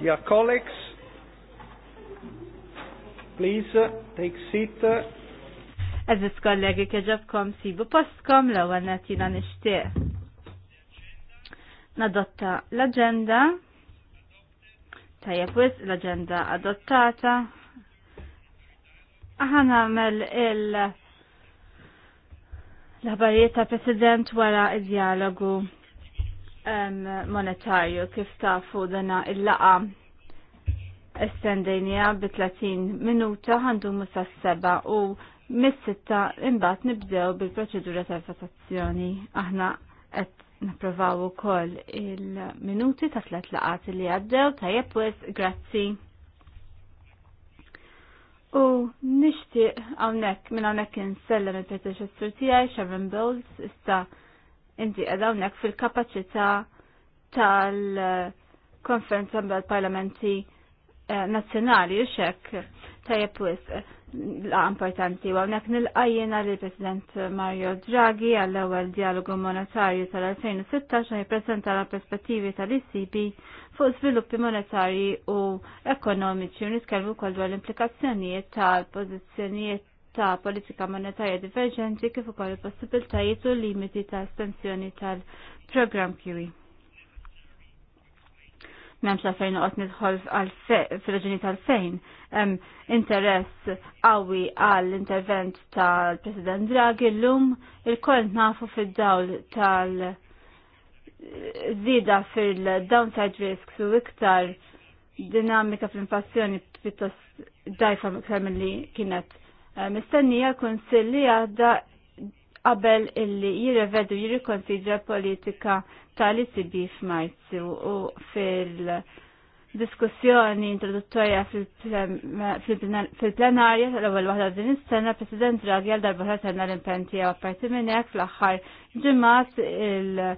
Dear colleagues, please uh, take seat. Eżis kollegi keġabkom sibu postkom l ewwel natina nishtiq. Nadotta l-agenda. Tajja wis l-agenda adottata. Aħan għamel il- l ta' president wara il dialogu monetarju kif tafu dana il-laqa estendejnija bi 30 minuta għandu musa s-seba u mis-sitta imbat nibdew bil-proċedura ta' votazzjoni. Aħna qed napprovaw ukoll il-minuti ta' tlet laqat li għaddew ta' jepwis grazzi. U nishtiq hawnhekk minn hawnhekk insellem il-predeċessur tiegħi Sharon Bowles issa' inti għadawnek fil-kapacita tal-konferenza tal-parlamenti eh, nazzjonali, xek tajab wis la importanti għawnek nil għajjena li President Mario Draghi għall-ewel dialogu monetarju tal-2016 għaj presenta la perspettivi tal-ICB fuq sviluppi monetarji u ekonomiċi u nitkellmu kol dwar l-implikazzjonijiet tal-pozizjonijiet ta' politika monetarja diverġenti kif ukoll il-possibiltajiet u limiti ta' estensjoni tal-programm QE. Memx fejn uqot nidħol fil-ġini tal-fejn. Interess għawi għall-intervent tal-President Draghi l-lum il-koll nafu fil-dawl tal- zida fil-downside risk u iktar dinamika fl-inflazzjoni pittos dajfa miktar li kienet Eh, mistennija l-Kunsill li għadda qabel illi jirrevedu jirrikonsidra politika tal-ICB f'Marzu u fil-diskussjoni introduttorja fil-plenarja tal-ewwel waħda din is-sena President Draghi għal darba sena l-impenti għaw apparti minn hekk fl-aħħar ġimgħat eh,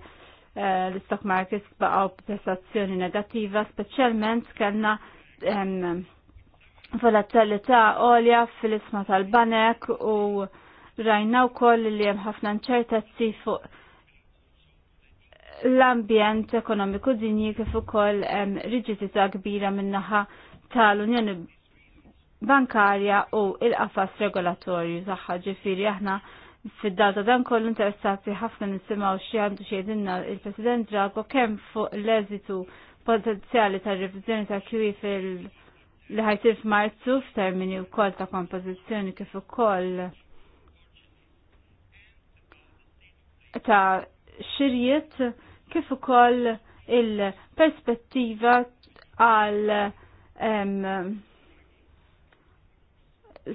l-stock markets baqgħu prestazzjoni negattiva, speċjalment kellna volatilità għolja fil-isma tal-banek u rajna wkoll li hemm ħafna inċertezzi fuq l-ambjent ekonomiku dinji kif ukoll hemm riġidità kbira min-naħa tal-Unjoni Bankarja u il-qafas regolatorju saħħa ġifieri aħna fid-data dan kollu interessati ħafna nisimgħu xi għandu xejdinna il-President Drago kemm fuq l-eżitu potenzjali tar-reviżjoni ta' QE fil- li ħajsir f'Marzu f'termini wkoll ta' kompożizzjoni kif ukoll ta' xirjiet kif ukoll il-perspettiva għal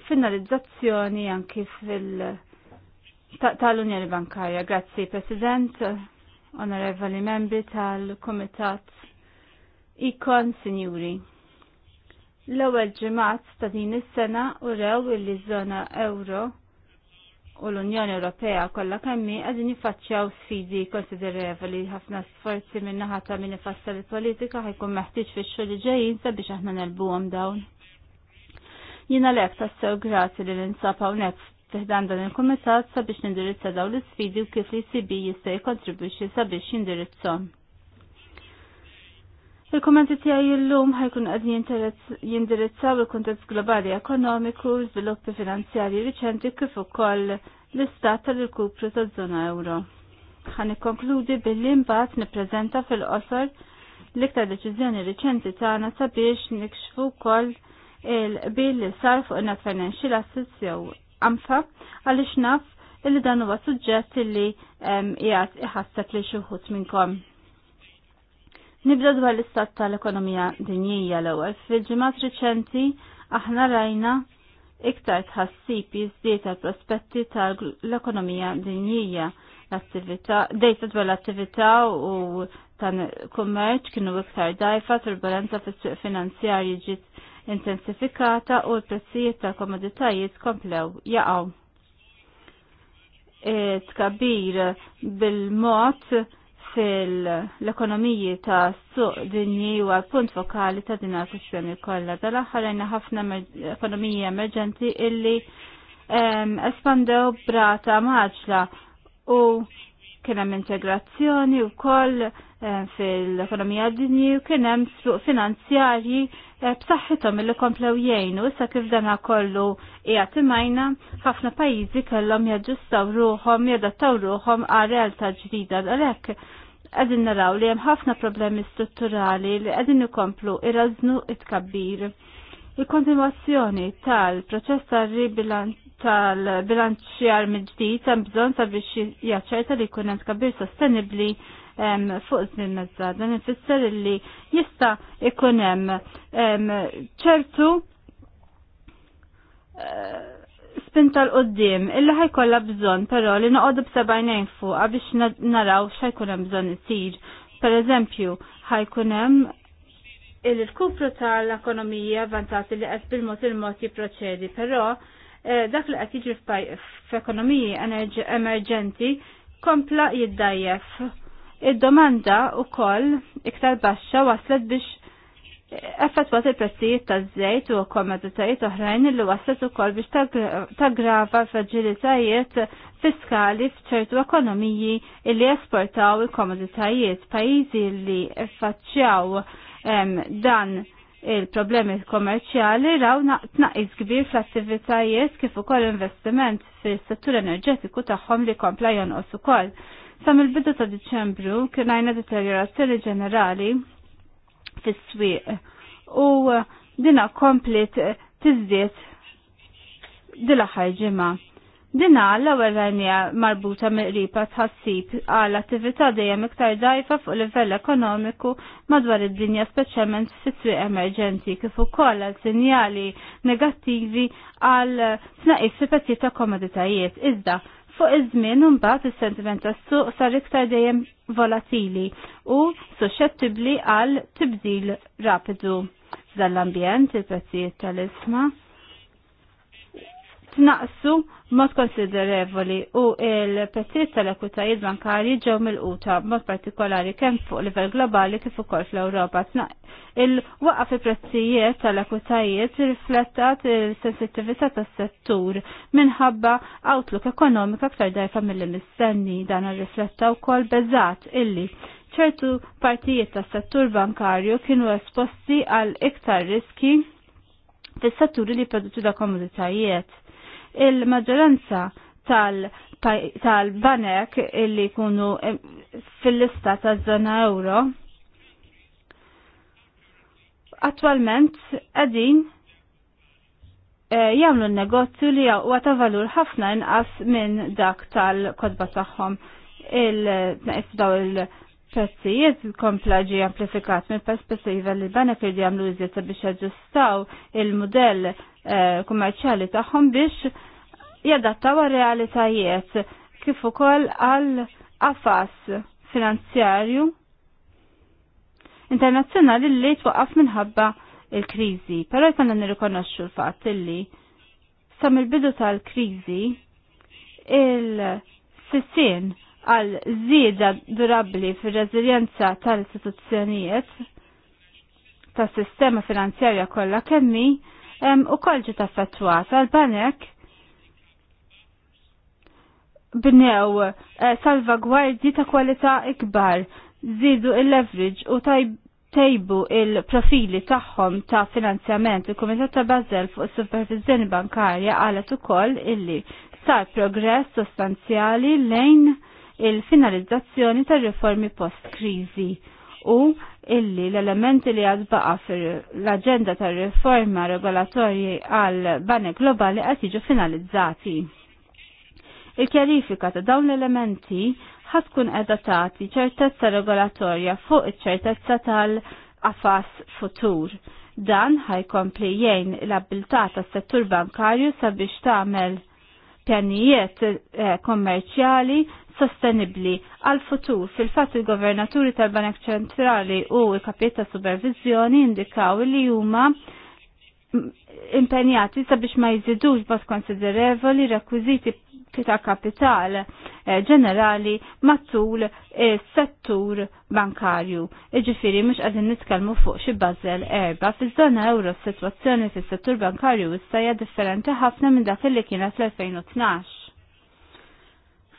finalizzazzjoni anki fil tal-Unjoni Bankarja. Grazzi President, onorevoli membri tal-Komitat Ikon Signuri. L-ewwel ġimgħat ta' din is-sena u rew ż-żona euro u l-Unjoni Ewropea kollha kemmi qegħdin jiffaċċjaw sfidi konsiderevoli ħafna sforzi minn naħa ta' min ifassal il-politika ħajkun meħtieġ fix-xogħol li ġejjin sabiex aħna nelbuhom dawn. Jiena lek tassew grazi li ninsab hawnhekk fiħdan dan il-Kumitat sabiex nindirizza dawn l-sfidi u kif li sibi jista' jikkontribwixxi sabiex jindirizzhom. Il-kommenti tiegħi illum ħajkun qed jindirizzaw il-kuntest globali ekonomiku, żviluppi finanzjarji riċenti kif ukoll l-istat tal-irkupru taż-żona euro. Ħan ikkonkludi billi mbagħad nippreżenta fil-qosor l-iktar deċiżjoni riċenti tagħna sabiex nikxfu wkoll il-bil li sar fuq in financial assets jew anfa għaliex naf illi dan huwa suġġett li ehm, jgħat iħasseb li xi wħud minnkom. Nibda dwar l-istat tal-ekonomija dinjija l-ewwel. Fil-ġimgħat riċenti aħna rajna iktar tħassib jiżdied prospetti tal-ekonomija dinjija l-attività, dejta dwar l-attività u tan kummerċ kienu iktar dajfa turbulenza fis-suq finanzjarji ġiet intensifikata u l-prezzijiet tal-komoditajiet komplew jaqgħu. E, tkabbir bil-mod fil-ekonomiji ta' suq dinji u punt fokali ta' din għal-kwistjoni kollha. Dal-aħħar ħafna ekonomiji emerġenti illi espandew brata maġla u kien hemm integrazzjoni wkoll fil-ekonomija dinji u kien hemm suq finanzjarji eh, b'saħħithom illi komplew jgħinu issa kif dan kollu qiegħed imajna ħafna pajjiżi kellhom jaġġustaw ruhom, jadattaw ruhom għal realtà ġdida għalhekk għedin naraw li hemm ħafna problemi strutturali li għedin ikomplu irraznu it-kabbir. Il-kontinuazzjoni tal-proċess tal-bilanċjar mill-ġdid hemm bżonn sabiex jaċċerta li jkun hemm tkabbir sostenibbli fuq żmien mezza. Dan ifisser li jista' ikun hemm ċertu eh, spin tal qoddim illi ħajkolla bżon, pero li noqodu b'sebajnejn fuqa biex naraw x'ħajkun hemm bżonn isir. Per eżempju, ħajkun hemm il-kupru tal-ekonomija vanzati li qed bil-mod il-mod jipproċedi, però eh, dak li qed jiġri f-ekonomiji emerġenti kompla jiddajjef. Id-domanda u koll iktar baxxa waslet biex affettwat il-prezzijiet taż-żejt u komoditajiet oħrajn li waslet ukoll biex tagrava fragilitajiet fiskali f'ċertu ekonomiji li esportaw il komoditajiet pajjiżi li faċċjaw dan il-problemi kommerċjali raw tnaqqis kbir fl-attivitajiet kif ukoll investiment fis-settur enerġetiku tagħhom li kompla jonqos ukoll. Sa il bidu ta' Diċembru kien għajna deteriorazzjoni ġenerali fis-swieq. U uh, dina komplet uh, tizdiet dila aħħar ġimgħa. Dina l-ewwel renja marbuta miqriba tħassib għal attività dejjem iktar dajfa fuq livell ekonomiku madwar id-dinja speċjalment fis-swieq emerġenti kif ukoll għal sinjali negattivi għal tnaqis fi ta' komoditajiet iżda Fuq iż-żmien imbagħad is-sentiment tas-suq sar iktar dejjem volatili u suscettibbli għal tibdil rapidu. dal l-ambjent il-prezzijiet tal-isma' tnaqsu mod konsiderevoli u il-prezzijiet tal-ekwitajiet bankarji ġew mill-quta mod partikolari kemm fuq livell globali kif ukoll fl-Ewropa. Il-waqaf il-prezzijiet tal-ekwitajiet riflettat il-sensittività tas-settur minħabba outlook ekonomika aktar dajfa mill mistenni dan rifletta wkoll beżat illi ċertu partijiet tas-settur bankarju kienu esposti għal iktar riski fis-setturi li produttu da komoditajiet il-maġġoranza tal-banek illi kunu eh, fil-lista ta' zona euro. Attualment għadin eh, jamlu n-negozju li għata ta' valur ħafna inqas minn dak tal-kodba tagħhom il naqis eh, daw il-, -tnaqis prezzijiet komplaġi amplifikat mill perspettiva li l-banker di għamlu iżjed biex jaġġustaw il-modell eh, kummerċali tagħhom biex jadattaw għal-realitajiet kif ukoll għal afas finanzjarju internazzjonali li twaqqaf minħabba il-kriżi, però jtanna nirrikonoxxu l-fatt li sa mill-bidu tal-kriżi il sissin għal zida durabli fir-reżiljenza tal-istituzzjonijiet tas-sistema finanzjarja kollha kemmi ukoll ġiet affettwat għal-banek bnew eh, salvagwardji ta' kwalità ikbar, zidu il-leverage u tajbu il-profili tagħhom ta' finanzjament. Il-Kumitat ta' Bażel fuq is-Supervizjoni Bankarja qalet ukoll illi sar progress sostanzjali lejn il-finalizzazzjoni tar riformi post-krizi u illi l-elementi li għad fir l agenda tar riforma regolatorji għal bane globali għad jiġu finalizzati. Il-kjarifika ta' dawn l-elementi kun edatati ċertezza regolatorja fuq iċ-ċertezza tal-afas futur. Dan ħajkompli jgħin l abilta tas settur bankarju sabiex tagħmel ta pjanijiet eh, kommerċjali sostenibli għal futur fil-fatt il-governaturi tal-Banek Ċentrali u l-kapiet ta' supervizjoni indikaw li huma impenjati sabiex ma jżidux bat konsiderevoli rekwiziti fl ta' kapital eh, ġenerali matul settur bankarju. Iġifiri mux għadin nitkalmu fuq xi bazzel erba. Fiż-żona euro s-situazzjoni fis-settur bankarju issa hija differenti ħafna minn dak li kienet l-2012.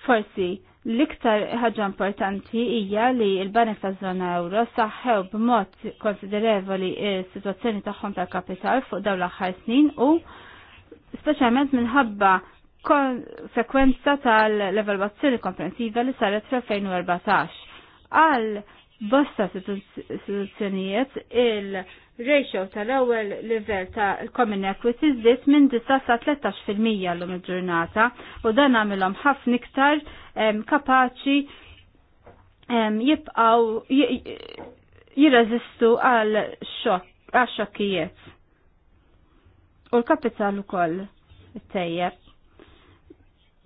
Forsi, L-iktar ħaġa importanti hija li l-banek ta' zona euro saħħew b'mod konsiderevoli s-sitwazzjoni tagħhom tal-kapital fuq dawn l-aħħar snin u speċjalment minħabba konsekwenza tal-evalwazzjoni komprensiva li saret fl-2014. Għal bosta situazzjonijiet, il-ratio tal-ewwel livell ta' common equity żdied minn sa 13% l-lum il-ġurnata u dan għamilom ħafna iktar kapaċi jibqaw jirreżistu għal xokkijiet. U l-kapital ukoll it-tejjeb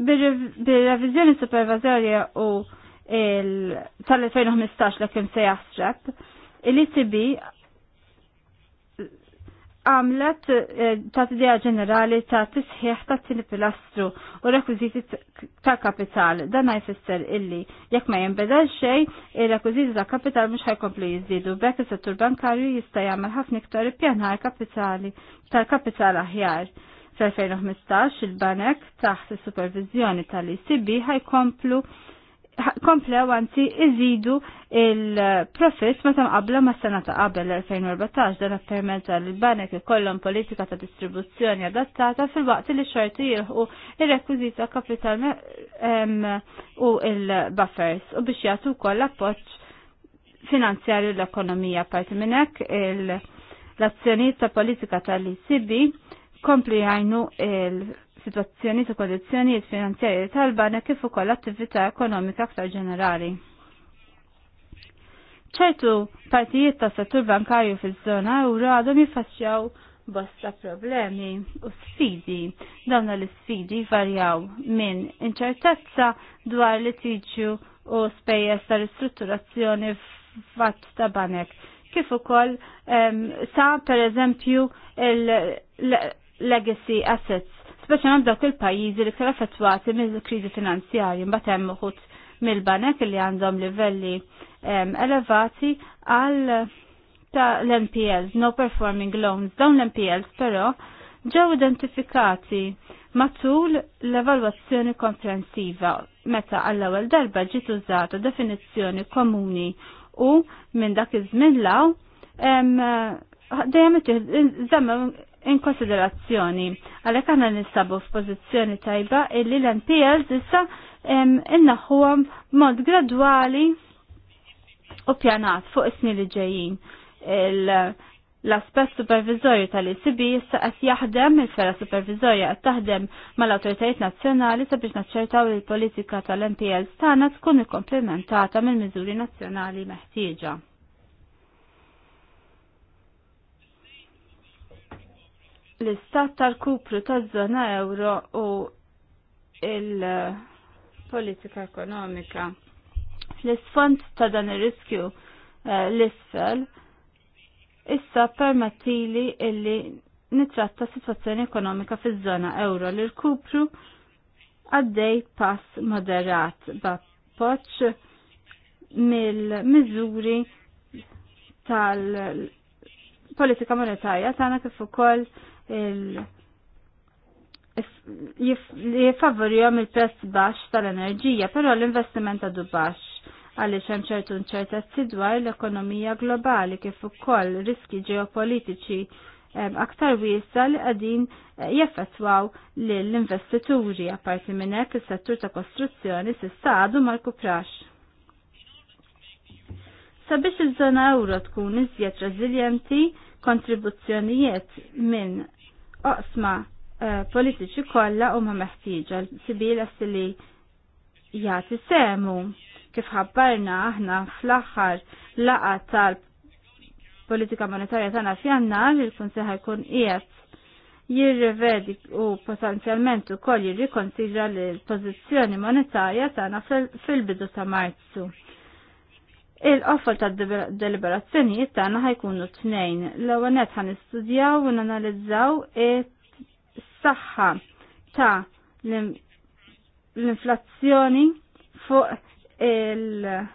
bil-revizjoni supervazorja u tal-2015 l kem se jastrab, l itb għamlet eh, ta' t-dija ġenerali ta' t-sħiħ ta' t pilastru u rekwiziti ta' kapital. Dan jfisser illi jekk ma jinbedel xej, il-rekwiziti ta' kapital mux ħajkomplu jizdidu. Bekk is-settur bankarju jista' jagħmel ħafna iktar pjanar kapitali tal-kapital aħjar. Fl-2015 il-banek taħt il-supervizjoni tal icb ħajkomplu komple għanti iżidu il profess ma tam qabla ma sena ta' qabel l-2014 dan permetta li l-banek ikollhom politika ta' distribuzzjoni adattata fil-waqt li xorti jilħu il-rekwizita kapital u il-buffers u biex jagħtu wkoll appoġġ finanzjarju l-ekonomija parti minn hekk l-azzjonijiet ta' politika tal icb kompli jgħajnu il-situazzjoni ta' il finanzjarji tal-bana kif ukoll attività ekonomika aktar ġenerali. ċertu partijiet ta' settur bankarju fiż-żona euro għadhom jiffaċċjaw bosta problemi u sfidi. Dawn l-sfidi varjaw minn inċertezza dwar litiġju u spejjeż ta' ristrutturazzjoni fatt ta' banek kif ukoll ehm, sa per eżempju legacy assets, speċjalment dawk il-pajjiżi li ktar affettwati mill-kriżi finanzjarja mbagħad hemm uħud mill-banek li għandhom livelli elevati għal ta' l-NPLs, no performing loans, dawn l-NPLs però ġew identifikati matul l-evalwazzjoni komprensiva meta għall-ewwel darba ġiet użata definizzjoni komuni u minn dak iż-żmien law dejjem in konsiderazzjoni. Għalhekk aħna nistabu f'pożizzjoni tajba illi l-NPLs issa innaħħuhom mod gradwali u pjanat fuq is-snin li ġejjin. L-aspett supervizorju tal icb issa qed jaħdem il-sfera supervizorja qed taħdem mal-awtoritajiet nazzjonali sabiex naċċertaw il-politika tal-NPLs tagħna tkun ikkomplementata mill-miżuri nazzjonali meħtieġa. l-istat tal-kupru taż-żona euro u il-politika ekonomika. L-isfond ta' dan ir-riskju eh, l-isfel issa permettili illi nitratta situazzjoni ekonomika fiż-żona euro li rkupru għaddej pass moderat b'appoġġ mill-miżuri tal-politika monetarja tagħna kif ukoll jifavorijom il-prezz baxx tal-enerġija, però l-investiment għadu baxx għaliex hemm ċertu nċertezzi dwar l-ekonomija globali kif ukoll riski ġeopolitiċi aktar wiesa li qegħdin eh, jeffettwaw lill-investituri apparti minn hekk is-settur ta' kostruzzjoni s'issa għadu mal-kuprax. Sabiex iż-żona euro tkun iżjed reżiljenti, kontribuzzjonijiet minn oqsma eh, politiċi kollha huma meħtieġa sibil li jagħti semu kif ħabbarna aħna fl-aħħar laqa tal-politika monetarja tagħna f'jannar il-Kunsej ħajkun qiegħed jirrevedi u potenzjalment ukoll jirrikonsidra l-pożizzjoni monetarja tagħna fil-bidu ta' Marzu. Il-qofol ta' deliberazzjonijiet tagħna ħajkunu tnejn. L-ewwel net istudjaw u nanalizzaw is-saħħa ta' l-inflazzjoni fuq il-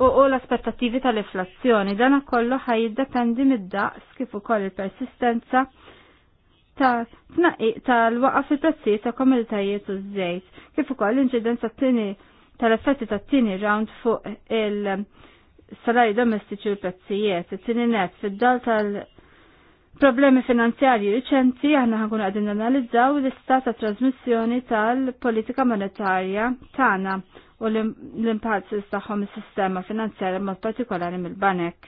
u l-aspettativi tal-inflazzjoni. Dan kollu jiddependi mid-daqs kif ukoll il-persistenza ta' tal-waqaf fil-prezzijiet ta' komunitajiet u żejt, kif ukoll l-inċidenza t tini tal-effetti ta' tini round fuq il-salari domestiċi u prezzijiet, it Tini net fid-dal tal-problemi finanzjarji riċenti aħna ħankun għadin analizzaw l-istat ta' trasmissjoni tal-politika monetarja tagħna u l-impazz tagħhom is-sistema finanzjarja mod partikolari mill-banek.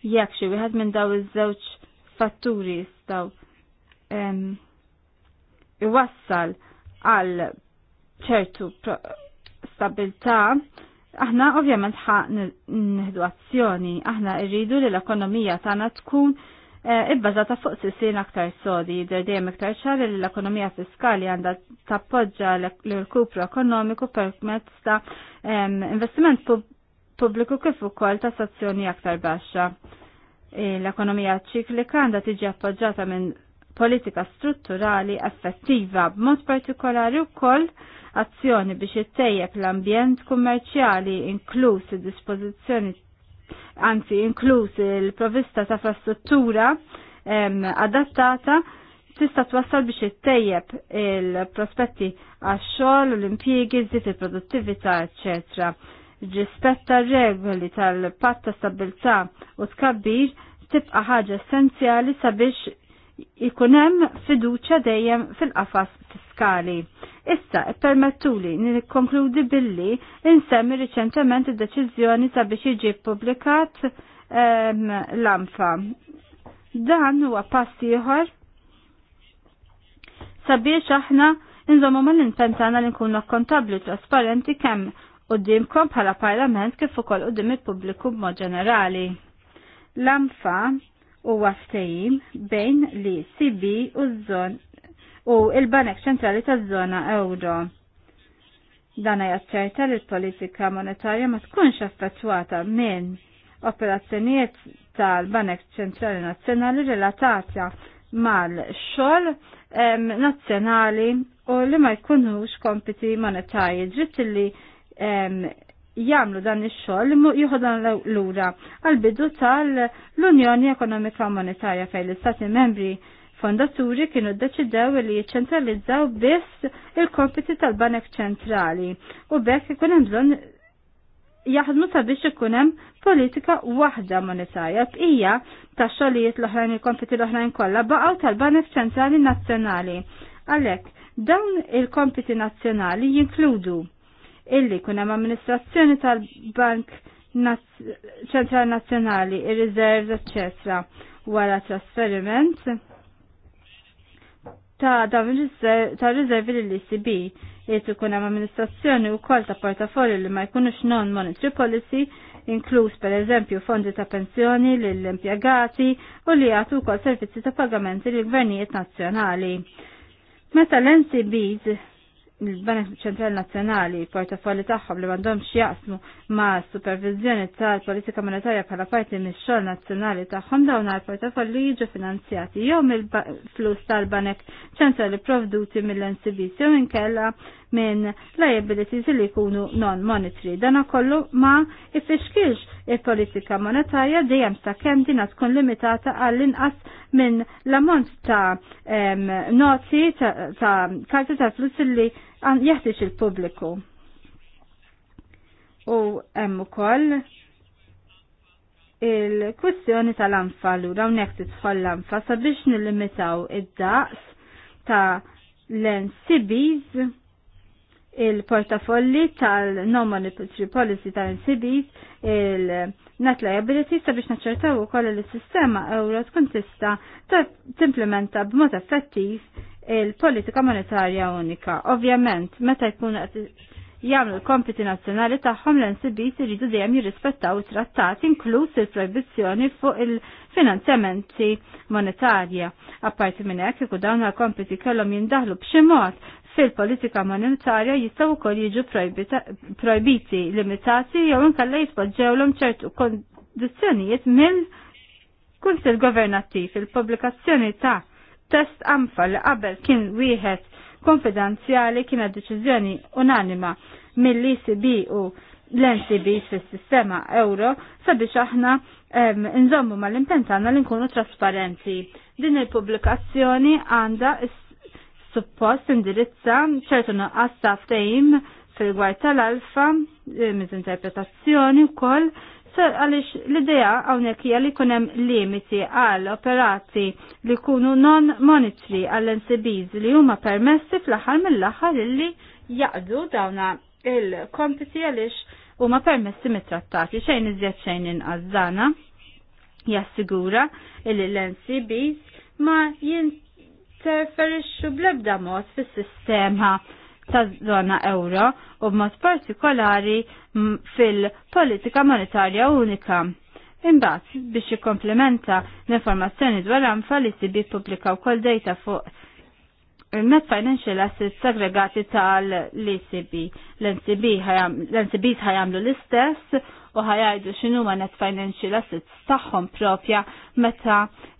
Jekk xi wieħed minn daw iż-żewġ fatturi jistgħu iwassal għal ċertu stabilità, aħna ovvjament ħa nħdu azzjoni, aħna rridu li l-ekonomija tagħna tkun eh, ibbażata fuq sissin aktar sodi, dejjem iktar ċari li l-ekonomija fiskali għandha tappoġġa l-rkupru ekonomiku permezz ta' investiment pubbliku kif ukoll ta' sazzjoni aktar baxxa. E, l-ekonomija ċiklika għandha tiġi appoġġata minn politika strutturali effettiva b'mod partikolari wkoll koll azzjoni biex ittejjeb l-ambjent kummerċjali inkluż id-dispożizzjoni anzi inkluż il-provista ta' infrastruttura adattata tista' twassal biex ittejjeb il-prospetti għax-xogħol, l-impjiegi, żied il-produttività, eċċetera. Rispetta regoli tal-patt ta' stabilità u tkabbir tibqa' ħaġa essenzjali sabiex ikun hemm fiduċja dejjem fil-qafas fiskali. Issa, permettuli nikkonkludi billi insemmi riċentement id-deċiżjoni sabiex jiġi publikat l-anfa. Dan huwa pass ieħor sabiex aħna nżommu ma l-intentana li nkunu kontabli trasparenti kemm qudiemkom bħala parlament kif ukoll qudiem il-pubbliku b'mod ġenerali. L-anfa u għaftajim bejn li CB u zon u il-Banek ċentrali ta' zona euro. Dana jaċċerta li l-politika monetarja ma tkunx affettwata minn operazzjonijiet tal-Banek ċentrali nazzjonali relatata mal-xol nazzjonali u li ma jkunux kompiti monetarji ġitt li jamlu dan ix-xogħol li jieħodan lura għal-bidu tal-Unjoni Ekonomika Monetarja fejn l-Istati Membri fondaturi kienu ddeċidew li jiċċentralizzaw biss il-kompiti tal-Banek Ċentrali u bekk ikun hemm bżonn jaħdmu sabiex ikun hemm politika waħda monetarja bqija tax xogħlijiet l-oħrajn il-kompiti l-oħrajn kollha baqgħu tal-Banek Ċentrali Nazzjonali. Għalhekk dawn il-kompiti nazzjonali jinkludu illi hemm amministrazzjoni tal-Bank ċentral Nazzjonali, ir-Riserv, etc. wara trasferiment ta' ta' riservi l-ECB jiet ikun hemm amministrazzjoni wkoll ta' portafolju li ma jkunux non-monetary policy, inkluż pereżempju fondi ta' pensjoni lill-impjegati u li jagħtu wkoll servizzi ta' pagamenti lill gvernijiet nazzjonali. Meta l-NCBs il-Bank Ċentrali Nazzjonali portafolli tagħhom li m'għandhomx jaqsmu ma' supervizjoni tal-politika monetarja bħala parti mix-xogħol nazzjonali tagħhom dawn għall-portafolli jiġu finanzjati jew mill-flus tal-Banek Ċentrali provduti mill-NCB jew inkella minn liabilities li jkunu non-monetary. Dana kollu ma ifiskilx il-politika monetarja dejjem sa' kem dina tkun limitata għall-inqas minn l-ammont ta' noti ta' karti ta' flus li jeħtieġ il-pubbliku. U hemm ukoll il-kwistjoni tal-anfa l-ura unnek titħol l-anfa sabiex nillimitaw id-daqs ta' l-NCBs il-portafolli tal-non-monetary policy tal-NCBs il-net liability sabiex naċċertaw ukoll li s-sistema euro tkun tista' timplementa b'mod effettiv il-politika monetarja unika. Ovvjament, meta jkun jagħmlu l-kompiti nazzjonali tagħhom l-NCBs iridu dejjem jirrispettaw trattat inkluż il-proibizzjoni fuq il-finanzjamenti monetarja. Apparti minn hekk ikun dawn l kompiti kellhom jindaħlu b'xi mod fil-politika monetarja jistaw wkoll jiġu projbiti limitati jew inkella jitpoġġewlhom ċertu kondizzjonijiet mill kunsil governattiv il-pubblikazzjoni ta' test amfa li qabel kien wieħed konfidenzjali kienet deċiżjoni unanima mill-ECB u l-NCB fis-sistema euro sabiex aħna nżommu mal-impentana li nkunu trasparenti. Din il-pubblikazzjoni għanda is suppost indirizza ċertu nuqqas ta' ftehim fil-gwar tal-alfa, eh, mizinterpretazzjoni u koll, għalix l-ideja għawnek hija li kunem limiti għal operati li kunu non-monetary għall ncbs li huma permessi fl-aħħar mill-aħħar li jaqdu dawna il-kompiti għalix huma permessi mit-trattati xejn iżjed xejn inqazzana jassigura il ncbs ma jint jinterferixxu bl-ebda mod fis-sistema ta' zona euro u b'mod partikolari fil-politika monetarja unika. Imbagħad biex jikkomplementa l-informazzjoni dwar anfa li sibi pubblikaw kol data fuq Net Financial Assets aggregati tal-ECB. l ncb ħajamlu l-istess u ħajajdu xinu ma net financial assets saħħom propja meta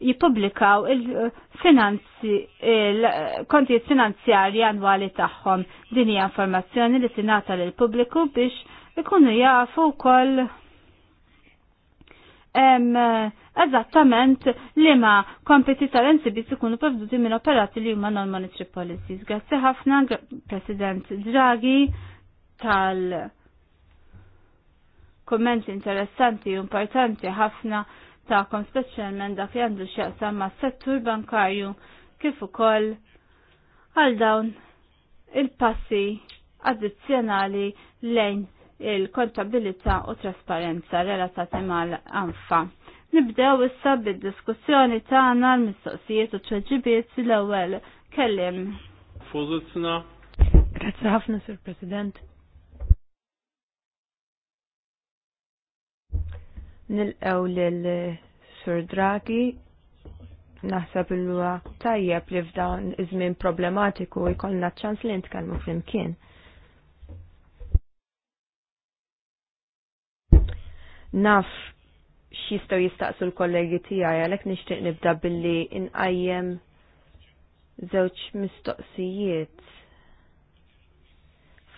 jipublikaw il-finanzi, il-kontijiet finanzjari annwali taħħom. Dinija informazzjoni li tinata l pubbliku biex ikunu jafu kol eżattament li ma kompeti tal-NCBs ikunu provduti minn operati li huma non-monetary policies. Grazzi ħafna, President Draghi, tal- kommenti interessanti u importanti ħafna ta'kom speċjalment dak li għandu x'jaqsam ma' settur bankarju kif ukoll għal dawn il-passi addizzjonali lejn il-kontabilità u trasparenza relatati mal-anfa. Nibdew issa bid-diskussjoni tagħna l-mistoqsijiet u tweġibiet l-ewwel kellim. Fużizzna. Grazzi ħafna, Sur President. nilqew lil Sur Draghi naħseb illuwa tajjeb li f'dawn iż-żmien problematiku jkollna ċans li nitkellmu flimkien. Naf x'jistgħu jistaqsu l-kollegi tiegħi għalhekk nixtieq nibda billi inqajjem żewġ mistoqsijiet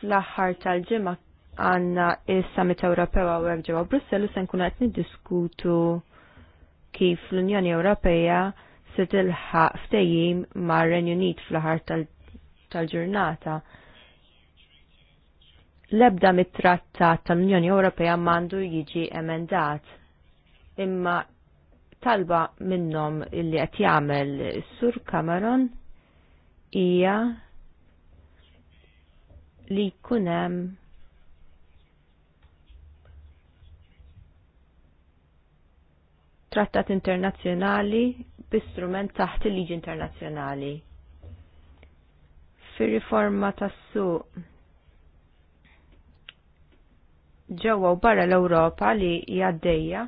fl-aħħar tal-ġimgħa għanna il-Summit Ewropew għawek ġewa Brussel u se nkun qed niddiskutu kif l-Unjoni Ewropea se tilħaq ftejjim mar Renju Unit fl ħar tal-ġurnata. L-ebda mit tratta tal-Unjoni Ewropeja mandu jiġi emendat. Imma talba minnom illi qed jagħmel sur Cameron hija li kunem trattat internazzjonali b'istrument taħt il-liġi internazzjonali. Fir-riforma tas-suq ġewwa u barra l-Ewropa li jgħaddejja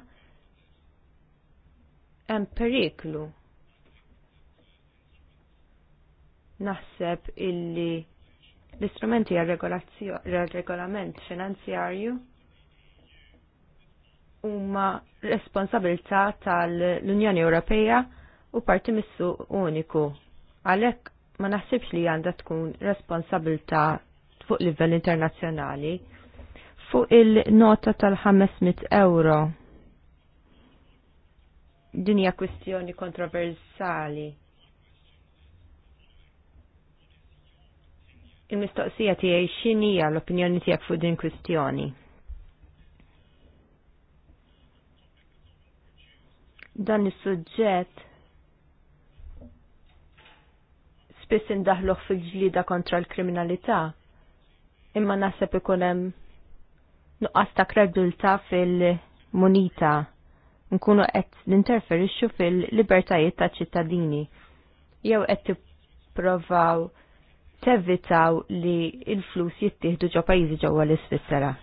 hemm periklu. Naħseb illi l-istrumenti għal regolament finanzjarju huma responsabilità tal-Unjoni Ewropea u parti missu uniku. Għalhekk ma naħsibx li għandha tkun responsabilità fuq livell internazzjonali fuq il-nota tal-500 euro. Din hija kwistjoni kontroversali. Il-mistoqsija tiegħi x'inhija l-opinjoni tiegħek fuq din kwistjoni? dan is-suġġett spiss indaħluħ fil-ġlida kontra l-kriminalità. Imma naħseb ikun hemm nuqqas ta' kredulta fil-munita nkunu qed ninterferixxu fil-libertajiet ta' ċittadini. Jew qed tipprovaw tevitaw li il-flus jittieħdu ġo pajjiżi ġewwa l-Iżvizzera.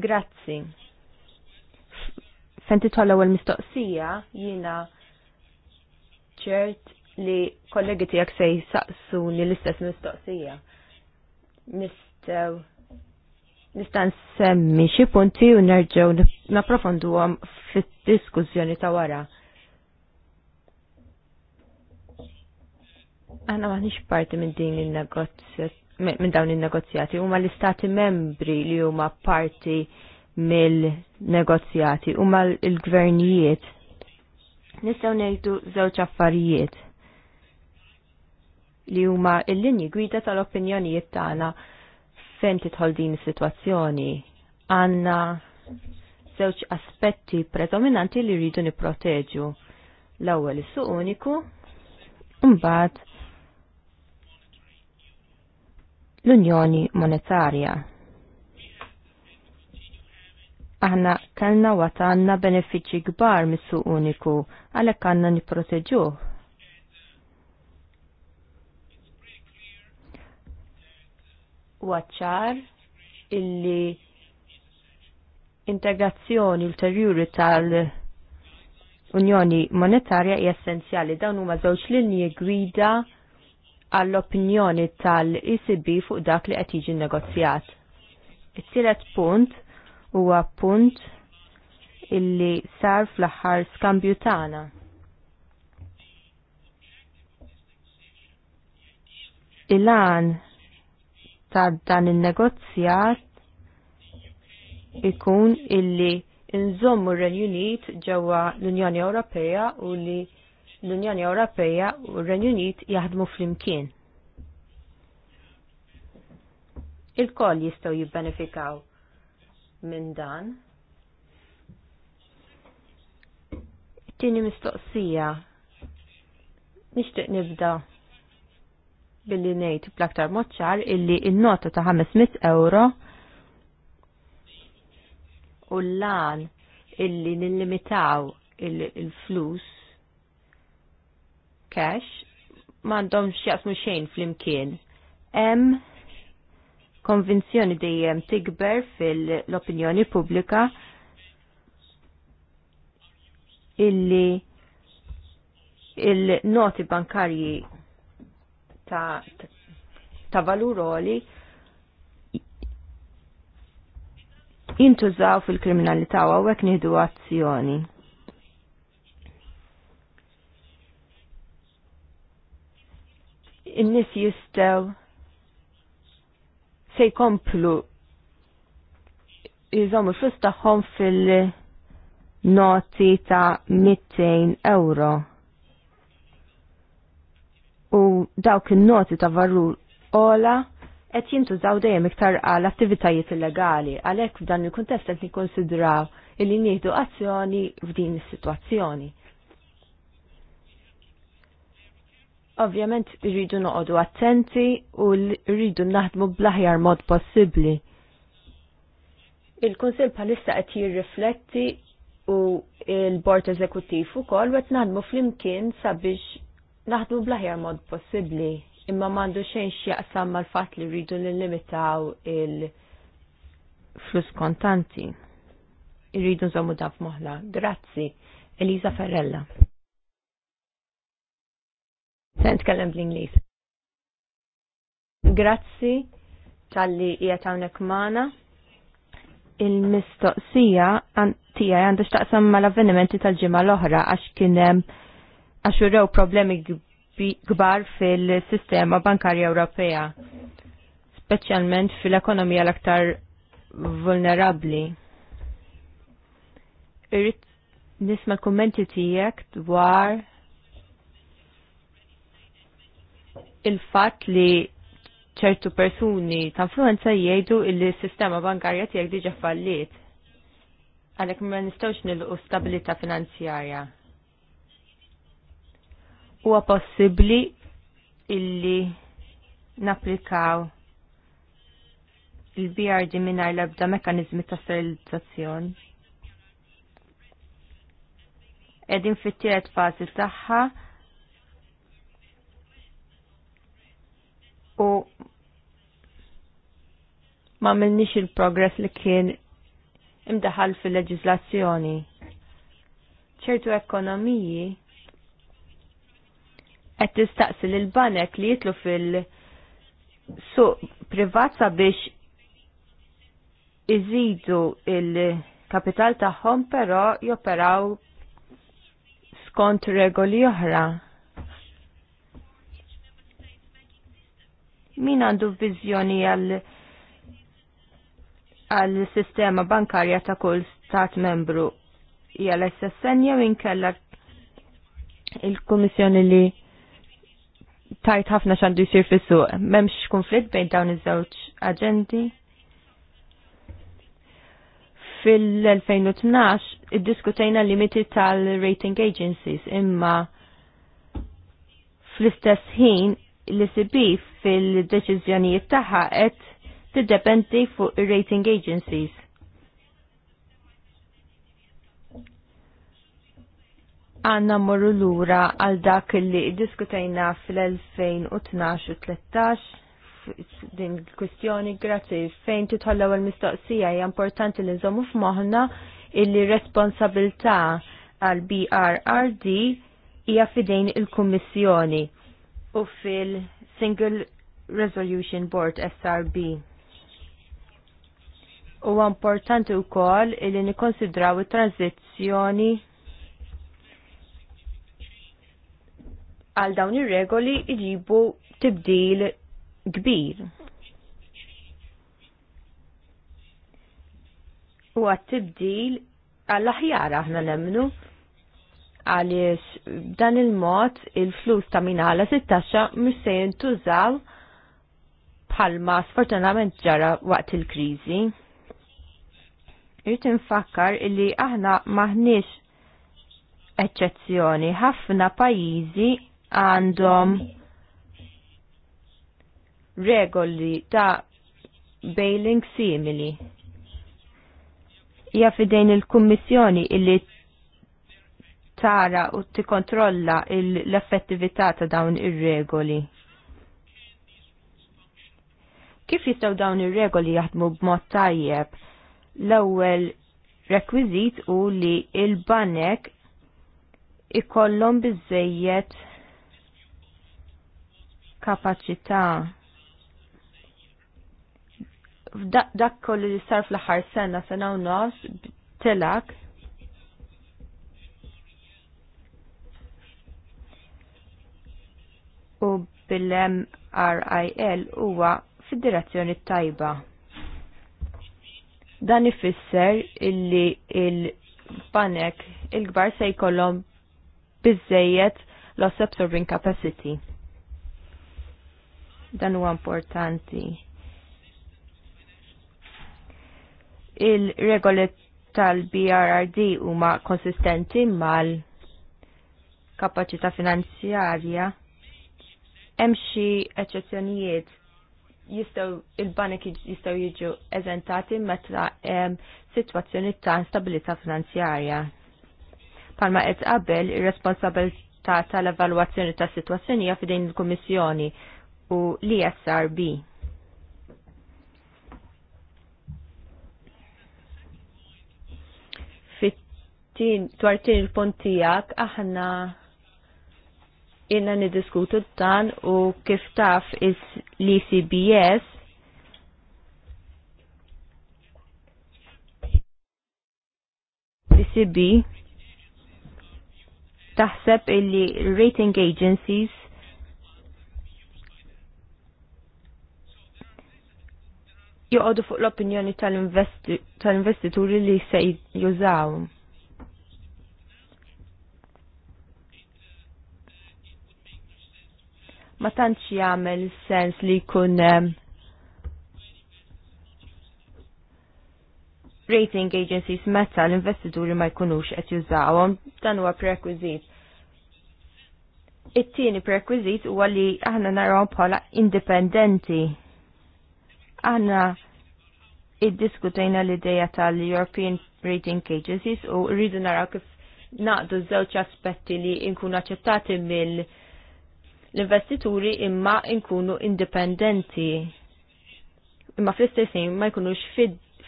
Grazzi. Senti tħolla għal mistoqsija jina ċert li kollegi tijak sej saqsuni l-istess mistoqsija. Nistaw nista' nsemmi xi punti u nerġgħu għam fid-diskussjoni ta' wara. Aħna maħniex parti minn din il-negozjat minn dawn in-negozjati huma l-istati membri li huma parti mill-negozjati u mal-gvernijiet. Nistaw nejtu żewġ affarijiet li huma l-linji gwida tal-opinjonijiet tagħna fejn titħol din is-sitwazzjoni. Għandna żewġ aspetti predominanti li rridu nipproteġu. L-ewwel is-suq uniku, mbagħad l-Unjoni Monetarja aħna kellna wata għanna benefiċi kbar mis uniku għalhekk għandna nipproteġuh. Waċċar illi integrazzjoni ulterjuri tal-Unjoni Monetarja hija essenzjali dawn huma żewġ linji gwida għall-opinjoni tal-ECB fuq dak li qed jiġi negozjat. It-tielet punt huwa punt illi sar fl-aħħar skambju tagħna. Il-għan ta' dan il-negozjat ikun illi nżommu r-Renju Unit ġewwa l-Unjoni Ewropea u li l-Unjoni Ewropea u r-Renju Unit jaħdmu flimkien. Il-koll jistgħu jibbenefikaw minn dan. Tini mistoqsija. Nixtieq nibda billi ngħid bl-aktar moċċar illi n-nota ta' 500 euro u l-lan illi nillimitaw il-flus cash m'għandhomx jaqsmu xejn fl-imkien. Hemm konvinzjoni dejjem tikber fil-opinjoni pubblika illi il-noti bankarji ta', ta, ta valuroli jintużaw fil-kriminalità u għek nieħdu azzjoni. In-nis jistew se jkomplu jżommu flus tagħhom fil-noti ta' 200 euro. U dawk in-noti ta' varur ola qed jintużaw dejjem iktar għal attivitajiet illegali, għalhekk f'dan il-kuntest qed nikkonsidraw illi nieħdu azzjoni f'din is-sitwazzjoni. Ovvjament rridu noqogħdu attenti u rridu naħdmu bl-aħjar mod possibbli. Il-Kunsill bħalissa qed jirrifletti u il-Bord Eżekuttiv ukoll qed naħdmu flimkien sabiex naħdmu bl-aħjar mod possibbli. Imma m'għandu xejn x'jaqsam mal-fatt li rridu nillimitaw il-flus kontanti. Irridu nżommu daf moħla. Grazzi. Elisa Ferrella. Se nitkellem bl inglis Grazzi tal-li qiegħed hawnhekk Il-mistoqsija tiegħi għandu x'taqsam mal-avvenimenti tal-ġimgħa l-oħra għax kien hemm għax urew problemi kbar fil-sistema bankarja Ewropea, speċjalment fil-ekonomija l-aktar vulnerabbli. Irrid nisma' l-kummenti tiegħek dwar il-fat li ċertu persuni ta' influenza jgħidu il sistema bankarja tiegħek diġa falliet. Għalhekk ma nistgħux nilqu stabilità finanzjarja. Huwa possibbli illi napplikaw il-BRD mingħajr l-ebda mekkaniżmi ta' sterilizzazzjoni. Edin fit-tiet fazi tagħha u ma minnix il-progress li kien imdaħal fil-leġizlazzjoni. ċertu ekonomiji qed tistaqsi l banek li jitlu fil-suq privat sabiex iżidu il-kapital tagħhom però joperaw skont regoli oħra. Min għandu viżjoni għal għal sistema bankarja ta' kull stat membru hija l-SSN jew inkella il-Kummissjoni li tajt ħafna x'għandu jsir fissu memx M'hemmx konflitt bejn dawn iż-żewġ aġendi? Fil-2012 iddiskutejna limiti tal-rating agencies imma fl-istess ħin li sibi fil-deċiżjonijiet tagħha qed tiddependi fuq ir-rating agencies. Għanna morru lura għal dak li diskutajna fil-2012 u 13 din kwistjoni grazzi fejn titħallaw il mistoqsija hija importanti li nżommu f'moħħna illi responsabilta għal BRRD hija fidejn il-Kummissjoni u fil-Single Resolution Board SRB. U importanti u kol li nikonsidraw il transizjoni għal dawn ir-regoli iġibu tibdil kbir. U għat-tibdil għall-aħjar aħna nemmnu għaliex dan il-mod il-flus ta' minħala sit-taxxa mhux se jintużaw bħalma sfortunatament ġara waqt il-kriżi. Irrid infakkar illi aħna maħniex eċċezzjoni. Ħafna pajjiżi għandhom regoli ta' bailing simili. Ja fidejn il-Kummissjoni illi tara u tikkontrolla l-effettività ta' dawn ir-regoli. Kif jistgħu dawn ir-regoli jaħdmu b'mod tajjeb? L-ewwel rekwiżit u li il-banek ikollhom biżejjed kapaċità dak kollu li sar fl-aħħar sena sena u nofs telak u bil-MRIL huwa fid-direzzjoni tajba. Dan ifisser illi il-banek il-gbar se jkollhom biżejjed loss absorbing capacity. Dan huwa importanti. Il-regoli tal-BRRD huma konsistenti mal-kapaċità finanzjarja hemm xi eċċezzjonijiet il-banek jistgħu jiġu eżentati meta hemm sitwazzjoni ta' instabilità finanzjarja. Palma qed qabel ir-responsabilità tal-evalwazzjoni ta' sitwazzjoni hija f'din il-Kummissjoni u l-ISRB. fit tuartin il pontijak aħna inna nidiskutu dan u kif taf is li CBS e cb taħseb illi rating agencies joqodu fuq l-opinjoni tal-investituri tal li se jużaw. ma tantx jagħmel sens li jkun um, rating agencies meta l-investituri ma jkunux qed jużawhom dan huwa prerequisit. It-tieni prerequisit huwa li aħna narahom bħala indipendenti. Aħna iddiskutejna l-ideja tal-European Rating Agencies u rridu naraw kif naqdu żewġ aspetti li nkunu aċċettati mill- l-investituri imma inkunu indipendenti. Imma fl-istessin ma jkunux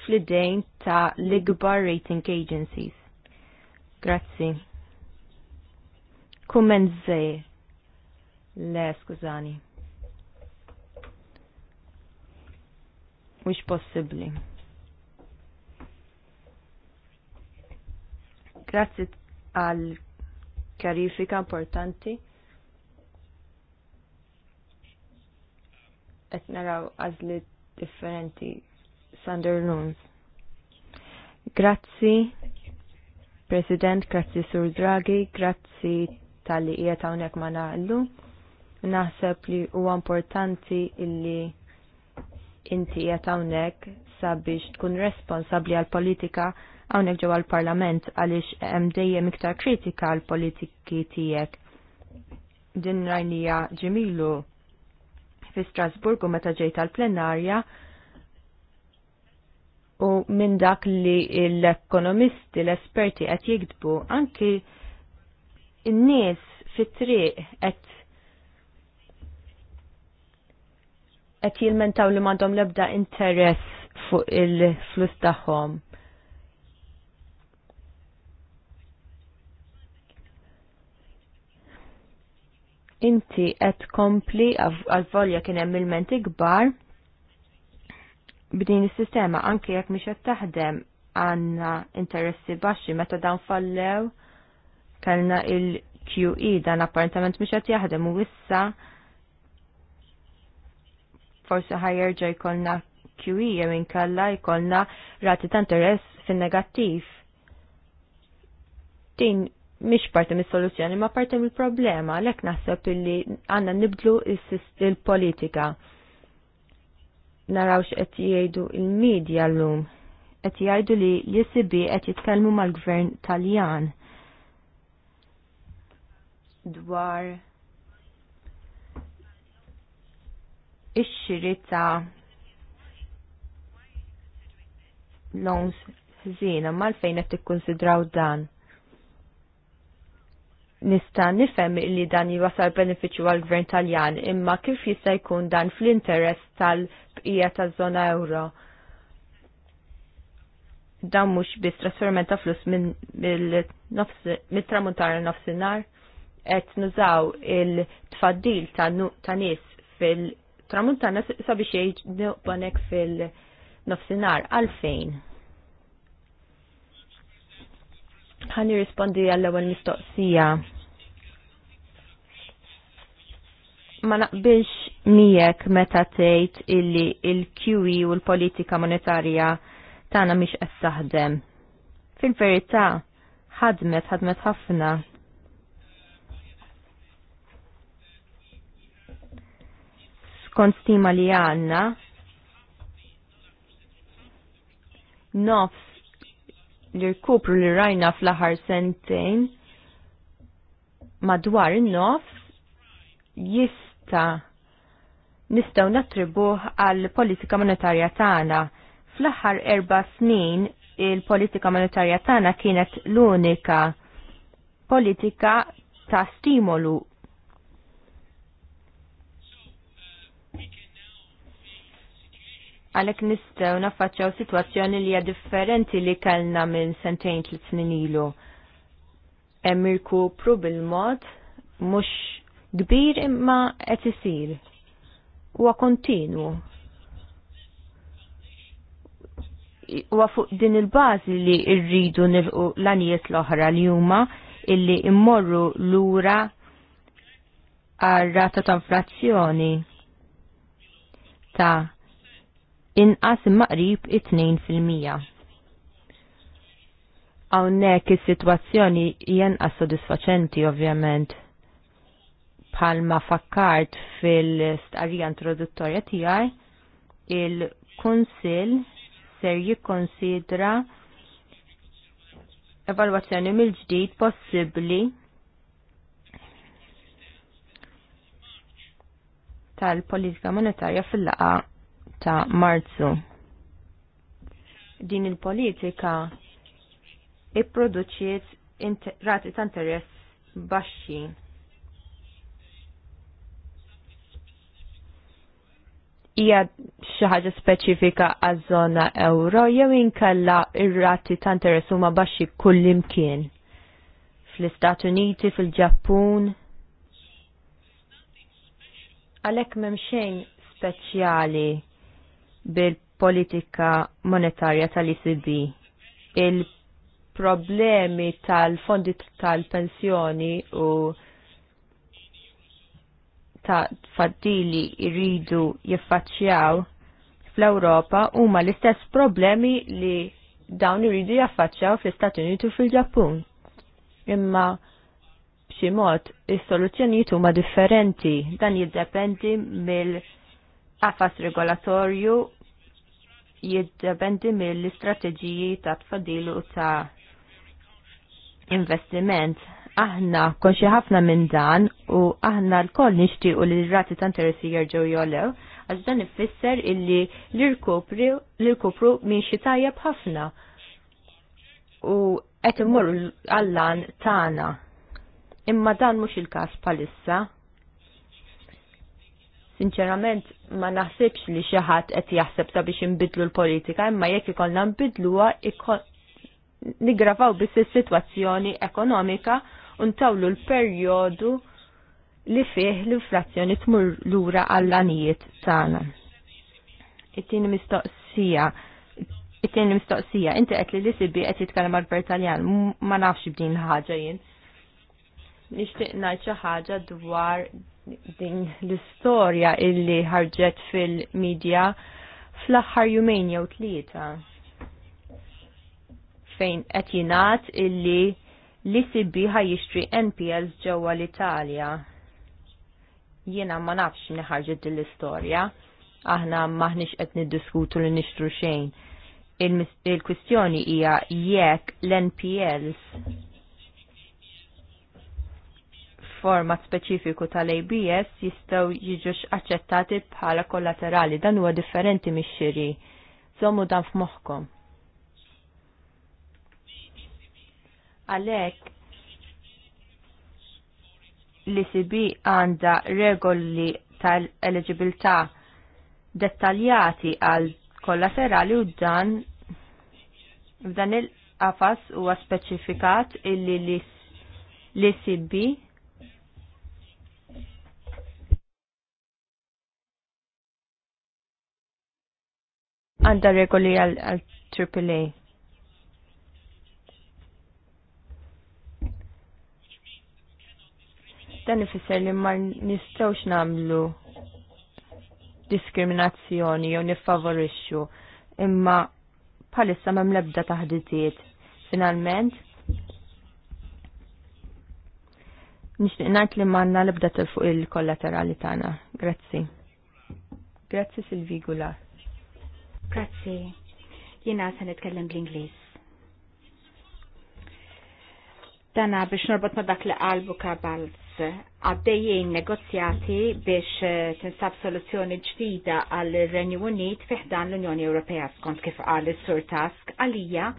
fl-idejn ta' l-ikbar rating agencies. Grazzi. Kumment zej. Le, skużani. Mux possibli. Grazzi għal karifika importanti. qed naraw għażliet differenti Sander Luns. Grazzi, President, grazzi Sur Draghi, grazzi tal-li qiegħed hawnhekk ma naqlu. Naħseb li huwa importanti illi inti qiegħed hawnhekk sabiex tkun responsabbli għal politika hawnhekk ġewwa l-Parlament għaliex hemm dejjem iktar kritika għal politiki tiegħek. Din rajnija ġimilu fi Strasburgu meta ġejt għal plenarja u minn dak li l-ekonomisti, l-esperti qed jikdbu anki n-nies fit-triq qed qed jilmentaw li m'għandhom l-ebda interess fuq il-flus tagħhom. inti qed kompli għal-volja kien hemm ilment ikbar b'din is-sistema anke jekk mhix qed taħdem għandna interessi baxxi meta dawn fallew kellna il-QE dan apparentament mhux qed jaħdem u issa forsi ħajerġa' jkollna QE jew inkella jkollna rati ta' interess fin-negattiv. Din mish parti mis soluzzjoni ma parti mill problema lek naħseb illi għanna nibdlu il-politika. Narawx qed jgħidu il-medja l-lum, qed jgħidu li l-ECB qed jitkellmu mal-gvern Taljan dwar ix-xiri ta' loans mal fejn qed tikkunsidraw dan nista' nifhem li dan jwasal benefiċċju għall gvern Taljan, imma kif jista' jkun dan fl-interess tal-bqija taż-żona euro? Dan mhux biss trasferment ta' flus minn mit-tramuntara nofsinhar qed nużaw il-tfaddil ta' nies fil-tramuntana sabiex jgħidu bonek fil-nofsinhar għalfejn. ħani rispondi għall-ewwel mistoqsija. Ma naqbilx miegħek meta tgħid illi il-QE u l-politika monetarja tagħna mhix qed taħdem. Fil-verità ħadmet ħadmet ħafna. Skont stima li għandna nofs li irkupru li rajna fl-aħar sentejn madwar in-nofs jista nistaw natribuħ għal politika monetarja tagħna. Fl-aħħar erba snin il-politika monetarja tagħna kienet l-unika politika ta' stimolu għalek nistaw naffaċċaw situazzjoni li hija differenti li kellna minn sentejn tliet snin ilu. Emmirku irkupru mod mhux kbir imma qed isir. Huwa kontinwu. Huwa fuq din il-bażi li rridu nilqu l-anijiet l-oħra li huma illi immorru lura għar rata ta' inflazzjoni ta' inqas imma qrib it Għawnek Hawnhekk is-sitwazzjoni jenqas sodisfaċenti ovvjament palma fakkart fil-starija introduttorja tiegħi il konsil ser jikkonsidra evalwazzjoni mill-ġdid possibbli tal-politika monetarja fil-laqa ta' Marzu. Din il-politika ipproduċiet rati ta' interess baxxi. Hija xi ħaġa speċifika għaż-żona euro jew inkella ir-rati ta' interess huma baxxi kullimkien fl-Istat Uniti, fil-Ġappun. Għalhekk m'hemm xejn speċjali bil-politika monetarja tal-ECB. Il-problemi tal-fondi tal-pensjoni u ta' faddili iridu jiffaċċjaw fl-Europa huma l-istess problemi li dawn iridu jaffaċċjaw fl-Istati Uniti u fil-Ġappun. Imma b'xi mod is-soluzzjonijiet huma differenti dan jiddependi mill- qafas regolatorju jiddependi mill-istrateġiji ta' tfadilu ta' investiment. Aħna konxie ħafna minn dan u aħna l-koll nixtiequ li l-rati ta' interessi jerġgħu jolew, għax dan ifisser illi l-irkupru minn xi tajjeb ħafna. U qed immorru għallan tagħna. Imma dan mhux il-każ palissa. Sinċerament ma naħsibx li xi ħadd qed jaħseb sabiex inbidlu l-politika, imma jekk ikollna nbidluha nigravaw biss is-sitwazzjoni ekonomika u ntawlu l-perjodu li fih l-inflazzjoni tmur lura għall-anijiet tagħna. It-tieni mistoqsija it-tieni mistoqsija, inti qed li li sibi qed jitkellem għal Taljan, ma nafx b'din ħaġa jien. Nixtieq ngħid xi ħaġa dwar din l-istorja illi ħarġet fil-medja fl-aħħar jumejn jew tlieta fejn qed jingħad illi l-ICB jixtri NPLs ġewwa l-Italja. Jiena ma nafx li ħarġet din l-istorja, aħna maħniex qed niddiskutu li nixtru xejn. Il-kwistjoni hija jekk l-NPLs format speċifiku tal-ABS jistaw jiġux aċċettati bħala kollaterali dan huwa differenti mix-xiri. Sommu dan f'moħħkom. Għalhekk l-ICB għanda regoli tal-eligibilità dettaljati għal kollaterali u dan f'dan il-qafas huwa speċifikat illi l-ICB għandha regoli għal AAA. Dan ifisser li ma nistgħux nagħmlu diskriminazzjoni jew niffavorixxu imma bħalissa m'hemm l-ebda taħdidiet. Finalment, nixtieq ngħid li m'għandna l-ebda fuq il-kollaterali tagħna. Grazzi. Grazzi Silvi Gular. Grazzi. Jiena se nitkellem bl-Ingliż. Dana biex norbot ma dak li qalbu kabalz għaddejjien negozjati biex eh, tinsab soluzzjoni ġdida għal renju Unit fiħdan l-Unjoni Ewropea skont kif qal is-Sur Task għalija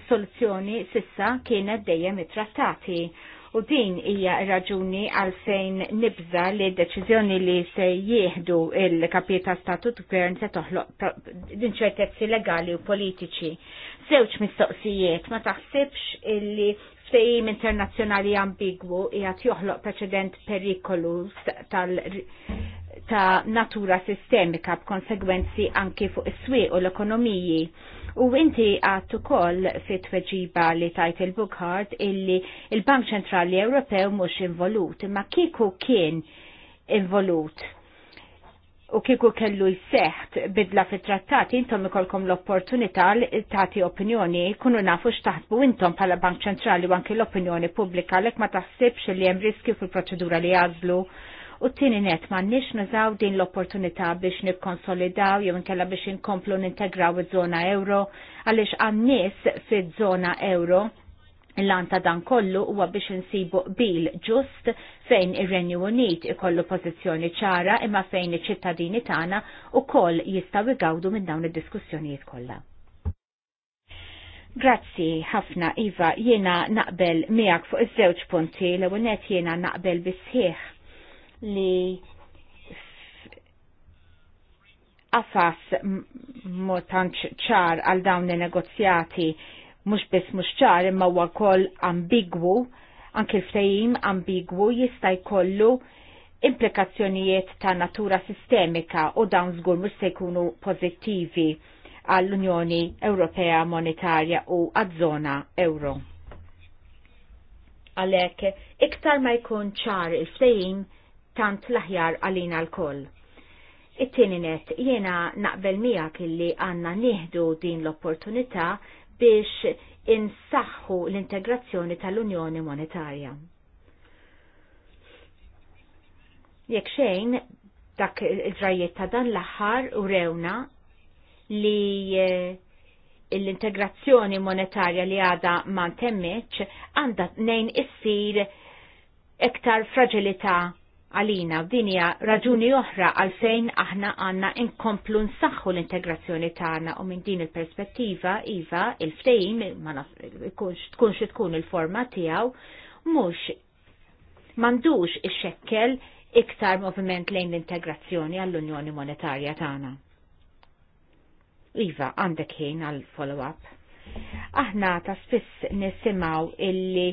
is-soluzzjoni sissa kienet dejjem it-trattati U din hija raġuni għal fejn nibża li d-deċiżjoni li se jieħdu il kapieta ta' statut gvern se toħloq ċertezzi legali u politiċi. Żewġ mistoqsijiet ma taħsibx illi ftehim internazzjonali ambigwu jgħat joħloq preċedent perikolu tal ta' natura sistemika b'konsegwenzi anki fuq is-swieq u l-ekonomiji U inti għattu koll fit tweġiba li tajt il-Bukhard illi il-Bank Ċentrali Ewropew mux involut, imma kiku kien involut u kiku kellu jseħt bidla fit trattati intom ikolkom l-opportunità tagħti opinjoni kunu nafu x'taħsbu intom bħala Bank Ċentrali u anke l-opinjoni pubblika lek ma taħsibx li hemm riskju fil-proċedura li jażlu U t-tini net ma nix nizaw din l-opportunità biex nikkonsolidaw jew nkella biex inkomplu nintegraw iż-żona euro għaliex għannis fid-żona euro l lanta dan kollu huwa biex insibu bil ġust fejn ir-Renju Unit ikollu pożizzjoni ċara imma fejn iċ-ċittadini tagħna ukoll jistgħu igawdu minn dawn id-diskussjonijiet kollha. Grazzi ħafna Iva, jiena naqbel miegħek fuq iż-żewġ punti l ewwel jiena naqbel bisħieħ li għafas motan ċar għal dawn il negozjati mux bis mux ċar imma huwa wkoll ambigwu, anke l ftajim ambigwu jista' jkollu implikazzjonijiet ta' natura sistemika u dawn żgur mhux se jkunu pożittivi għall-Unjoni Ewropea Monetarja u għaż-żona euro. Għalhekk iktar ma jkun ċar il ftajim tant l-aħjar għalina l-koll. It-tieni jena jiena naqbel miegħek illi għandna nieħdu din l-opportunità biex insaħħu l-integrazzjoni tal-Unjoni Monetarja. Jekk xejn dak il drajiet ta' dan l-aħħar u rewna li eh, l-integrazzjoni monetarja li għada ma temmeċ għanda nejn issir iktar fragilita' għalina u raġuni oħra għalfejn aħna għanna inkomplu nsaħħu l-integrazzjoni tagħna u minn din il-perspettiva iva il-ftejim ma tkun xi tkun il-forma tiegħu mhux mandux ix-xekkel iktar moviment lejn l-integrazzjoni għall-Unjoni Monetarja tagħna. Iva, għandek ħin għal follow-up. Aħna ta' spiss nisimaw illi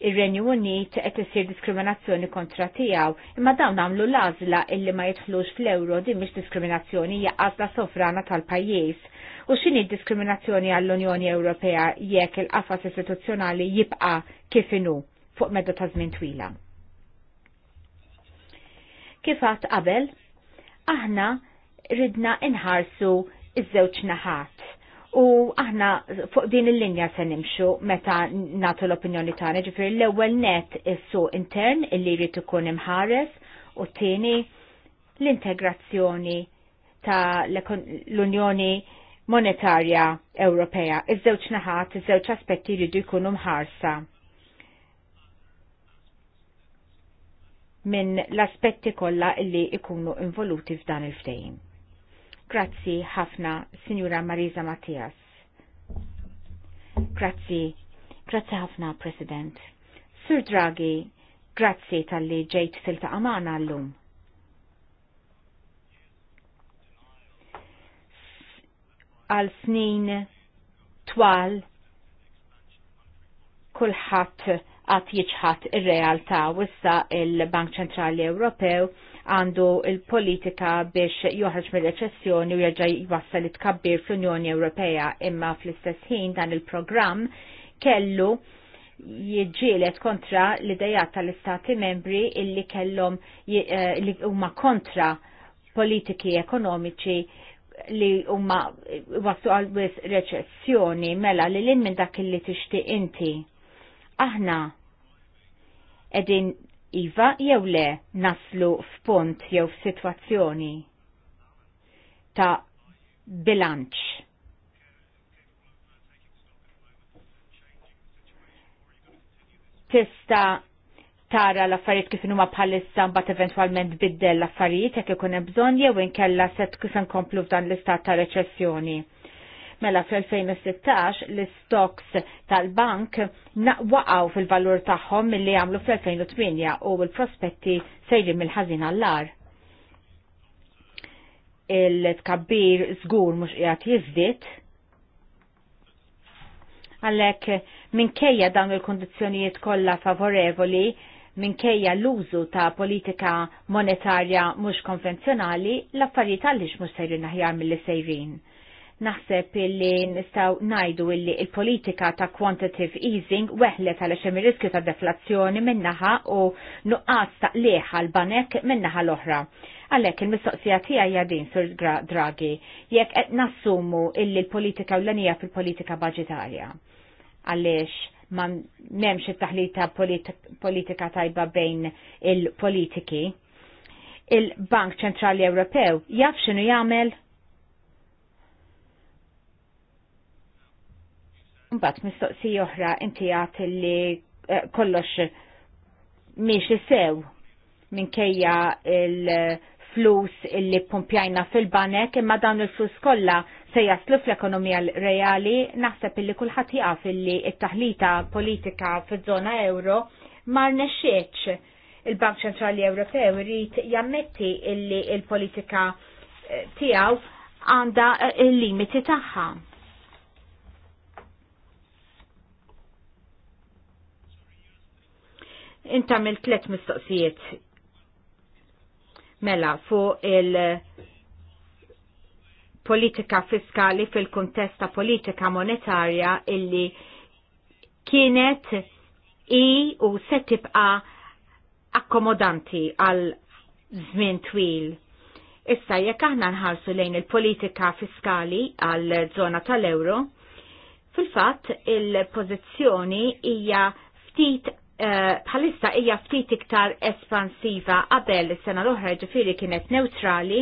ir-Renju Unit qed isir diskriminazzjoni kontra tiegħu, imma dawn għamlu l-għażla illi ma jidħlux fl ewro din mhix diskriminazzjoni hija għażla sovrana tal-pajjiż. U x'inhi diskriminazzjoni għall-Unjoni Ewropea jekk il-qafas istituzzjonali jibqa' kif inhu fuq medda ta' żmien twila. Kif għat qabel, aħna ridna inħarsu iż-żewġ naħat U aħna fuq din il-linja se nimxu meta natu l-opinjoni tagħna, ġifieri l-ewwel net is-suq intern illi jrid ikun imħares u t-tieni l-integrazzjoni ta' l-Unjoni Monetarja Ewropea. Iż-żewġ naħat, iż-żewġ aspetti jridu jkunu mħarsa. minn l-aspetti kollha illi jkunu involuti f'dan il-ftehim. Grazzi ħafna, Signora Marisa Mattias. Grazzi, grazzi ħafna, President. Sur Draghi, grazzi tal-li ġejt fil-taqa l-lum. Għal snin twal kullħat għat jieċħat il-realtà u issa il-Bank Ċentrali Ewropew għandu il-politika biex joħarġ mir-reċessjoni u jerġa' jwassal it-kabbir fl-Unjoni Ewropea imma fl-istess ħin dan il-programm kellu jiġġielet kontra l-idejat tal-istati membri illi kellhom eh, li huma kontra politiki ekonomiċi li huma waslu għal reċessjoni mela li l-in minn dak li tixtieq inti aħna edin iva jew le naslu f'punt jew f'sitwazzjoni ta' bilanċ. Tista' tara l-affarijiet kif huma bħalissa mbagħad eventwalment biddel l-affarijiet jekk ikun hemm bżonn jew inkella se tkun se nkomplu f'dan l-istat ta' reċessjoni. Mela fl-2016 l-stocks tal-bank waqaw fil-valur tagħhom milli għamlu fl-2008 u l-prospetti sejrin mill ħazina l ar Il-tkabbir żgur mhux qiegħed jiżdied. Għalhekk minkejja dawn il kondizjonijiet kollha favorevoli minkejja l-użu ta' politika monetarja mhux konvenzjonali l-affarijiet għaliex mhux sejrin aħjar mill sejrin. Naħseb illi nistaw najdu illi il-politika ta' quantitative easing weħlet għal xem riskju ta' deflazzjoni minnaħa u nuqqas ta' liħa l-banek minnaħa l-oħra. Għalek il-mistoqsija tija jadin sur Draghi, jekk qed nassumu illi l-politika u l-anija fil-politika budgetarja. Għalix ma memx it-taħlita politika tajba bejn il-politiki. Il-Bank Ċentrali Ewropew jaf xinu jagħmel Mbatt, mistoqsija oħra inti għat li eh, kollox miex sew minkejja il-flus illi pumpjajna fil-banek imma dan il-flus kollha se jaslu fl-ekonomija reali naħseb illi kulħadd jaf illi it-taħlita politika fiż-żona euro ma rnexxietx il-Bank Ċentrali Ewropew rrit jammetti illi il-politika eh, tiegħu għandha eh, il-limiti tagħha Inta mill tlet mistoqsijiet mela fuq il- politika fiskali fil-kontesta politika monetarja illi kienet i u se tibqa akkomodanti għal żmien twil. Issa jekk aħna nħarsu lejn il-politika fiskali għal żona tal-euro, fil-fatt il-pożizzjoni hija ftit Eh, bħalissa hija ftit iktar espansiva qabel is-sena l-oħra ġifieri kienet neutrali.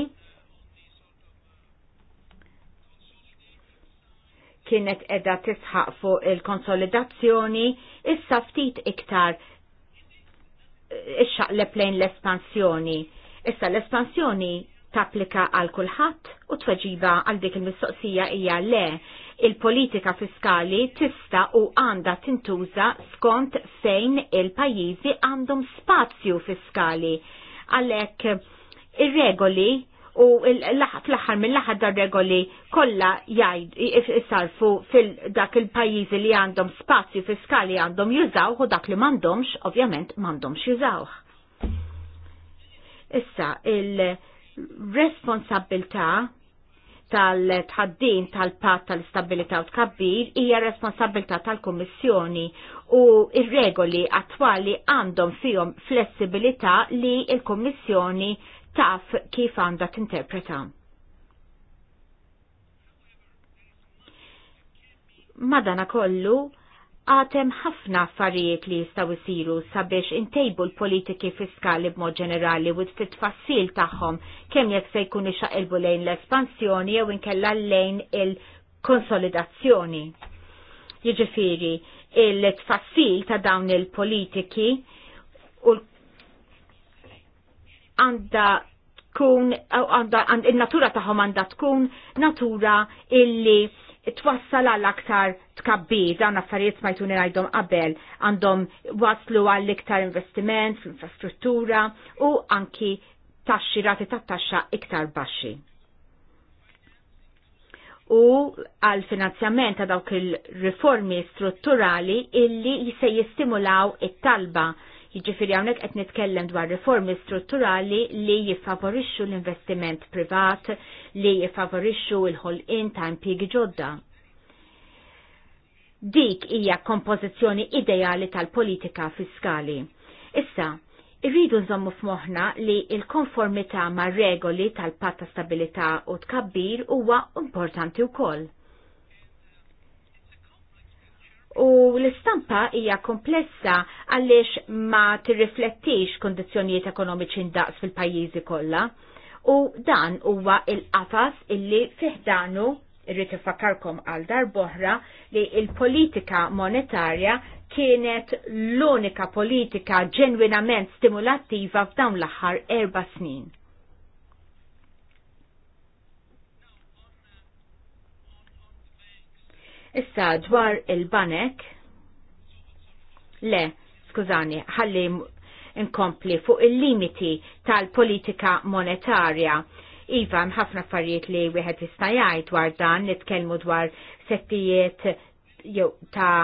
kienet edha tisħaq fuq il-konsolidazzjoni, issa ftit iktar eh, le lejn l-espansjoni. Issa l-espansjoni tapplika għal kulħadd u tweġiba għal dik il-mistoqsija hija le il-politika fiskali tista' u għandha tintuża skont fejn il-pajjiżi għandhom spazju fiskali. Għalhekk ir-regoli u fl-aħħar mill-aħħar dar regoli kollha jgħid isarfu fil dak il-pajjiżi li għandhom spazju fiskali għandhom jużaw u dak li m'għandhomx ovvjament m'għandhomx jużaw. Issa il-responsabilità tal-tħaddin tal-pat tal-istabilità u tkabbir hija responsabilità tal-Kummissjoni u ir-regoli attwali għandhom fihom flessibilità li l-Kummissjoni taf kif għandha tinterpreta. Madana kollu, għatem ħafna affarijiet li jistaw isiru sabiex intejbu l-politiki fiskali b'mod ġenerali u t-tfassil tagħhom kemm jekk se jkun ixaqilbu lejn l-espansjoni jew inkella lejn il-konsolidazzjoni. Jiġifieri, il-tfassil ta' dawn il-politiki u għanda tkun, għanda, il-natura taħom għanda tkun natura illi twassal għall aktar tkabbi dawn affarijiet ma jtuni għajdhom qabel għandhom waslu għall iktar investiment fl-infrastruttura u anki taxxi rati ta' taxxa iktar baxxi. U għal finanzjament ta' dawk il-riformi strutturali illi se jistimulaw it-talba il Jiġifieri hawnhekk qed nitkellem dwar riformi strutturali li jiffavorixxu l-investiment privat, li jiffavorixxu l-ħolqien ta' impjiegi ġodda. Dik hija kompożizzjoni ideali tal-politika fiskali. Issa, irridu nżommu f'moħħna li l-konformità mar regoli tal-patta stabilità u tkabbir huwa importanti wkoll U l-istampa hija komplessa għaliex ma tirriflettix kondizjonijiet ekonomiċi ndaqs fil-pajjiżi kollha. U dan huwa il-qafas illi fiħdanu irrid ifakkarkom għal boħra li il-politika monetarja kienet l-unika politika ġenwinament stimulattiva f'dawn l-aħħar erba' snin. Issa dwar il-banek, le, skużani, ħalli inkompli fuq il-limiti tal-politika monetarja. Iva, mħafna affarijiet li wieħed jista' jgħid dwar dan, nitkellmu dwar settijiet ta'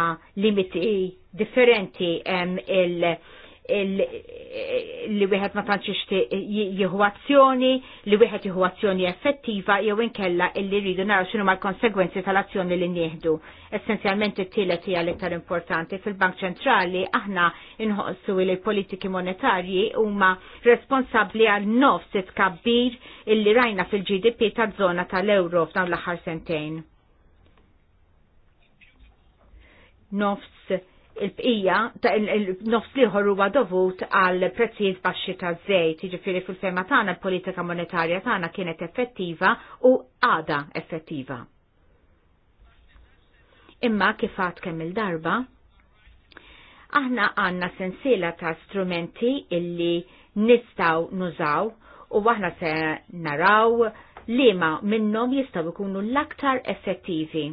limiti differenti hemm il- li wieħed ma tantx ixtieq jieħu azzjoni, li wieħed jieħu azzjoni effettiva jew inkella illi rridu naraw x'inhu mal-konsegwenzi tal-azzjoni li nieħdu. Essenzjalment it-tielet hija l-iktar importanti fil-Bank Ċentrali aħna inħossu li l-politiki monetarji huma responsabbli għal nofs it-kabbir illi rajna fil-GDP taż-żona tal-Ewro f'dawn l-aħħar sentejn. Nofs il-bqija ta' il-nofs liħor huwa dovut għal prezzijiet baxxi ta' żejt, jiġifieri fil fema tagħna l-politika monetarja tagħna kienet effettiva u għada effettiva. Imma kif għad kemm il-darba, aħna għandna sensiela ta' strumenti illi nistaw nużaw u aħna se naraw liema minnhom jistgħu jkunu l-aktar effettivi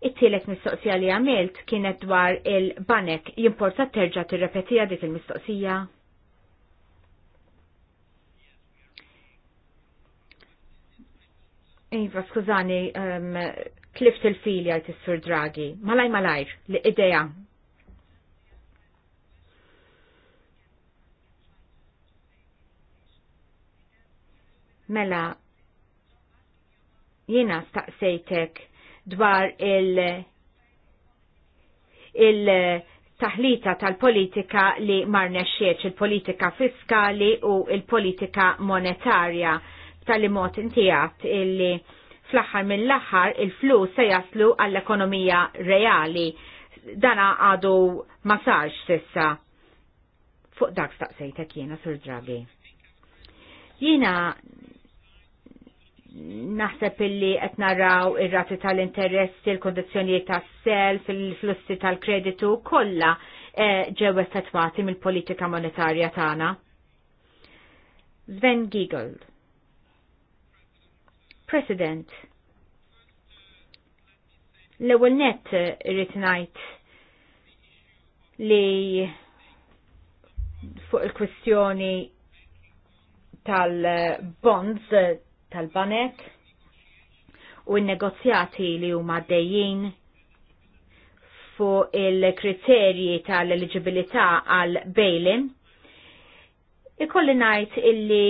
It-tielet mistoqsija li għamilt kienet dwar il-banek jimporta terġa t-repetija dik il-mistoqsija. Iva, skużani, um, klift il-fili għajt sur dragi. Malaj malaj, li ideja. Mela, jena staqsejtek dwar il- il- taħlita tal-politika li marnexxieċ il-politika fiskali u il-politika monetarja tal imot intijat illi fl-axar mill-axar il-flus se jaslu għall-ekonomija reali. Dana għadu massaġ sissa. Fuq dak staqsejtek jiena, Sur dragi. Jiena naħseb illi qed naraw ir-rati tal-interessi, il-kondizzjonijiet tas-self, il-flussi tal-kreditu kollha eh, ġew effettwati mill-politika monetarja tagħna. Sven Giegold. President. L-ewwel net irid ngħid li fuq il-kwestjoni tal-bonds tal-banek u n-negozjati li huma dejjin fuq il-kriterji tal-eligibilità għal bail-in. Ikolli najt illi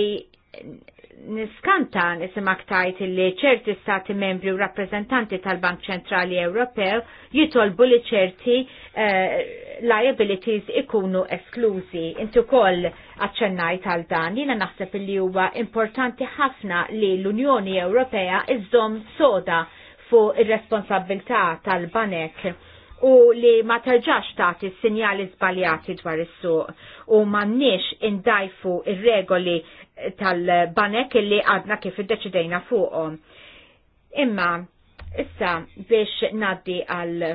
niskanta nisimak tajt li ċerti stati membri u rappresentanti tal-Bank Ċentrali Ewropew jitolbu li ċerti uh, liabilities ikunu esklużi. Intu kol għacċennaj tal-dan, jina naħseb li huwa importanti ħafna li l-Unjoni Ewropea iżom soda fuq ir-responsabilità tal-banek u li ma terġax tagħti sinjali żbaljati dwar is-suq u m'għandniex indajfu ir-regoli tal-banek li għadna kif iddeċidejna fuqhom. Imma issa biex naddi għal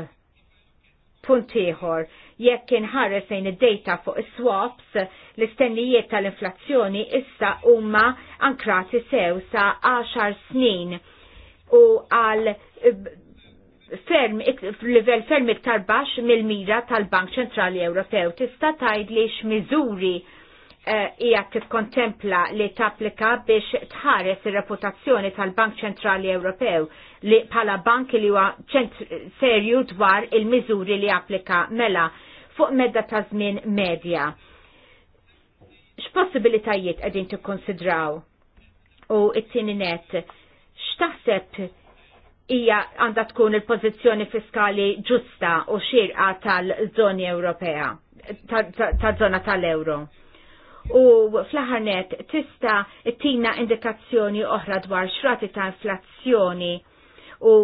punt ieħor jekk inħares fejn id-data fuq is-swaps l-istennijiet tal-inflazzjoni issa huma ankrati sew sa 10 snin u għal ferm, level ferm iktar bax mill-mira tal-Bank Ċentrali Ewropew. Tista' tgħidli x'miżuri eh, hija uh, tikkontempla li tapplika biex tħares ir-reputazzjoni tal-Bank Ċentrali Ewropew li bħala bank li huwa serju dwar il-miżuri li applika mela fuq medda ta' żmien medja. X'possibilitajiet qegħdin tikkonsidraw? U it-tieni net, x'taħseb hija għandha tkun il-pożizzjoni fiskali ġusta u xirqa tal-żoni Ewropea, tal-żona tal-euro. U fl-aħħar net tista' tina indikazzjoni oħra dwar xrati ta' inflazzjoni u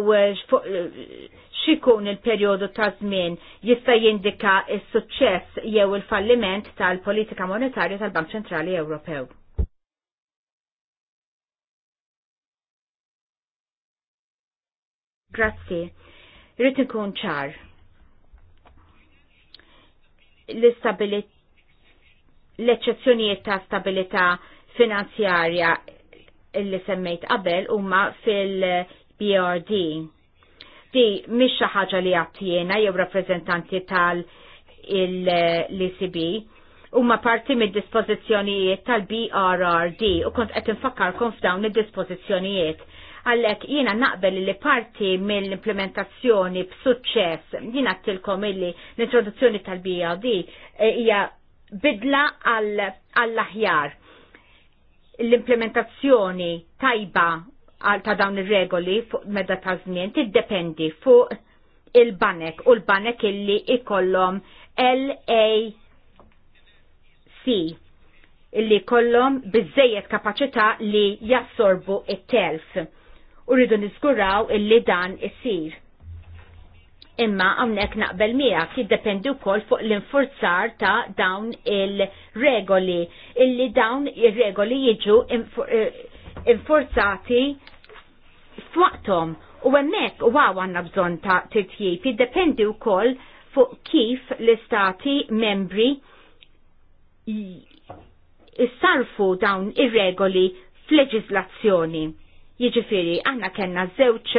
xikun il-perjodu ta' żmien jista' jindika s-suċċess jew il-falliment tal-politika monetarja tal-Bank Ċentrali Ewropew. Grazzi. Rrit ikun ċar. l eċezzjonijiet ta' stabilità finanzjarja li semmejt qabel huma fil-BRD. Di mhix xi ħaġa li għattijena jew rappreżentanti tal-ECB huma parti mid-dispożizzjonijiet tal-BRRD u kont qed infakkarkom f'dawn id-dispożizzjonijiet Għallek jiena naqbel li parti mill-implementazzjoni b'suċċess, jiena tilkom illi l-introduzzjoni tal-BRD eh, hija bidla għall-aħjar. L-implementazzjoni tajba ta' dawn ir-regoli fuq medda ta' żmien tiddependi fuq il-banek u l-banek illi ikollhom LAC illi kollhom biżejjed kapaċità li jassorbu it-telf u rridu niżguraw illi dan isir. Imma hawnhekk naqbel miegħek jiddependi wkoll fuq l-infurzar ta' dawn il-regoli illi dawn ir-regoli jiġu eh, infurzati fuqtom. u hemmhekk u għaw għandna bżonn ta' titjib jiddependi wkoll fuq kif l-istati membri jissarfu dawn ir-regoli fl fl-leġizlazzjoni. Jiġifieri aħna kellna żewġ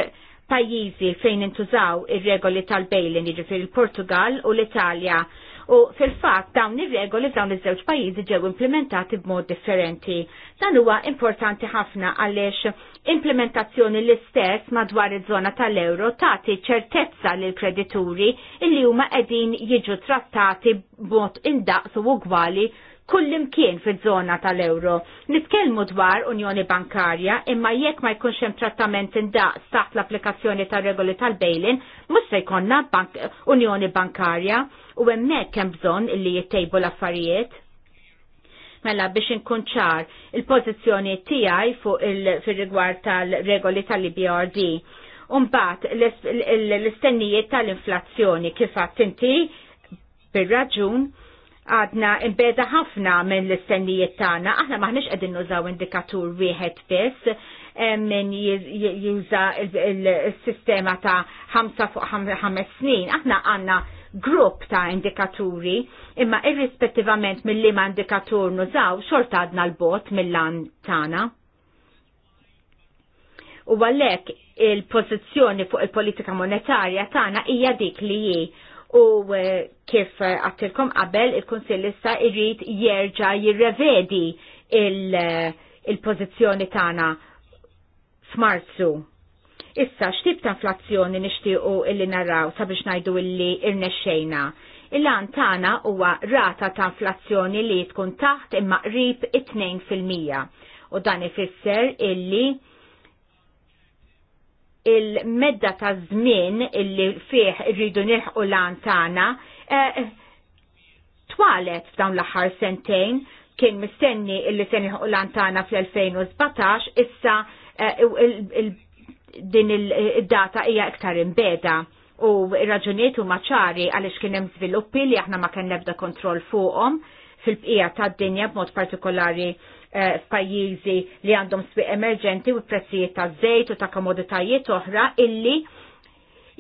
pajjiżi fejn intużaw ir-regoli tal-bejlin, jiġifieri il-Portugal u l-Italja. U fil-fatt dawn ir-regoli f'dawn iż-żewġ pajjiżi ġew implementati b'mod differenti. Dan huwa importanti ħafna għaliex implementazzjoni l-istess madwar iż-żona tal-euro tagħti ċertezza lil kredituri illi huma qegħdin jiġu trattati b'mod indaqs u ugwali kullimkien fiż-żona tal-euro. Nitkellmu dwar Unjoni Bankarja imma jekk ma jkunx hemm trattament indaqs taħt l-applikazzjoni tar-regoli tal-bejlin, mhux se jkollna bank Unjoni Bankarja u hemmhekk hemm bżonn li jittejbu l-affarijiet. Mela biex inkun ċar il-pożizzjoni tiegħi fuq il-rigward tal-regoli tal-IBRD. Umbat l-istennijiet tal-inflazzjoni kif għattinti bir-raġun għadna imbeda ħafna minn l-istennijiet tagħna, aħna maħniex qegħdin nużaw indikatur wieħed biss eh, minn juża il-sistema ta' 5 fuq 5 snin, aħna għandna grupp ta' indikaturi imma irrispettivament mill ma indikatur nużaw xorta għadna l-bot mill-lan tagħna. U għalhekk il-pożizzjoni fuq il-politika monetarja tagħna hija dik li hi u eh, kif eh, għattilkom qabel il-Konsill issa irrid jerġa jirrevedi il-pozizjoni il, eh, il tagħna f'Marzu. Issa x'tib ta' inflazzjoni nixtiequ illi narraw sabiex ngħidu illi irnexxejna. Il-lan tagħna huwa rata ta' inflazzjoni li tkun taħt imma qrib 2 fil-mija. U dan ifisser illi il-medda ta' żmien illi fih irridu nilħqu lan tana eh, twalet f'dawn l-aħħar sentejn kien mistenni illi se u lan tana fl-2017 issa eh, din il-data hija iktar imbeda u raġunietu huma ċari għaliex kien hemm żviluppi li aħna ma kien ebda kontroll fuqhom fil-bqija tad-dinja b'mod partikolari f'pajjiżi eh, li għandhom swieq emerġenti u prezzijiet ta' żejt u ta' komoditajiet oħra illi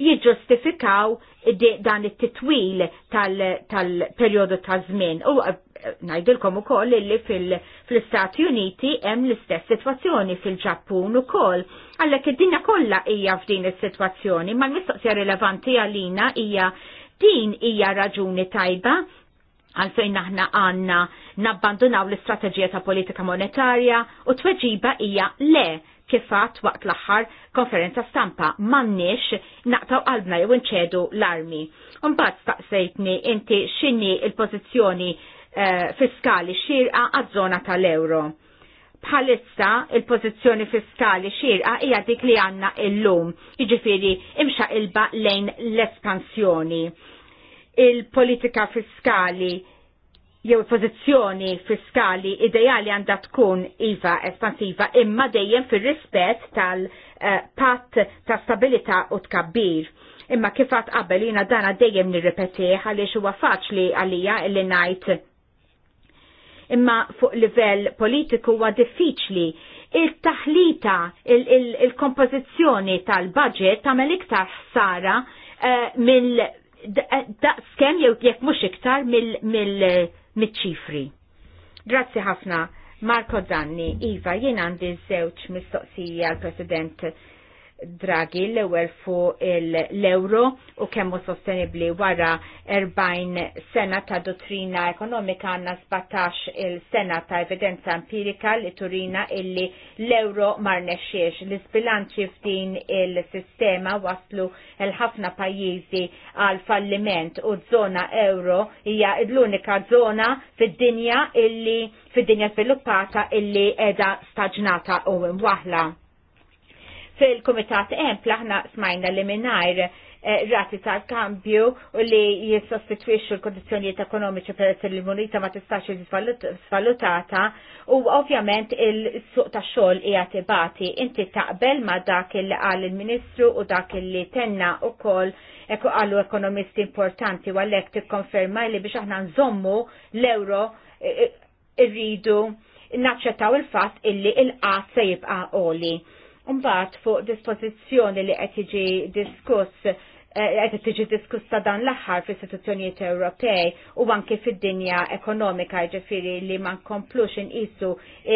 jiġġustifikaw dan it-titwil tal-perjodu tal ta' żmien. U eh, ngħidilkom ukoll li fl-Istati Uniti hemm l-istess sitwazzjoni fil-Ġappun ukoll. Għalhekk id-dinja kollha hija f'din is-sitwazzjoni, ma l-mistoqsija rilevanti għalina hija din hija raġuni tajba għalfejn aħna għanna nabbandunaw l-istrateġija ta' politika monetarja u tweġiba hija le kifat waqt l-aħħar konferenza stampa mannix naqtaw qalbna jew nċedu l-armi. Mbagħad staqsejtni inti x'inhi il-pożizzjoni eh, fiskali xirqa għaż-żona tal-euro. Bħalissa il-pożizzjoni fiskali xirqa hija dik li għandna illum, jiġifieri imxa ilba lejn l-espansjoni il-politika fiskali jew pożizzjoni fiskali ideali għandha tkun iva espansiva imma dejjem fir-rispett tal-patt ta' stabilità u tkabbir. Imma kif kifat qabel jiena dana dejjem nirrepetih għaliex huwa faċli għalija li ngħid imma fuq livell politiku huwa diffiċli il-taħlita, il-kompożizzjoni il il tal-budget tagħmel iktar ħsara uh, mill Eh, daqs kem jew jekk mhux iktar mill-ċifri. Eh, Grazzi ħafna. Marco Zanni, Iva, jien għandi żewġ mistoqsija għal President Draghi l-ewel fuq l-euro u kemmu sostenibli wara 40 sena ta' dottrina ekonomika għanna 17 il-sena ta' evidenza empirika li turina illi l-euro marnexiex. L-isbilanċi f'din il-sistema waslu il ħafna pajjiżi għal falliment u zona euro hija l-unika zona fid-dinja illi fid-dinja sviluppata illi edha staġnata u mwahla fil-Kumitat Empl aħna smajna li mingħajr eh, rati tal-kambju u li jissostitwixxu l kondizjoniet ekonomiċi per li l-munita ma tistax svalutata u ovvjament il-suq ta' xogħol hija tibati. Inti taqbel ma dak il qal il-Ministru u dak il-li tenna ukoll ekku għallu ekonomisti importanti u għallek t-konferma li biex aħna nżommu l-euro eh, eh, irridu naċċettaw il-fatt illi il-qat se jibqa' oli. Umbat fuq dispożizzjoni li qed jiġi diskuss eh, qed tiġi diskussa dan l-aħħar fl-istituzzjonijiet Ewropej u anke fid-dinja ekonomika ġifiri li ma nkomplux inqisu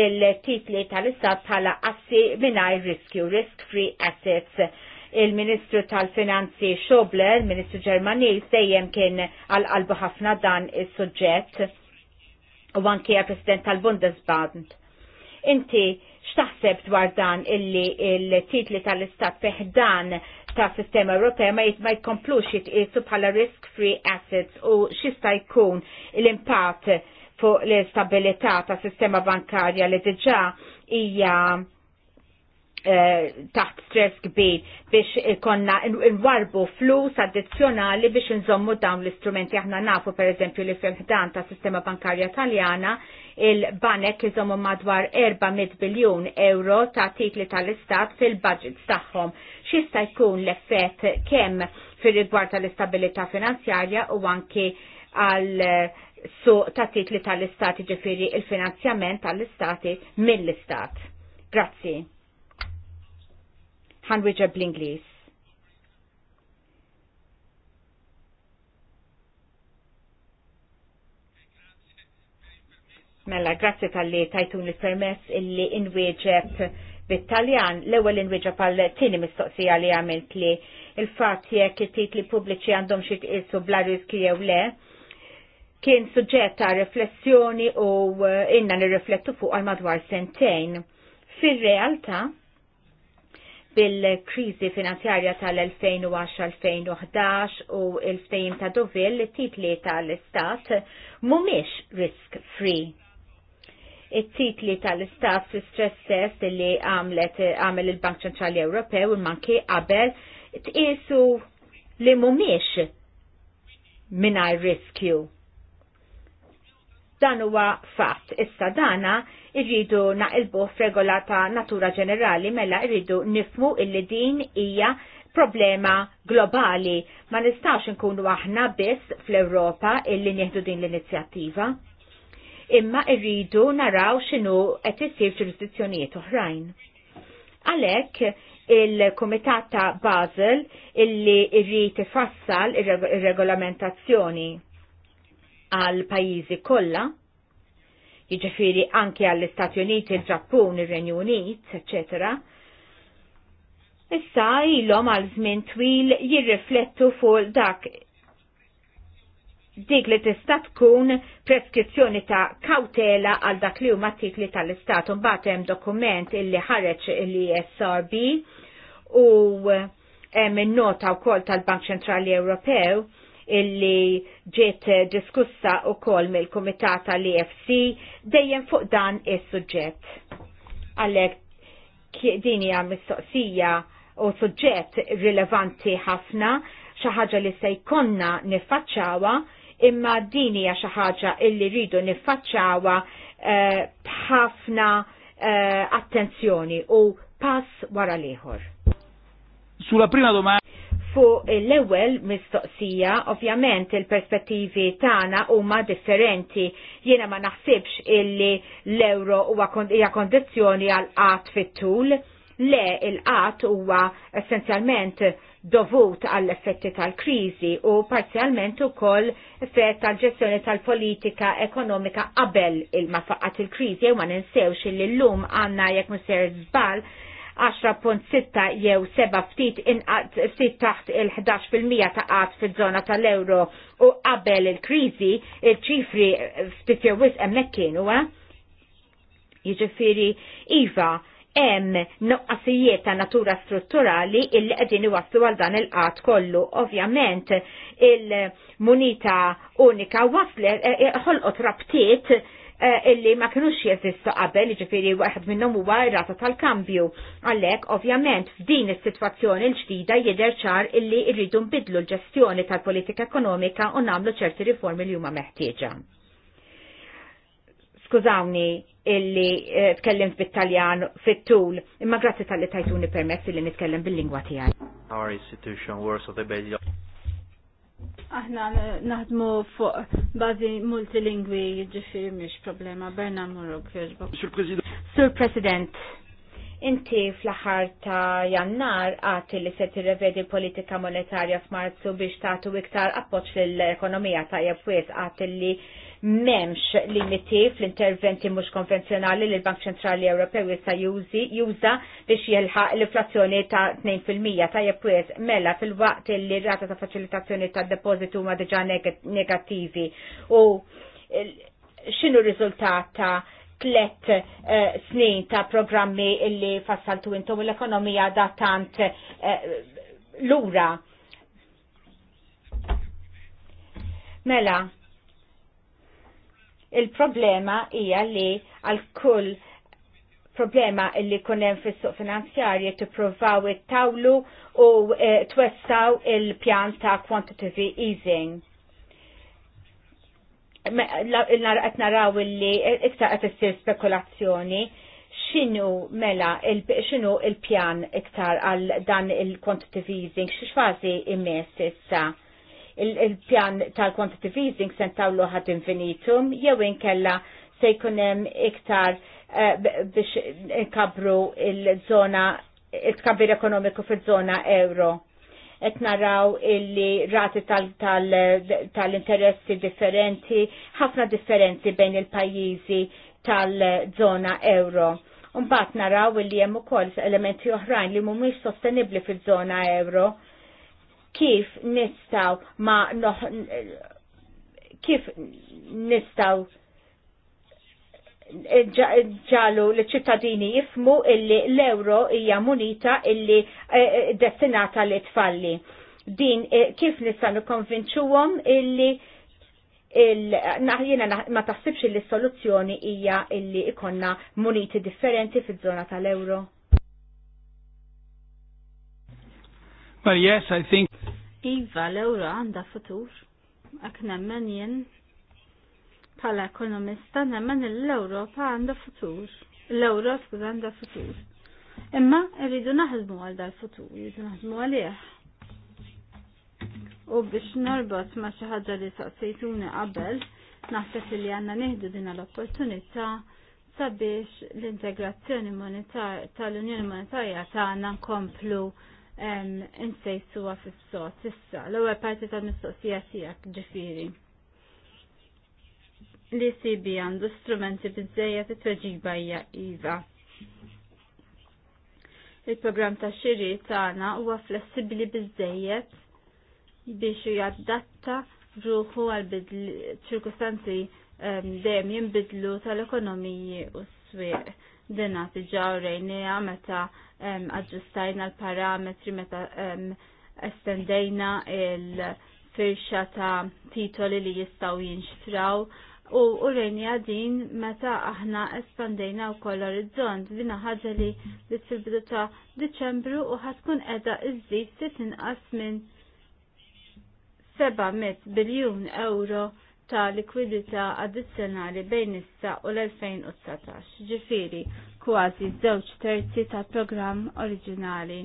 il-titli tal-istat bħala assi mingħajr riskju, risk-free assets il-Ministru tal-Finanzi Schoble, il-Ministru Ġermani, sejjem kien għal-qalbu ħafna dan is-suġġett u anke għal-President tal-Bundesband. Inti X'taħseb dwar dan illi il-titli tal-istat peħdan ta' sistema Ewropea ma jitma jkomplux jitqisu bħala risk-free assets u xista jkun l-impatt fuq l-istabilità ta' sistema bankarja li diġà hija Eh, taħt stress kbir biex ikonna nwarbu flus addizzjonali biex nżommu dawn l-istrumenti aħna nafu per eżempju li fil-ħdan ta' sistema bankarja taljana il-banek jżommu madwar 400 biljun euro ta' titli tal-istat fil-budget tagħhom. Xista' jkun l-effett kemm fir-rigward tal-istabilità finanzjarja u anki għal eh, su so, ta' titli tal-istati ġifiri il-finanzjament tal-istati mill-istat. Grazzi ħanwiġa bl-Inglis. Mela, grazzi tal-li tajtun il-permess illi inwieġeb bit-Taljan, l-ewel inwieġeb għal-tini mistoqsija li għamilt li il-fat jekk it-titli pubbliċi għandhom xi tqisu bla riski jew le, kien suġġett ta' riflessjoni u inna nirriflettu fuq għal madwar sentejn. Fir-realtà, fil-krizi finanzjarja tal-2010-2011 u il ftajim ta' Dovil titli tal-istat mumiex risk-free. It-titli tal-istat fi stress test li għamlet għamel il-Bank Ċentrali Ewropew u manki qabel tqisu li mumiex minar riskju Dan huwa fatt. Issa dana irridu naqilbu f'regola ta' natura ġenerali mela irridu nifmu illi din hija problema globali. Ma nistax nkunu aħna biss fl-Ewropa illi nieħdu din l-inizjattiva. Imma irridu naraw x'inhu qed isir ġurisdizzjonijiet oħrajn. Għalhekk il-Kumitat ta' Basel illi irrid ifassal ir-regolamentazzjoni għal pajizi kollha, jiġifieri anke għall istati Uniti, il-Ġappun, ir-Renju Unit, etc. Issa ilhom għal żmien twil jirriflettu fuq dak dik li tista' tkun preskrizzjoni ta' kautela għal dak li huma titli tal-istat u mbagħad hemm dokument illi ħareġ li SRB u hemm in-nota wkoll tal-Bank Ċentrali Ewropew illi ġiet diskussa u kol mill komitata tal-EFC dejjem fuq dan is-suġġett. Għalek dinja mistoqsija u suġġett rilevanti ħafna xi ħaġa li se jkollna imma din hija xi ħaġa illi rridu nifacċawa eh, b'ħafna eh, attenzjoni u pass wara l-ieħor. Sulla prima domanda Fuq l-ewwel mistoqsija, ovvjament il-perspettivi tagħna huma differenti. Jiena ma naħsibx illi l-euro hija kondizzjoni għal qatt fit-tul. Le, il-qatt huwa essenzjalment dovut għall-effetti tal-kriżi u parzjalment ukoll effett tal-ġestjoni tal-politika ekonomika qabel il-mafaqat il-kriżi u ma ninsewx illi l-lum għandna jekk mister żball 10.6 jew 7 ftit ftit taħt il-11% ta' qatt fiż-żona tal-euro u qabel il-kriżi, il-ċifri ftit jew wisq hemmhekk kienu, eh? Jiġifieri iva, hemm noqqasijiet ta' natura strutturali illi qegħdin iwasslu għal dan il qat kollu. Ovvjament il-munita unika waslet eh, eh, ħolqot rabtiet Eh, illi ma kinux jeżistu qabel, ġifiri waħed minnhom huwa rata tal-kambju. Għalhekk ovvjament f'din is-sitwazzjoni l-ġdida jidher ċar illi rridu nbidlu l-ġestjoni tal-politika ekonomika u nagħmlu ċerti riformi li huma meħtieġa. Skużawni illi eh, tkellimt bit-Taljan fit-tul, imma grazzi tal-li tajtuni permessi li nitkellem bil-lingwa tiegħi. Our institution works of the basis Aħna naħdmu fuq bazi multilingwi ġifiri miex problema. Berna Muruk, jirba. Sur President. Sur President, inti fl-ħar ta' jannar għati li se tirrevedi politika monetarja f'Marzu biex tagħtu iktar appoġġ lill-ekonomija ta' jabwies għati li memx limiti fl-interventi mhux konvenzjonali li l-Bank Ċentrali Ewropew jista' juża biex jilħaq l-inflazzjoni ta' 2% tajjeb jepwes mela fil-waqt li rata ta' faċilitazzjoni tad depożitu huma diġà negattivi u x'inhu r-riżultat ta' tlet uh, snin ta' programmi illi fassaltu intom l-ekonomija da' tant uh, lura. Mela, Il-problema hija li għal kull problema illi kunem fis-suq finanzjarji tippruvaw it-tawlu u eh, twessaw il-pjan ta' quantitative easing. Qed naraw illi iktar qed issir spekulazzjoni x'inhu mela x'inhu il-pjan iktar għal dan il-quantitative easing x'fażi imiss issa il-pjan tal-quantitative easing sentaw loħat infinitum, jew inkella se jkunem iktar eh, biex nkabru il-zona, il-kabir ekonomiku fil-zona euro et naraw illi rati tal-interessi differenti, ħafna differenti bejn il-pajjiżi tal-zona euro. bat naraw illi hemm ukoll elementi oħrajn li mhumiex sostenibbli fiż-żona euro kif nistaw ma noħ kif nistaw ġalu li ċittadini jifmu illi l-euro hija munita illi eh, eh, destinata li tfalli. Din eh, kif nistaw nikkonvinċuhom illi jiena ma taħsibx li soluzzjoni hija illi ikonna muniti differenti fiż-żona tal-euro. Well, yes, I think Iva l-ewra għanda futur, għak nemmen jen pala ekonomista nemmen l-Europa għanda futur, l ewra skuż għanda futur. Imma rridu naħdmu għal dal-futur, rridu naħdmu għalih. U biex norbot ma xi ħaġa li saqsejtuni qabel, naħseb li għandna nieħdu din l-opportunità sabiex l-integrazzjoni tal-Unjoni Monetarja tagħna nkomplu ta insejsuha fis-sot. Issa, l-ewwel parti tal-mistoqsija tiegħek ġifieri. Li CB għandu strumenti bizzeja it-tweġiba hija iva. Il-programm ta' xiri tagħna huwa flessibbli biżejjed biex jaddatta ruħu għal ċirkustanzi dejjem jinbidlu tal-ekonomiji u s-swieq dina tiġa rejnija meta aġġustajna l-parametri meta estendejna il-firxa ta' titoli li jistaw jinxtraw u rejnija din meta aħna espandejna u koll orizzont dina ħaġa li fil ta' Deċembru u ħatkun edha iżżid sitin inqas minn 700 biljun euro ta' likwidità addizzjonali bejn issa u l-2019, ġifiri kważi żewġ terzi tal-programm oriġinali.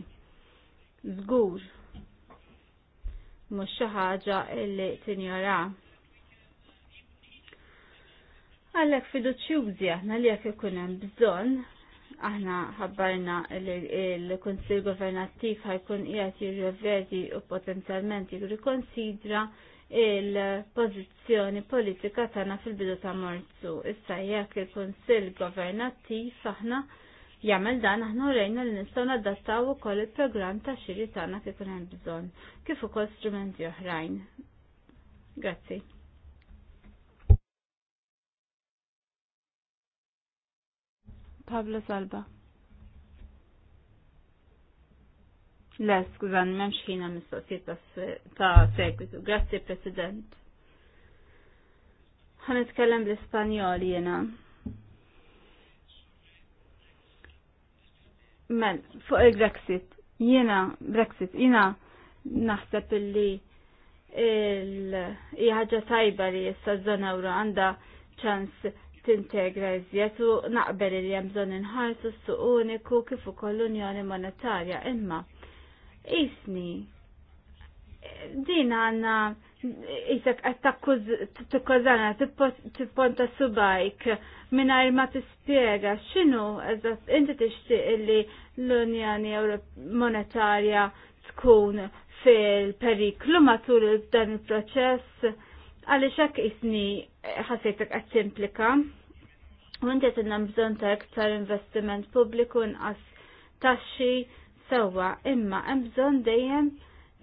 Żgur, mhux xi ħaġa li tinjora. Għallek fiduċjużi aħna li jekk ikun hemm bżonn, aħna ħabbarna l-Kunsill Governattiv ħajkun qiegħed jirrivedi u potenzjalment jirrikonsidra il-pozizjoni politika tagħna fil-bidu ta' Marzu. Issa jekk il-Kunsill Governattiv aħna jagħmel dan aħna rejna li nistgħu nadattaw ukoll il-programm ta' xiri tagħna kif ikun hemm bżonn, kif ukoll strumenti oħrajn. Grazzi. Pablo Salba. Le, skużan, memx ħina mistoqsijiet ta' segwitu. Grazzi, President. Għan kellem bl-Ispanjol jena. Men, fuq il-Brexit, jena, Brexit, jena naħseb illi il-ħagġa tajba li jessa zona ura għanda ċans tintegra jizjet u naqbel li hemm bżonn inħarsu s-suq uniku kif ukoll l-Unjoni Monetarja imma Isni, din għanna t-tukkużana, t tipponta subajk minnajr ma t-spiega, xinu eżat inti t-ixti illi l-Unjoni Monetarja tkun fil-periklu matul dan il-proċess għalli xak isni ħasejtek għattimplika, simplika u inti għedna bżon ta' iktar investiment publiku nqas taxxi sewa imma hemm bżonn dejjem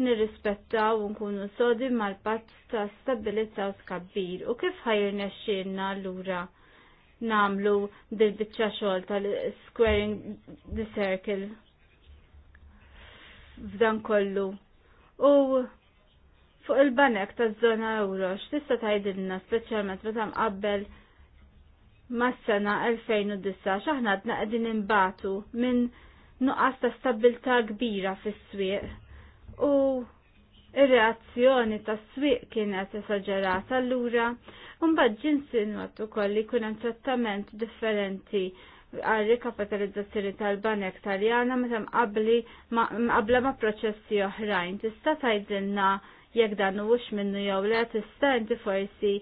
nirrispettaw u nkunu sodi mal-patt ta' stabilizza u skabbir u kif ħajrnexxielna allura namlu dil-biċċa xogħol tal-squaring the circle f'dan kollu. U fuq il-banek taż-żona euro x'tista' tgħidilna speċjalment meta mqabbel mas-sena 2009 x'aħna qegħdin imbatu minn nuqqas ta' stabilta kbira fis-swieq u ir-reazzjoni tas-swieq kienet esaġerata allura mbagħad ġinsinwat ukoll li jkun hemm trattament differenti għal rikapitalizzazzjoni tal-banek taljana meta mqabli mqabla ma' proċessi oħrajn. Tista' tgħidilna jekk dan huwux minnu jew le tista' inti forsi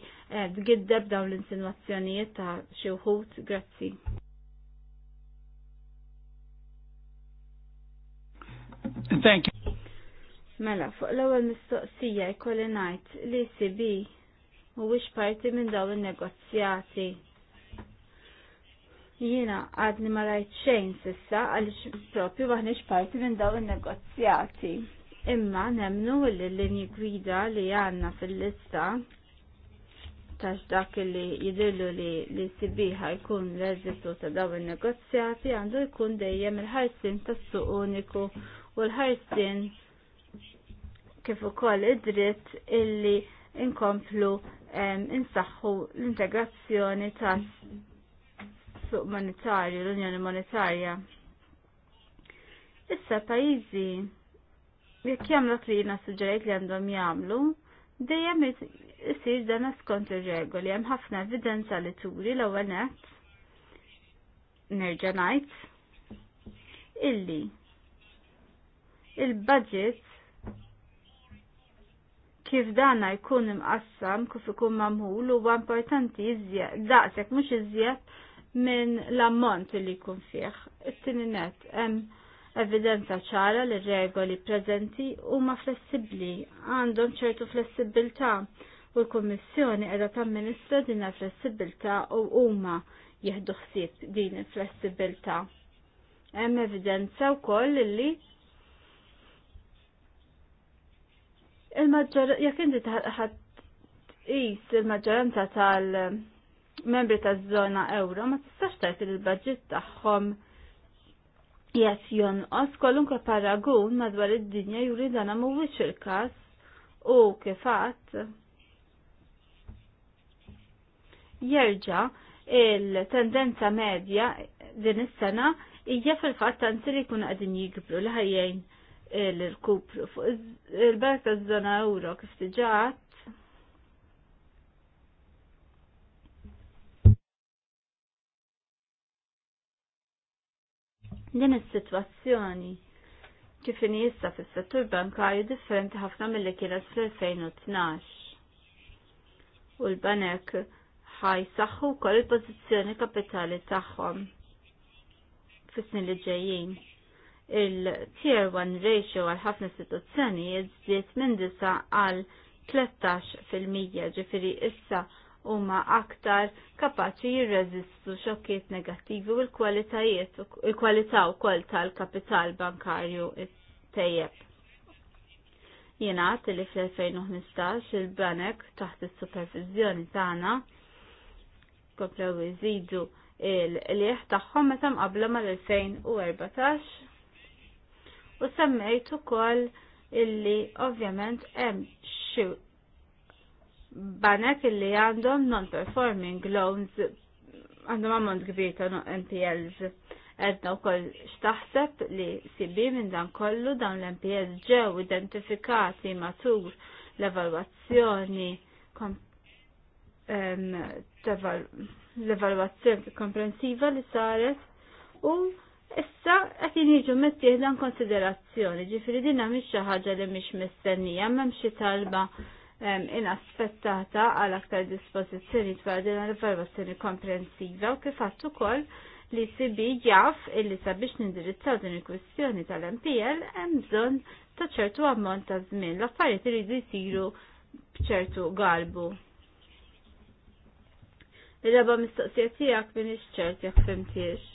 tgiddeb dawn l-insinwazzjonijiet ta' xi wħud. Grazzi. Thank you. Mela, fuq l-ewwel mistoqsija jkolli ngħid li CB mhuwiex parti minn dawn in-negozjati. Jiena għadni ma rajt xejn sissa għaliex propju maħniex parti minn dawn in-negozjati. Imma nemnu li l-linji gwida li għandna fil-lista tax dak li jidillu li li sibiħa jkun l-eżitu ta' daw il-negozjati għandu jkun dejjem il-ħarsin tas suq uniku u l-ħarsin kif ukoll id-dritt illi inkomplu insaħħu l-integrazzjoni ta' suq monetarju, l-Unjoni Monetarja. Issa pajjiżi jekk jagħmlu li jiena suġġerejt li għandhom jagħmlu, dejjem isir dan skont ir-regoli hemm ħafna evidenza li turi l-ewwel nett nerġa' ngħid illi il-budget kif dana jkun imqassam kif ikun mamħul huwa importanti iżjed daqshekk mhux iżjed minn l-ammont li jkun fih. It-tieni net hemm evidenza ċara li regoli preżenti huma flessibbli, għandhom ċertu flessibilità u l-Kummissjoni qiegħda tamministra din il flessibilità u huma jieħdu ħsieb din il-flessibilità. Hemm evidenza wkoll li il-maġġor jekk inti ħadd is il-maġġoranza tal-membri taż-żona euro ma tistax tgħid il-baġġit tagħhom qiegħed jonqos kwalunkwe paragun madwar id-dinja juri dana mhuwiex il-każ u kif għadd jerġa' il-tendenza medja din is-sena hija fil-fatt tanti li jkunu qegħdin jikbru li ħajjejn l-kupru fuq il-berk ta' zona euro kif tiġat. Din is-sitwazzjoni kif inhi issa fis-settur bankarju differenti ħafna milli kienet fl-2012. U l-banek ħaj saħħu wkoll il-pożizzjoni kapitali tagħhom fis-snin li ġejjin il-tier 1 ratio għal ħafna istituzzjoni żdiet minn disa għal 13% ġifiri issa huma aktar kapaċi jirreżistu xokkiet negattivi u l-kwalitajiet u kwalità wkoll tal-kapital bankarju tejjeb. Jingħad li fl-2015 il-banek taħt is-supervizjoni tagħna komplew iżidu il liħ tagħhom meta mqabbla mal-2014 u semmejt ukoll illi ovvjament hemm xi banek illi għandhom non-performing loans għandhom ammont kbir ta' NPLs. Edna wkoll x'taħseb li sibi minn dan kollu dawn l-NPLs ġew identifikati matur l-evalwazzjoni l-evalwazzjoni komprensiva li saret u Issa qed jiġu dan konsiderazzjoni, ġifieri dinha mhix xi ħaġa li mhix mistennija, m'hemm xi talba ehm, inaspettata għal aktar dispożizzjoni dwar din l-evalwazzjoni komprensiva u kif għadt ukoll li sibi jaf illi sabiex nindirizzaw din il-kwistjoni tal-MPL hemm bżonn ta' ċertu ammont ta' żmien. L-affarijiet iridu jsiru b'ċertu galbu. Il-raba mistoqsija tiegħek m'iniex ċert jekk fimtiex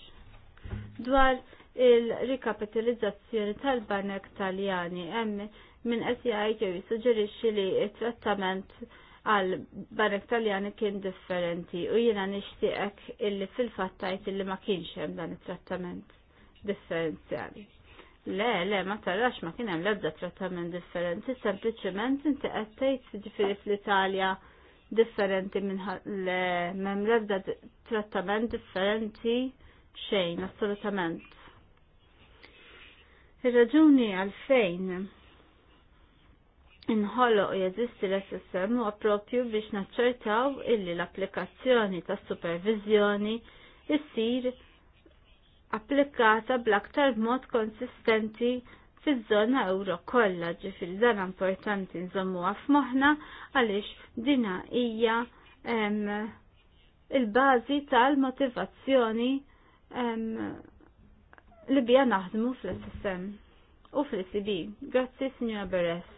dwar il-rikapitalizzazzjoni tal-banek taljani hemm minn qed jgħid jew jissuġġerixxi li t-trattament għal banek taljani kien differenti u jiena nixtieqek illi fil-fatt tajt illi ma kienx hemm dan it-trattament differenzjali. Le, le, ma tarax ma kien hemm l-ebda trattament differenti, sempliċement inti qed tgħid jiġifieri fl-Italja differenti minn l-ebda trattament differenti xejn assolutament. Ir-raġuni għalfejn inħoloq jeżisti l-SSM huwa propju biex naċċertaw illi l-applikazzjoni ta' supervizjoni jissir applikata bl-aktar mod konsistenti fiż-żona euro kollha ġifieri dan importanti nżommuha f'moħħna għaliex dina hija il-bażi tal-motivazzjoni li bija naħdmu fl sistem u fl cb Grazzi, Signora Beres.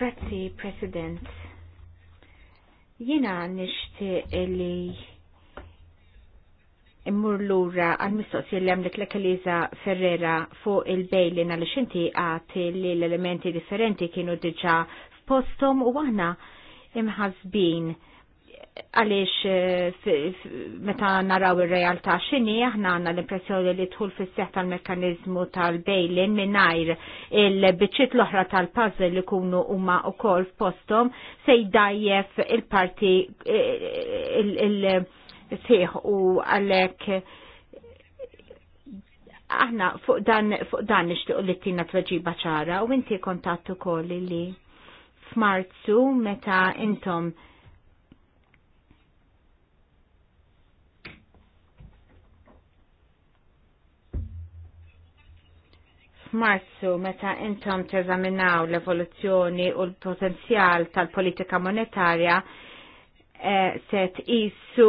Grazzi, President. Jena nishti li immur l-ura għal-mistoqsija li għamlek l-Kaliza Ferrera fuq il-bejlin għal xinti għati li l-elementi differenti kienu diġa f'postom u għana imħazbin għaliex eh, meta naraw ir-realtà x'inhi aħna għandna l-impressjoni li tħul fis-seħħ tal-mekkaniżmu tal-bejlin mingħajr il-biċċiet l-oħra tal-puzzle li jkunu huma wkoll f'posthom se jdajjef il-parti eh, il-sieħ u għalhekk aħna fuq dan fuq dan nixtieq li tina tweġiba ċara u inti kontattu ukoll li f'Marzu meta intom f'Marzu meta intom teżaminaw l-evoluzzjoni u l-potenzjal tal-politika monetarja eh, se tqisu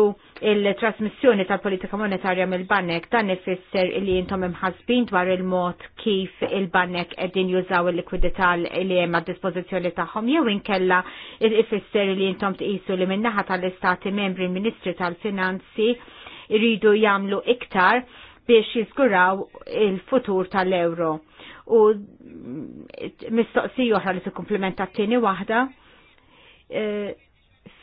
il-trasmissjoni tal-politika monetarja mill-banek dan ifisser li intom imħasbin dwar il-mod kif il-banek qegħdin jużaw il-likwidità li hemm għad-dispożizzjoni tagħhom jew inkella ifisser li intom tqisu li minnaħa tal-Istati Membri Ministri tal-Finanzi iridu jagħmlu iktar biex jizguraw il-futur tal-euro u mistoqsija oħra li tikkumplementa t-tieni waħda. Eh,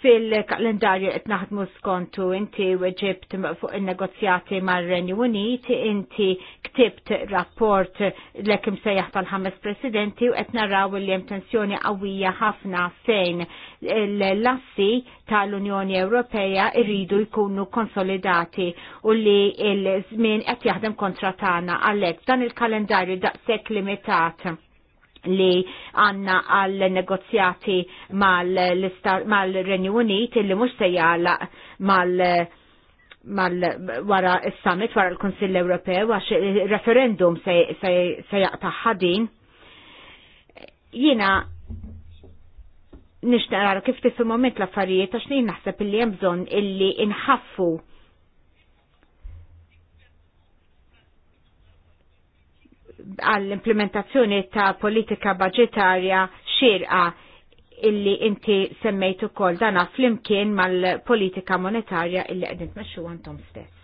fil-kalendarju qed naħdmu skontu inti weġibt fuq il-negozjati mar-Renju Unit, inti ktibt rapport lek imsejjaħ tal-ħames presidenti u qed naraw li hemm tensjoni qawwija ħafna fejn l-lassi tal-Unjoni Ewropea irridu jkunu konsolidati u li l-żmien qed jaħdem kontra tagħna għalhekk dan il-kalendarju daqshekk limitat li għanna għal negozjati mal-Renju Unit illi mux sejjala mal mal wara il-summit, wara l-Konsill Ewropew, għax referendum se jaqtaħħa ħadin. Jina nishtara kif tifu moment l-affarijiet għax naħseb illi hemm bżonn illi inħaffu għall-implementazzjoni ta' politika budgetarja xirqa illi inti semmejt ukoll dana flimkien mal-politika monetarja illi t-meċu għandhom stess.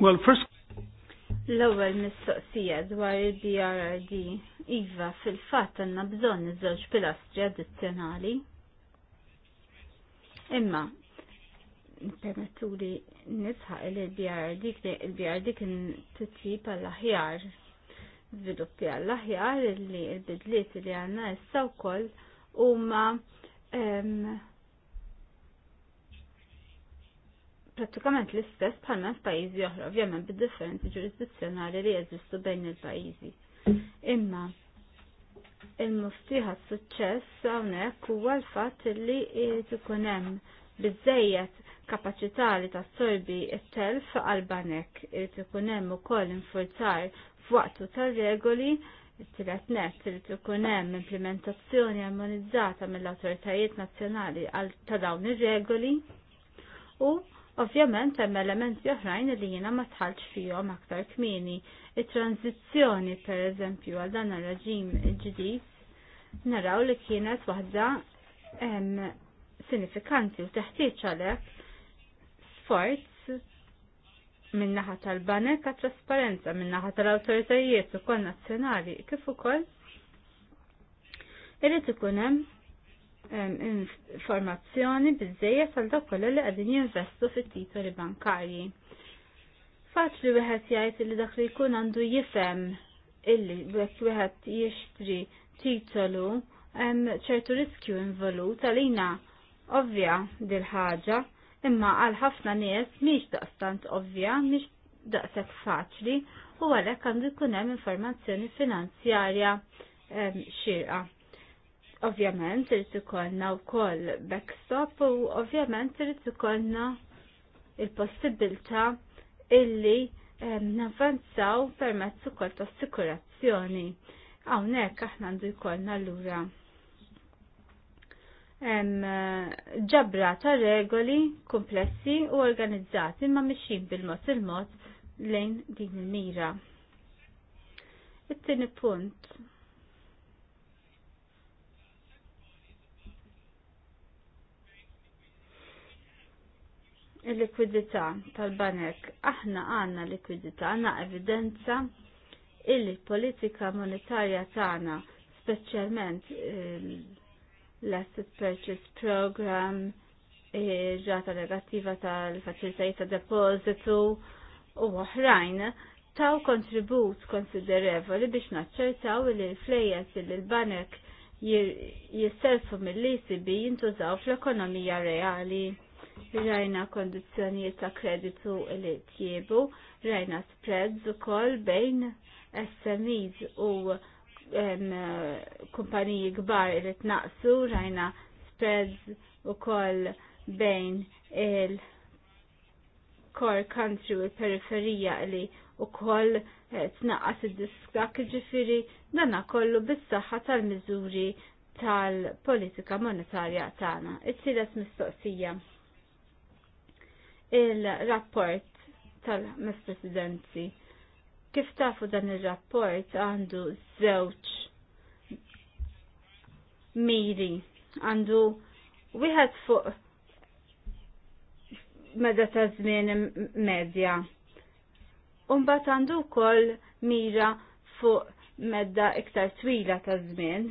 Well, first L-ewwel mistoqsija dwar il-BRRD iva fil-fatt għandna bżonn iż-żewġ pilastri addizzjonali. Imma permettu li nisħaq li l-BRD il-BRD kien tittib għall-aħjar żviluppi għall-aħjar li l-bidliet li għanna issa wkoll huma prattikament l-istess bħalma f'pajjiżi oħra, ovvjament bid-differenzi ġurisdizzjonali li jeżistu bejn il-pajjiżi. Imma il-muftiħa suċċess hawnhekk huwa l-fatt li ikun hemm bizzejiet kapaċità li tassorbi t-telf għal-banek irid ikun hemm ukoll infurzar f'waqtu tar-regoli tilet net irid ikun hemm implementazzjoni armonizzata mill-awtoritajiet nazzjonali ta' dawn ir-regoli u ovvjament hemm elementi oħrajn li jiena ma tħallx fihom aktar kmini. It-tranzizzjoni pereżempju għal dan ir-reġim ġdid naraw li kienet waħda sinifikanti u teħtieġ għalhekk sforz minn naħa tal-banek ta' trasparenza, minn naħa tal-awtoritajiet ukoll nazzjonali, kif ukoll irid ikun hemm informazzjoni biżejjed għal dak kollha li qegħdin jinvestu fit-titoli bankarji. Faċli wieħed jgħid li dak li jkun għandu jifhem illi bekk wieħed jixtri titolu hemm ċertu riskju involut għalina Ovvja dil-ħaġa, imma għal ħafna nies miex daqstant ovvja, miex daqshekk faċli u għalhekk għandu jkun hemm informazzjoni finanzjarja xirqa. Ovvjament irid ikollna wkoll backstop u ovvjament irid ikollna il-possibilità illi nafanzaw permezz ukoll ta' assikurazzjoni. Hawnhekk aħna għandu jkollna lura hemm eh, ġabra ta' regoli komplessi u organizzati ma' mixin bil-mod il-mod lejn din il-mira. It-tieni punt. il-likwidità tal-banek. Aħna għanna likwidità, għanna evidenza il-politika monetarja tagħna speċjalment l-Asset Purchase Program, ġata negattiva tal facilitajiet ta' depozitu u oħrajn taw kontribut konsiderevoli biex naċċertaw li l-flejjes li l-banek jisselfu mill-ECB jintużaw fl-ekonomija reali. Rajna kondizjonijiet ta' kreditu li tjiebu, rajna spreads u kol bejn SMEs u Eh, kumpaniji kbar li tnaqsu rajna spreads u koll bejn il-core country u l-periferija li u koll eh, tnaqqas id-diskak ġifiri danna kollu bis-saħħa tal-miżuri tal-politika monetarja tagħna. It-tielet mistoqsija. Il-rapport mis Kif tafu dan il-rapport għandu zewċ miri, għandu wieħed fuq meda ta' żmien medja. Umbat għandu wkoll mira fuq medda iktar twila ta' żmien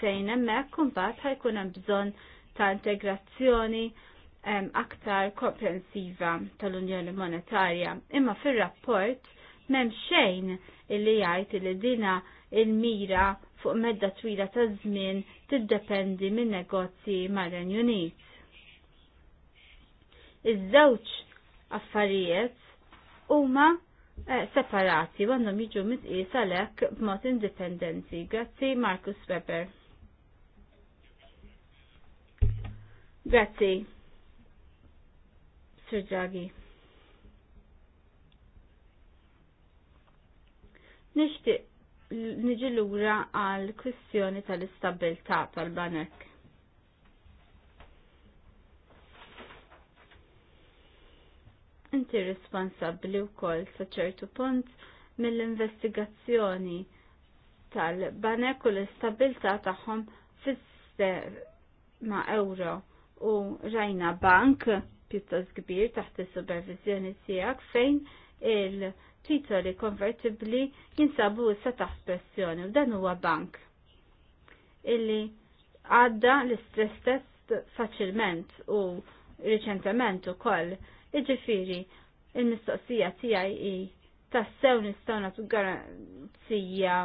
fejn hemmhekk imbagħad ħajkun hemm bżonn ta' integrazzjoni aktar komprensiva tal-Unjoni Monetarja. Imma fir-rapport m'hemm xejn illi jgħid li dina il-mira fuq medda twila ta' żmien tiddependi minn negozji mar-Renju Unit. Iż-żewġ affarijiet huma eh, separati u għandhom jiġu mitqies għalhekk b'mod indipendenti. Grazzi Markus Weber. Grazzi. Sir Jaggi. Nixtieq niġi lura għal kwistjoni tal istabilta tal-banek. Inti responsabbli wkoll sa ċertu punt mill-investigazzjoni tal-banek u l istabilta tagħhom fissema euro u rajna bank pjuttost kbir taħt is-supervizjoni tiegħek fejn il- titoli konvertibli jinsabu issa taħt pressjoni u dan huwa bank illi għadda l-istress test faċilment u riċentement u koll iġifiri il-mistoqsija tijaj i tassew nistaw natu garanzija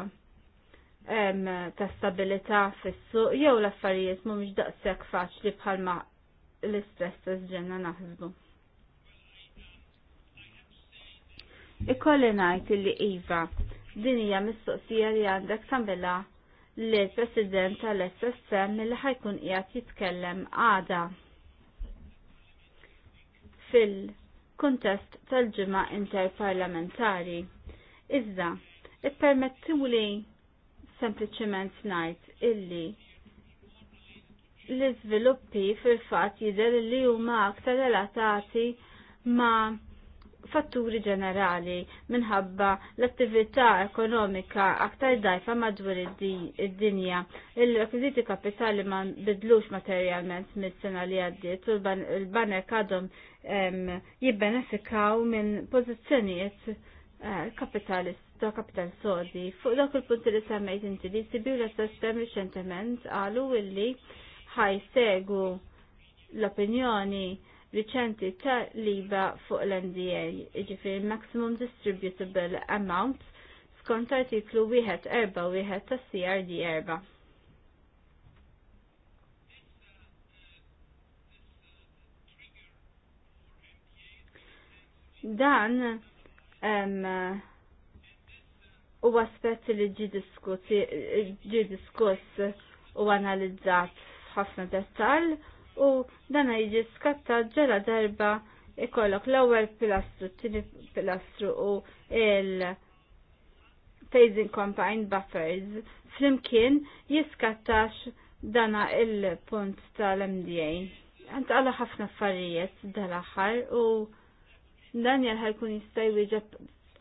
ta' stabilita fissu jew l-affarijiet mumiġ daqsek faċli bħalma l-istress test ġenna naħsbu. Ikolli ngħid illi iva din hija mistoqsija li għandek tambilla li l-President tal-SSM li ħajkun qiegħed jitkellem għada fil-kuntest tal-ġimgħa interparlamentari. Iżda, ippermettuli sempliċement ngħid illi l-iżviluppi fil-fatt jidher li huma aktar relatati ma' fatturi ġenerali minħabba l-attività ekonomika aktar dajfa madwar id-dinja. Il-rekwiziti kapitali ma bidlux materjalment mid-sena li għaddiet u l il-banner kadhom jibbenefikaw minn pożizzjonijiet eh, kapitalista, kapital sodi. Fuq dak il-punti li semmejt inti li sibiu l-assessem reċentement għalu illi ħajsegu l-opinjoni riċenti ta' liba fuq l-NDA, iġifir maximum distributable amount skont artiklu 1.4.1 ta' CRD 4. dan um, u aspett li ġi diskuss u analizzat ħafna dettal u dan jiġi skatta ġala darba ikollok l-ewwel pilastru, t-tieni pilastru u il- phasing combined buffers flimkien jiskattax dana il-punt tal-MDA. Għant għala ħafna affarijiet dal-axar u dan jgħal ħajkun jista' jwieġeb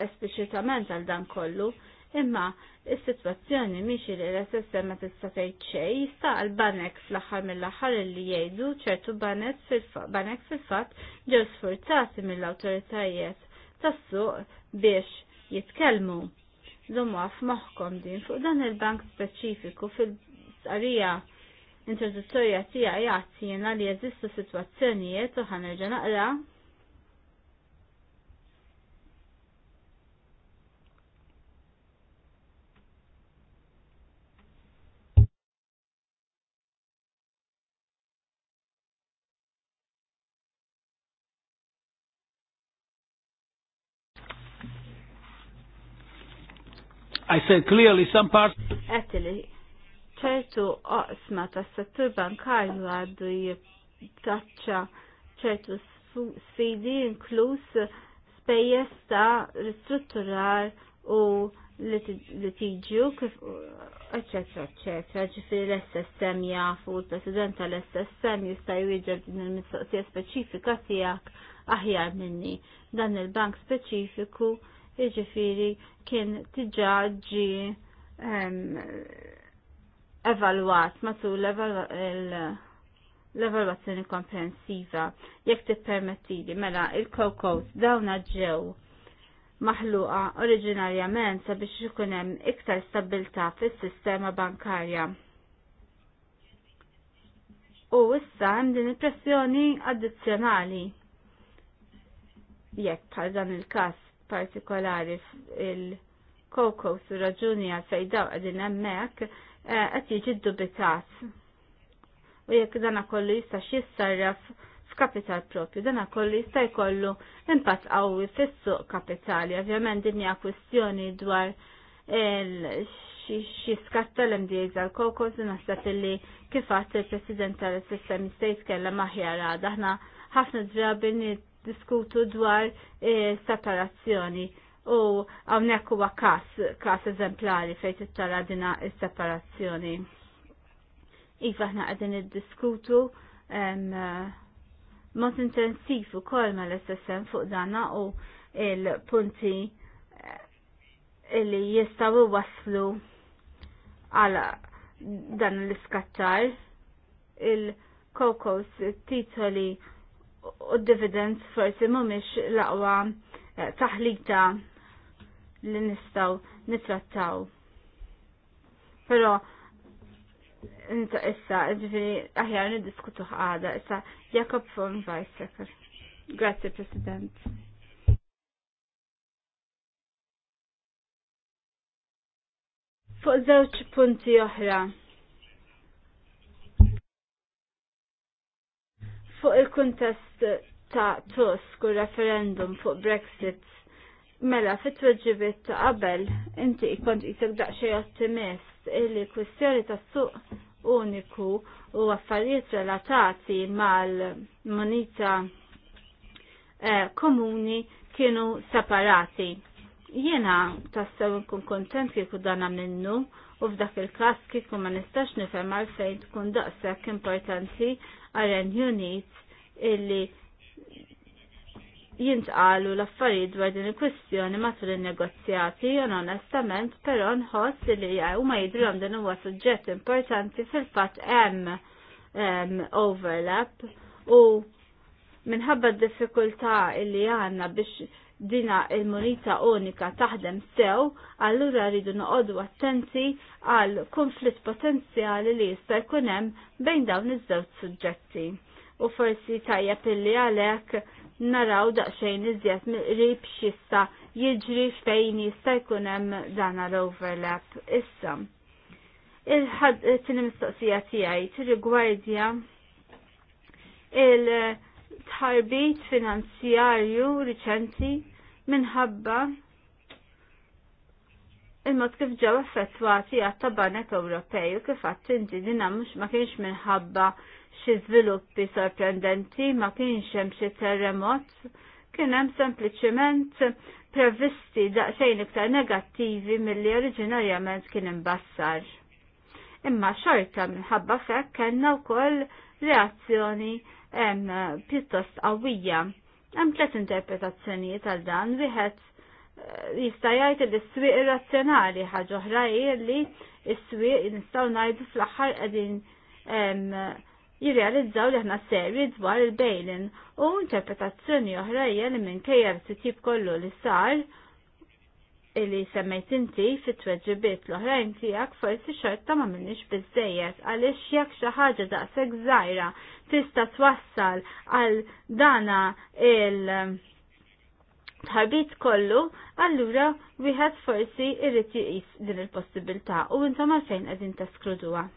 espliċitament għal dan kollu, Imma is-sitwazzjoni miex li l-SSM ma tista' tgħid xejn, jista' l-banek fl-aħħar mill-aħħar li jgħidu ċertu banek fil-fatt ġew sfurzati mill-awtoritajiet tas-suq biex jitkellmu. Żommu għaf moħħkom din fuq dan il-bank speċifiku fil-qarija introduttorja tija jgħati jena li jazistu situazzjonijiet u ħanerġa naqra I said clearly some parts. Etili, ċertu oqsma ta' settur bankarju għaddu jittaċċa ċertu sfidi inkluż spejjeż ta' ristrutturar u litiġju kif eccetera eccetera ġifiri l-SSM jafu l-president tal-SSM jista' jwieġeb din il-mistoqsija speċifika tiegħek aħjar minni dan il-bank speċifiku iġifiri kien tiġa ġi evalwat matul l-evalwazzjoni komprensiva jekk permettili mela il-kokos dawna ġew maħluqa oriġinarjament sabiex ikun hemm iktar stabilità fis-sistema bankarja. U issa hemm din il-pressjoni addizzjonali jekk għal dan il-każ partikolari il-koko su raġuni għal-fejdaw għadin emmek eh, għat jiġi dubitat. U jekk dana kollu jista jissarraf f'kapital propju, dana kollu jista jkollu impatt qawwi fis-suq kapitali. Ovvjament din hija kwistjoni dwar xi skatta l-MDAs għal-kokos u naħseb illi kif il-President tal sistem State kellha maħjar għadha. Aħna ħafna drabi diskutu dwar e, separazzjoni u għawnek huwa kas, kas eżemplari fejn tara dina separazzjoni. Iva ħna għadin id-diskutu e, mod intensiv u kol ma l-SSM fuq dana u il-punti e, li jistawu waslu għal dan l-iskattar il-kokos titoli u dividends forsi mhumiex l-aqwa eh, taħlita li nistgħu nitrattaw. Però inta issa, ġifiri, aħjar niddiskutu ħada, issa, Jakob von Weissecker. Grazie, President. Fuq żewġ punti oħra. fuq il-kuntest ta' Tusk u referendum fuq Brexit mela fit tweġibiet ta' qabel inti kont jisek daqxej ottimist illi kwistjoni ta' suq uniku u affarijiet relatati mal-monita eh, komuni kienu separati. Jiena tassew nkun kontent kieku dana minnu u f'dak il-kas kieku ma nistax nifhem għalfejn tkun daqshekk importanti għaren Unit illi jintqalu l-affarijiet dwar din il-kwistjoni matul il-negozjati jon onestament però nħoss li u ma jidrilhom din huwa suġġett importanti fil-fatt hemm overlap u minħabba d-diffikultà illi għandna biex dina il-munita unika taħdem sew, allura rridu noqogħdu attenti għal konflitt potenzjali li jista' jkun hemm bejn dawn iż-żewġ suġġetti. U forsi tajjeb illi għalhekk naraw daqsxejn iżjed mill-qrib x'issa jiġri fejn jista' jkun hemm dan l-overlap issa. Il-ħad tini mistoqsija tiegħi tirrigwardja il-tħarbit finanzjarju riċenti minħabba il-mod kif ġew effettwati għat tabanek Ewropej u kif għat inti din mhux ma kienx minħabba xi żviluppi sorprendenti, ma kienx hemm xi terremot, kien hemm sempliċiment previsti daqsxejn iktar negattivi milli oriġinarjament kien imbassar. Imma xorta minħabba fekk kellna wkoll reazzjoni pjuttost qawwija Hemm tliet interpretazzjonijiet għal dan wieħed eh, jista' jgħid li s-swieq irrazzjonali ħaġa oħra li s-swieq nistgħu ngħidu fl-aħħar qegħdin jirrealizzaw li aħna serji dwar il-bejlin u interpretazzjoni oħra hija li minkejja l-titjib kollu li sar illi semmejt inti fit tweġibiet l-oħrajn tiegħek forsi xorta ma minnix biżejjed għaliex jekk xi ħaġa daqshekk żgħira tista' twassal għal dana il ehm, tħarbit kollu, allura wieħed forsi irrid jiqis din il-possibilità u intom għalfejn qegħdin taskluduha.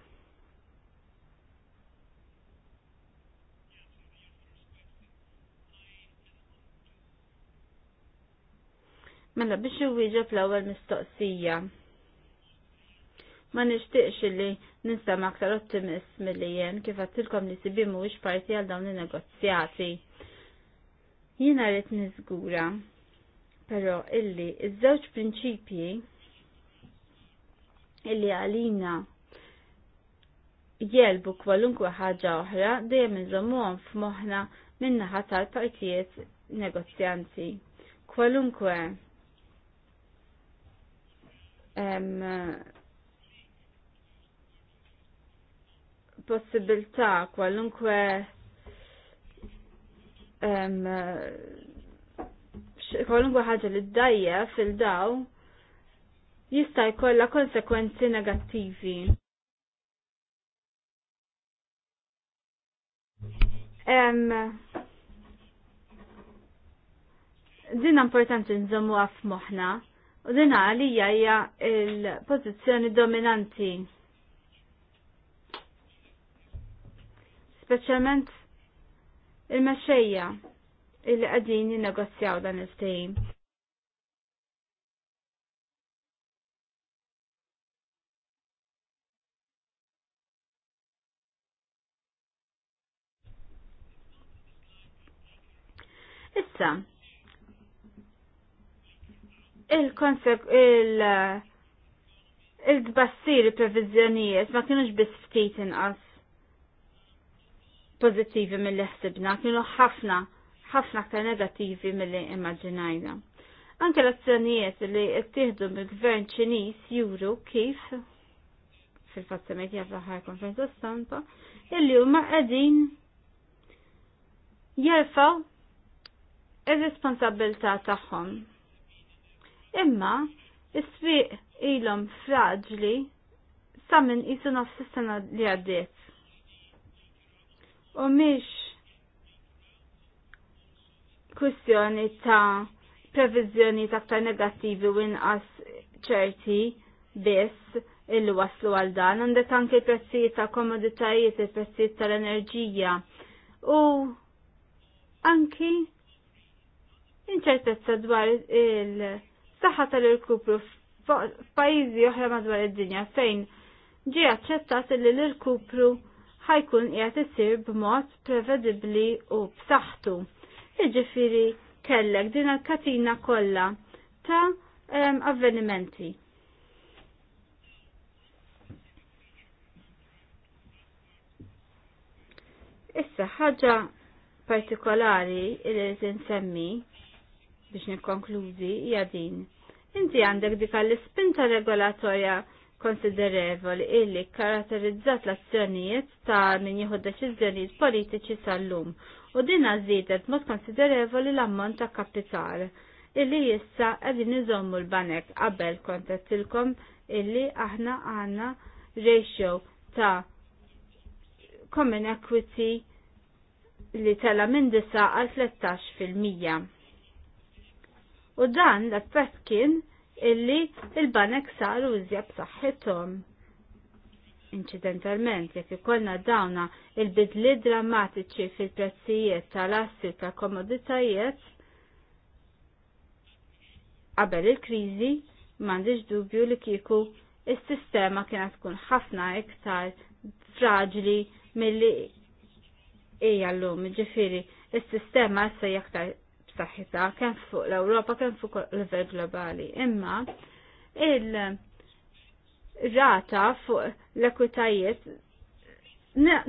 Mela biex iwieġeb l-ewwel mistoqsija. Ma nixtieqx li ninsam aktar ottimist milli jien kif għattilkom li sibi mhuwiex parti għal dawn in-negozjati. Jiena rrid niżgura, però illi iż-żewġ prinċipji illi għalina jelbu kwalunkwe ħaġa oħra dejjem inżommuhom f'moħħna min-naħa tal-partijiet negozjanti. Kwalunkwe possibilità kwalunkwe kwalunkwe ħaġa li d-dajja fil-daw jista' jkollha konsekwenzi negattivi. Din importanti nżommu għaf moħna U dina għalija hija l-pożizzjoni dominanti. Speċjalment il-mexxejja il qegħdin jinnegozjaw dan il-ftehim. Issa, il-tbassir il-previżjonijiet ma kienux biss ftit inqas pozittivi mill-li ħsibna, kienu ħafna, ħafna aktar negattivi mill-li immaġinajna. Anke l-azzjonijiet li ttieħdu mill-gvern Ċiniż juru kif fil-fatt semmejtija fl-aħħar konferenza stampa illi huma qegħdin jerfgħu ir-responsabilità tagħhom Imma, is-sfiq ilhom fraġli sa jisu qisu nofs is-sena li għaddiet. U mhix kwistjoni ta' previżjoni ta' aktar negattivi u inqas ċerti biss illi waslu għal dan, għandek anke il-prezzijiet ta' komoditajiet, il-prezzijiet tal-enerġija u anki inċertezza dwar il- tas-saħħa tal-irkupru f'pajjiżi oħra madwar id-dinja fejn ġie aċċettat li l-irkupru ħajkun qiegħed isir b'mod prevedibbli u b'saħħtu. Jiġifieri kellek din il-katina kollha ta' avvenimenti. Issa ħaġa partikolari li tinsemmi biex nikkonkludi hija din. Inti għandek dik l-ispinta regolatorja konsiderevoli illi karatterizzat l-azzjonijiet ta' min jieħu deċiżjonijiet politiċi sal-lum u din żiedet mod konsiderevoli l-ammont ta' kapital illi jissa għedin iżommu l-banek qabel kontattilkom illi aħna għandna ratio ta' common equity li tala minn disa għal 13 fil-mija. U dan l-effett kien illi il-banek saru iżjab saħħithom. Incidentalment, jekk ikollna dawna il-bidli drammatiċi fil-prezzijiet tal-assi tal-komoditajiet qabel il-kriżi m'għandix dubju li kieku is-sistema kienet tkun ħafna iktar fraġli milli hija llum, ġifieri is-sistema issa aktar b'saħħitha kemm fuq l-Ewropa kemm fuq livell globali. Imma il-rata fuq l-ekwitajiet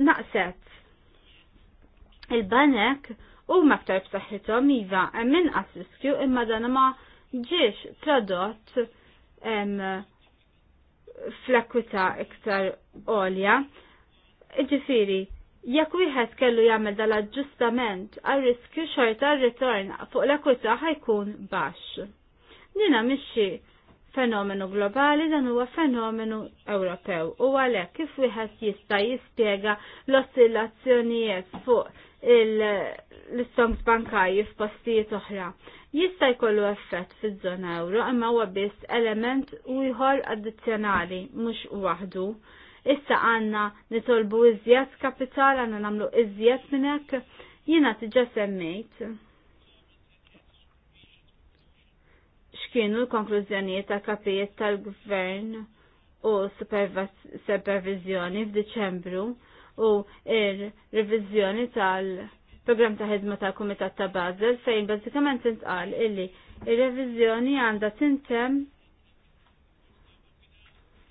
naqset. Il-banek u maktar b'saħħithom iva hemm inqas riskju imma dan ma ġiex tradott fl-ekwita iktar olja. Ġifiri, Jekk wieħed kellu jagħmel dal-aġġustament għal riskju xorta r-ritorn fuq l-ekwità ħajkun baxx. Dina mixi fenomenu globali dan huwa fenomenu Ewropew u għalhekk kif wieħed jista' jispjega l-ossillazzjonijiet fuq l-istoms bankarji f'postijiet oħra. Jista' jkollu effett fiż-żona euro imma huwa biss element ieħor addizzjonali mhux waħdu issa għanna nitolbu iżjed kapital, għanna namlu iżjed minnek, jina tiġa semmejt. Xkienu l-konklużjonijiet ta' kapijiet tal-gvern u supervizjoni f'Diċembru u r revizjoni tal- program ta' ħidma ta' Kumitat ta' Basel fejn bażikament intqal illi ir-reviżjoni għandha tintem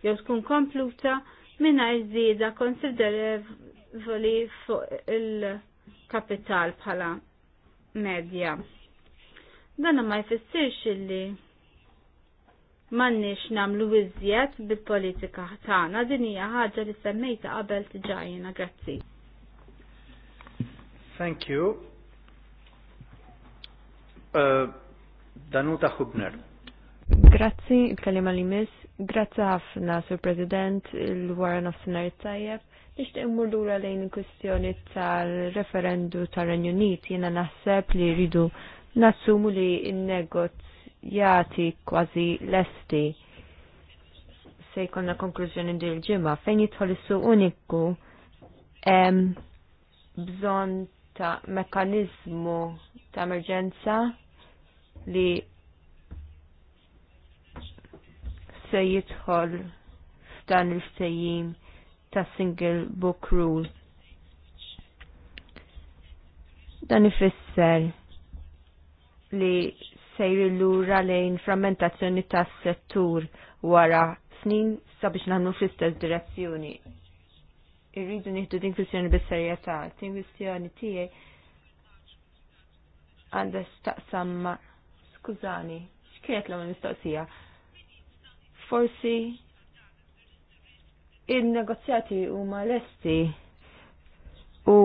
jew tkun kompluta minar zida konsiderevoli fuq il-kapital bħala medja. Dan ma jfissirx illi mannix namlu iżjed bil-politika tagħna din hija ħaġa li semmejta qabel tiġajjina grazzi. Thank you. Uh, Danuta Hubner. Grazzi, il-kalima li miss. Grazzi ħafna, Sur President, il-wara nofsinhar tajjeb. Nixtieq immur lura lejn il-kwistjoni tal-referendu tar-Renju Unit. Jiena naħseb li rridu nassumu li n-negozjati kważi lesti se jkollna konklużjoni din ġimma, fejn jitħol is uniku hemm bżonn ta' mekkaniżmu ta' emerġenza li se jidħol f'dan il sejjim ta' single book rule. Dan ifisser li sejri lura lejn frammentazzjoni tas settur wara snin sabiex nagħmlu fl-istess direzzjoni. Irridu nieħdu din kwistjoni bis-serjetà, din kwistjoni tiegħi għandha staqsam ma' skużani, x'kienet l-għamil mistoqsija? Forsi il-negozjati huma lesti u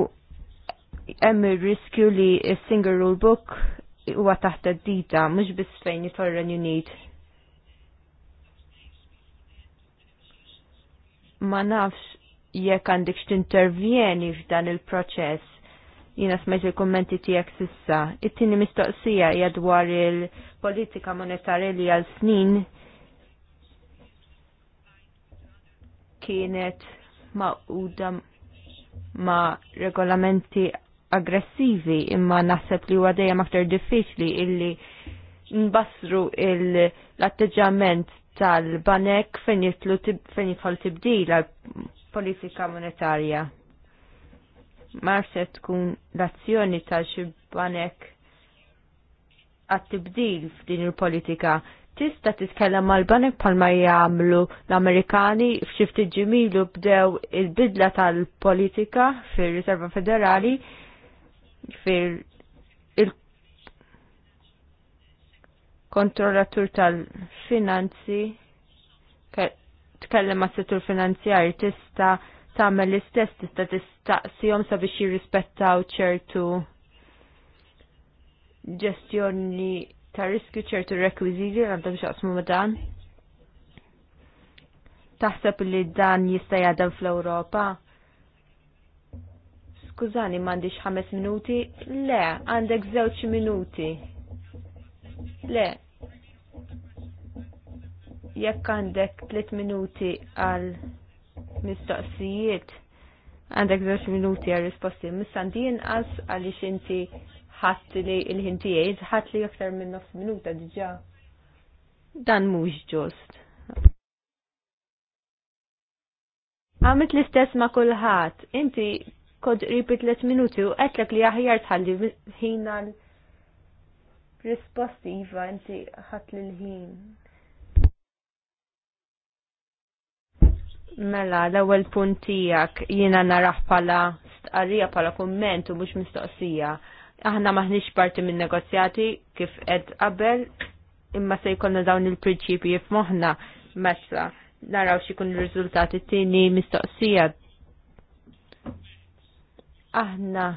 hemm ir-riskju li s-single rule book huwa taħt id-dita mhux biss fejn jitorren unit. Ma nafx jekk għandek x'tintervjeni f'dan il-proċess. Jina smajt il-kommenti tiegħek sissa. It-tieni mistoqsija hija dwar il-politika monetarja li għal snin kienet maquda ma' regolamenti aggressivi imma naħseb li huwa dejjem aktar diffiċli illi nbassru l-atteġġament tal-banek fejn jitlu fejn jidħol tibdil għall politika monetarja. Mar se tkun l-azzjoni tal xi banek għat-tibdil f'din il-politika tista' titkellem mal-banek palma jagħmlu l-Amerikani f'xifti ġimilu bdew il-bidla tal-politika fir-Riserva Federali fir il kontrollatur tal-finanzi tkellem ma' settur finanzjari tista' tagħmel l-istess tista' tistaqsihom sabiex jirrispettaw ċertu ġestjoni ta' riskju ċertu rekwiziti għandhom xaqsmu ma' dan? Taħseb li dan jista' jadem fl-Ewropa? Skużani, m'għandix ħames minuti? Le, għandek żewġ minuti. Le. Jekk għandek tliet minuti għal mistoqsijiet, għandek żewġ minuti għal risposti. Missandin għas għaliex inti ħast li l-ħintijaj ħadd li aktar minn nofs minuta diġà. Dan mhux ġost. Għamit l-istess ma' kulħadd. Inti kod ripit tliet minuti u għetlek li aħjar tħalli ħin għal risposti iva inti ħadd l ħin. Mela, l-ewwel punt tiegħek jiena narah bħala stqarrija bħala kumment u mhux mistoqsija aħna maħniex parti minn negozjati kif qed qabel imma se jkollna dawn il-prinċipji f'moħħna meta naraw x'ikun ir-riżultati tieni mistoqsija. Aħna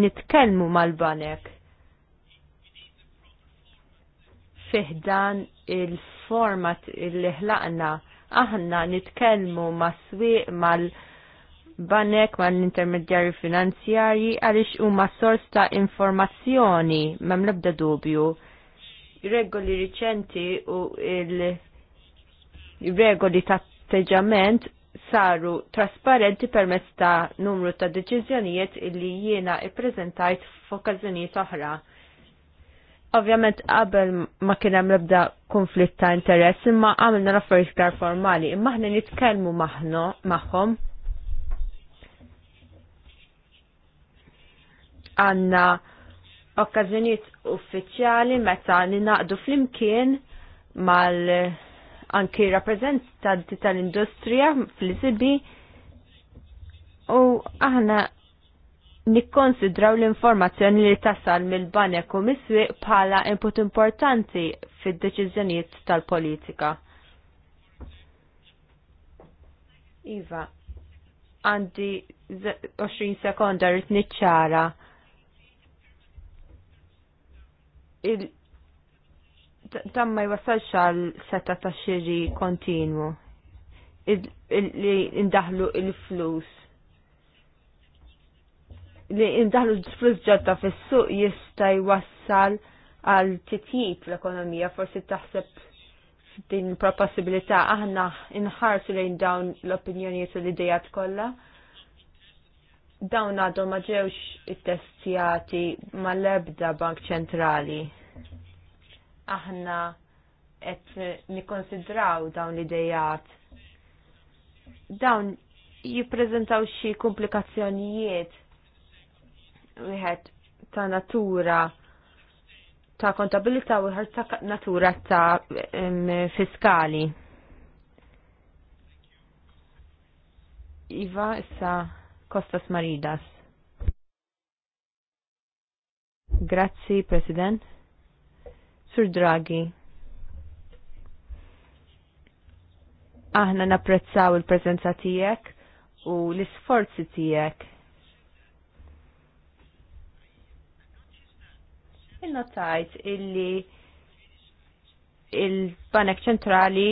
nitkellmu mal-banek fiħdan il-format il liħlaqna aħna nitkellmu ma' swieq mal-banek banek ma l-intermedjari finanzjari għalix huma sors ta' informazzjoni ma lebda dubju. Regoli riċenti u il-regoli ta' teġament saru trasparenti permezz ta' numru ta' deċiżjonijiet illi jiena i-prezentajt f'okkażjonijiet oħra. Ovvjament qabel ma kien hemm l-ebda konflitt ta' interess imma għamilna l-affarijiet formali imma aħna nitkellmu magħhom magħhom għanna okkazjoniet uffiċjali meta ninaqdu fl-imkien mal anki rappresentanti tal-industrija fl-isibi u aħna nikkonsidraw l-informazzjoni li tasal mill-banek u miswiq bħala input importanti fid-deċiżjonijiet tal-politika. Iva, għandi 20 sekonda rrit niċċara tam ma jwassalx għal seta ta' xiri kontinwu li indaħlu il-flus li indaħlu l-flus ġodda fis-suq jista' jwassal għal titjib l-ekonomija forsi taħseb din il aħna inħarsu lejn dawn l-opinjonijiet u l-idejat kollha dawn għadhom ma ġewx ittestjati mal-ebda bank ċentrali. Aħna qed nikkonsidraw dawn l-idejat. Dawn jippreżentaw xi komplikazzjonijiet wieħed ta' natura ta' kontabilità u wieħed ta' natura ta' fiskali. Iva, issa Kostas Maridas. Grazzi, President. Sur Draghi. Aħna napprezzaw il-prezenza tijek u l-isforzi tijek. Il-notajt illi il-Banek ċentrali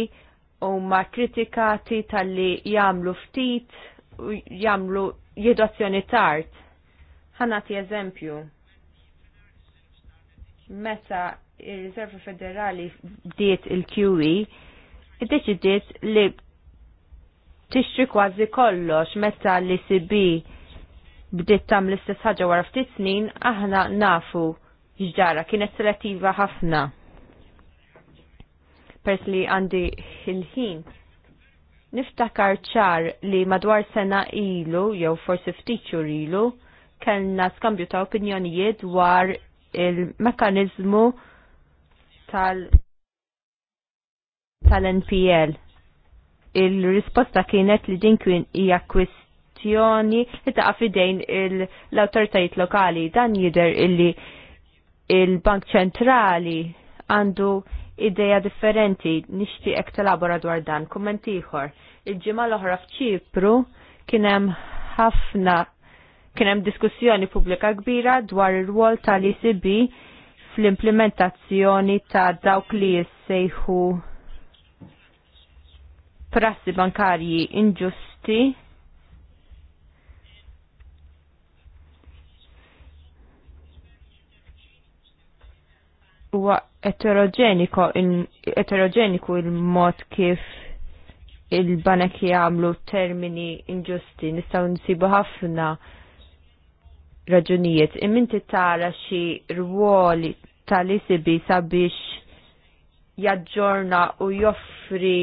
u ma kritikati tal-li jamlu ftit u jamlu jiedu azzjoni tard. Ħanati eżempju. Meta il-Riserva Federali bdiet il-QE, id-deċidiet li tixtri kważi kollox meta l-ECB bdiet tam l-istess ħaġa wara ftit snin, aħna nafu ġdara, kienet selettiva ħafna. Pers li għandi il-ħin Niftakar ċar li madwar sena ilu, jew forsi ftitxur ilu, kellna skambju ta' opinjonijiet dwar il-mekanizmu tal- tal-NPL. Il-risposta kienet li din kien hija kwistjoni li ta' fidejn l-autoritajiet lokali dan jidher illi il-Bank Ċentrali għandu ideja differenti nixtieq talabora dwar dan. Kumment ieħor. Il-ġimgħa l-oħra f'Ċipru kien hemm ħafna kienem diskussjoni pubblika kbira dwar ir-rwol tal-ECB fl-implementazzjoni ta' dawk li jissejħu prassi bankarji inġusti huwa eterogeniku il-mod kif il-banek jagħmlu termini inġusti nistgħu nsibu ħafna raġunijiet. Imminti tara xi rwoli tal-isibi sabiex jaġġorna u joffri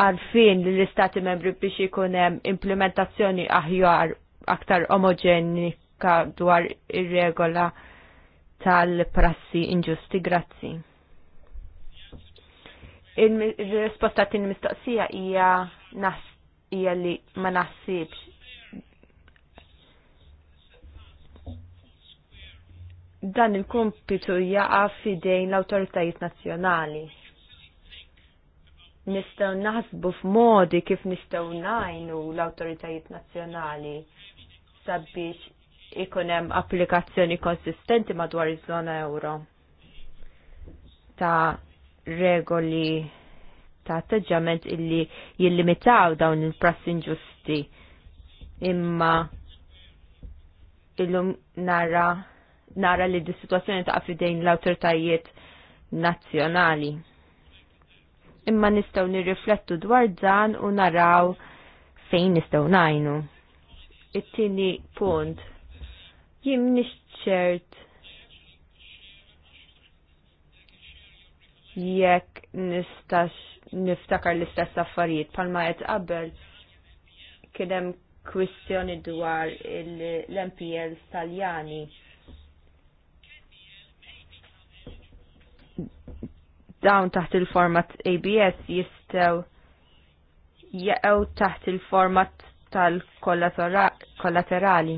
għarfien li l-istati membri biex ikunem implementazzjoni aħjar aktar omogenika dwar ir-regola tal-prassi inġusti. Grazzi. Il-risposta tin mistoqsija hija nas hija li ma nasibx. dan il-kumpitu jaqa' fidejn l-awtoritajiet nazzjonali. Nistgħu naħsbu f'modi kif nistgħu ngħinu l-awtoritajiet nazzjonali sabiex ikun hemm applikazzjoni konsistenti madwar iż-żona euro ta' regoli ta' atteġġament illi jillimitaw dawn il-prassi inġusti. Imma illum nara nara li d-situazzjoni ta' fidejn l-autoritajiet nazzjonali. Imma nistaw nirriflettu dwar dan u naraw fejn nistaw najnu. It-tieni punt. Jim nixċert jekk nistax niftakar l-istess affarijiet palma qed qabel kien hemm kwistjoni dwar l-MPL Taljani. Dawn taħt il-format ABS jistgħu jew taħt il-format tal-kollaterali.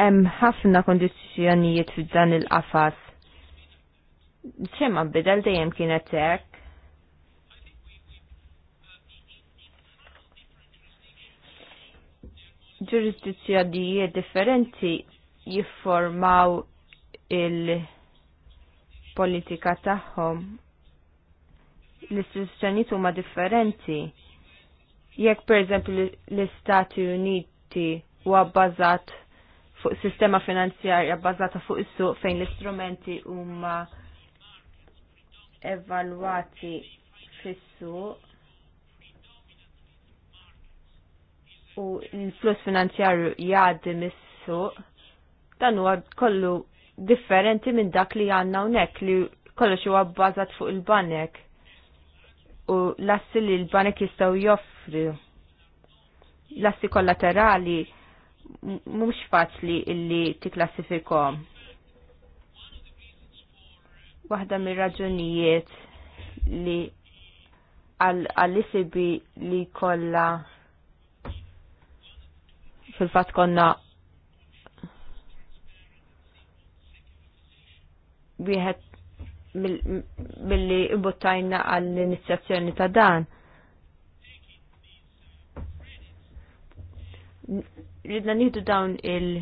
hemm ħafna kondizzjonijiet fi dan il-qafas. ċemma bidel dejjem kienet hekk. Ġurisdizzjonijiet differenti jifformaw il-politika tagħhom. L-istituzzjonijiet huma differenti. Jekk pereżempju l-Istati Uniti huwa bbażat fuq sistema finanzjarja bbażata fuq is-suq fejn l-istrumenti huma evalwati fis-suq u l-flus finanzjarju jgħaddi mis-suq dan huwa kollu differenti minn dak li għandna hawnhekk li kollox huwa bbażat fuq il-banek u lassi li l-banek jistgħu joffri. Lassi kollaterali mhux faċli illi tikklassifikhom. Waħda mir-raġunijiet li għall-isibi li kolla fil-fat konna wieħed mill-li imbuttajna għall-inizjazzjoni ta' dan ridna nieħdu dawn il-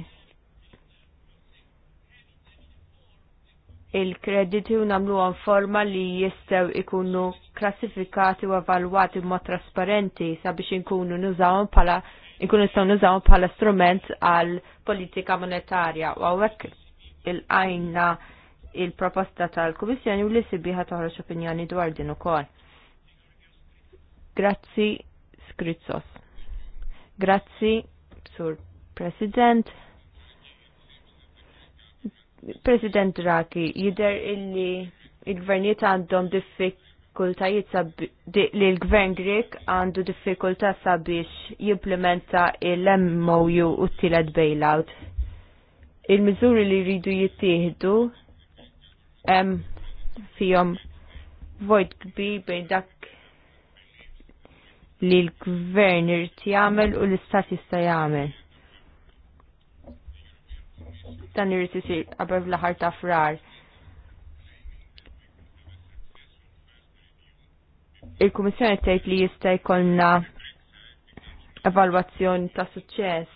il-krediti u namlu forma li jistew ikunu klassifikati u evalwati ma trasparenti sabiex inkunu nużawon pala inkunu nistaw nużawon pala strument għal politika monetarja u għawek il-għajna il-proposta tal-Komissjoni u li biħa toħroġ opinjoni dwar din ukoll. Grazzi Skrizzos. Grazzi Sur President. President Draki, jider illi il-gvernijiet għandhom diffikultajiet li l-gvern Grek għandu diffikulta sabiex jimplementa il-MOU u t-tilet bailout. Il-mizuri li rridu jittieħdu fihom vojt kbir bejn dak li l-gvern irid jagħmel u l-istat jista' jagħmel. Dan irrid isir qabel fl-aħħar ta' frar. Il-Kummissjoni tgħid li jista' jkollna evalwazzjoni ta' suċċess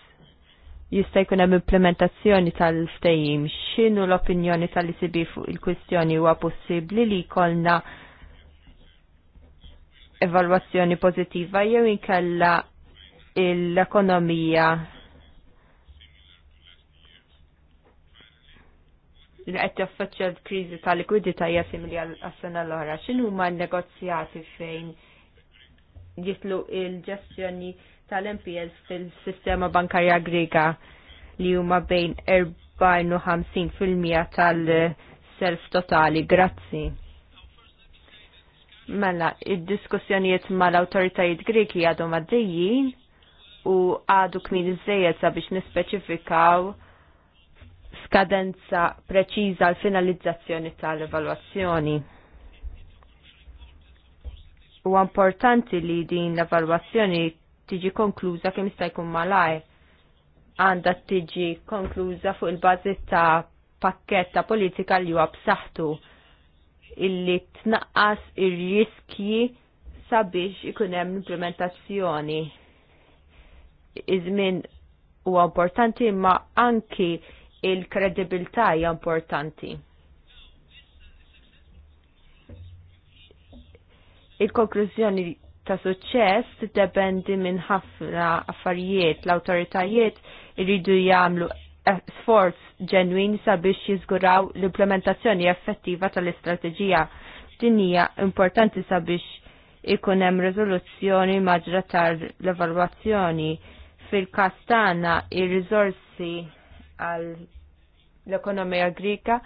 jista' jkun hemm implementazzjoni tal stejjim X'inhu l-opinjoni tal-ICB fuq il-kwistjoni huwa possibbli li jkollna evalwazzjoni pozitiva jew inkella l-ekonomija li qed jaffaċċja l-kriżi ta' likwidità hija simili għas-sena l-oħra. X'inhu huma negozjati fejn jitlu il-ġestjoni tal mps fil-sistema bankarja Griga li huma bejn 40 u 50 fil-mija tal-self totali. Grazzi. Mela, id-diskussjonijiet mal-autoritajiet Greki għadhom għaddejjin u għadu kmin iżejjed sabiex nispeċifikaw skadenza preċiża għal finalizzazzjoni tal-evalwazzjoni. U importanti li din l-evalwazzjoni tiġi konkluża kemm jista' jkun malaj, għandha tiġi konkluża fuq il-bażi ta' pakketta politika li huwa b'saħħtu illi tnaqqas ir-riskji sabiex ikun hemm implementazzjoni. Iż-żmien huwa importanti ma anki il-kredibilità hija importanti. Il-konklużjoni ta' suċċess tiddependi minn ħafna affarijiet l-awtoritajiet irridu jagħmlu sforz ġenwin sabiex jiżguraw l-implementazzjoni effettiva tal-istrateġija. Din hija importanti sabiex ikun hemm riżoluzzjoni maġra tal-evalwazzjoni fil-kastana il-rizorsi għal l-ekonomija Grika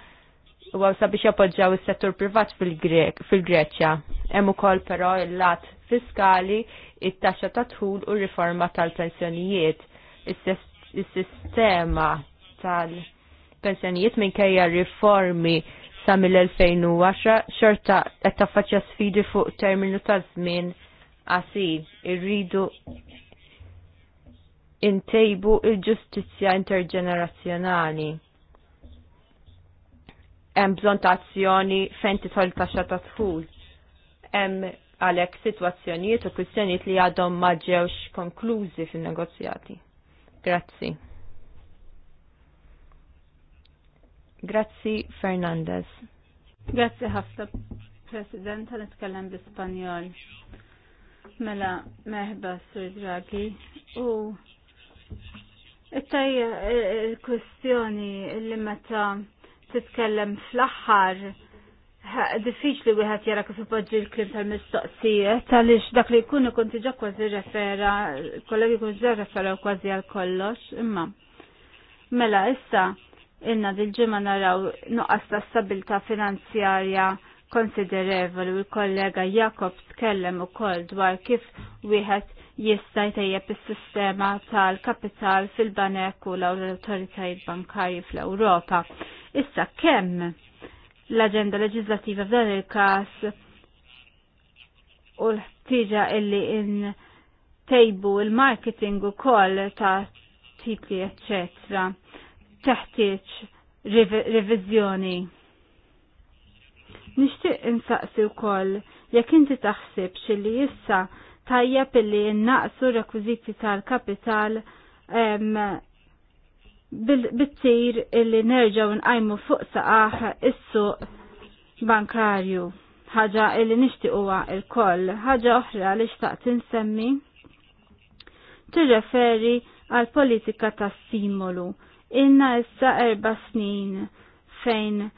u għaw sabiex jappoġġaw is-settur privat fil-Greċja. Hemm ukoll però il-lat fiskali, it-taxxa ta' tħul u riforma tal-pensjonijiet. Is-sess il-sistema tal-pensjonijiet minkejja riformi sa mill-2010 xorta qed taffaċċja sfidi fuq terminu ta' żmien qasir. Irridu intejbu il-ġustizzja interġenerazzjonali. Hemm bżonn ta' azzjoni fejn titħol taxxa ta' tħul, Hemm għalhekk sitwazzjonijiet u kwistjonijiet li għadhom ma ġewx konklużi fin-negozjati. Grazzi. Grazzi Fernandez. Grazzi ħafna President għan itkellem bl-Ispanjol. Mela meħba Sur Draghi u it-tajja il-kwestjoni li meta titkellem fl-aħħar diffiċli wieħed jara kif ipoġġi l-klim tal-mistoqsijiet għaliex dak li jkun ikun diġà kważi refera, kollegi jkun ġa refera kważi għal kollox, imma. Mela issa inna dil-ġimgħa naraw nuqqas ta' stabilta finanzjarja konsiderevoli u l-kollega Jakob tkellem ukoll dwar kif wieħed jista' jtejjeb is-sistema tal-kapital fil-banek u l autoritajiet bankarji fl-Ewropa. Issa kemm l-agenda leġislativa f'dan il-kas u l-ħtiġa illi in tejbu il-marketing u koll ta' titli eccetera teħtieġ revizjoni. Nixtieq insaqsi wkoll jekk inti taħsibx li issa tajjeb illi nnaqsu rekwiżiti tal-kapital bittir illi nerġaw nqajmu fuq saqaħ is-suq bankarju. ħaġa illi uwa il-koll, ħaġa oħra li xtaqt insemmi tirreferi għal politika ta' simolu. Inna issa erba snin fejn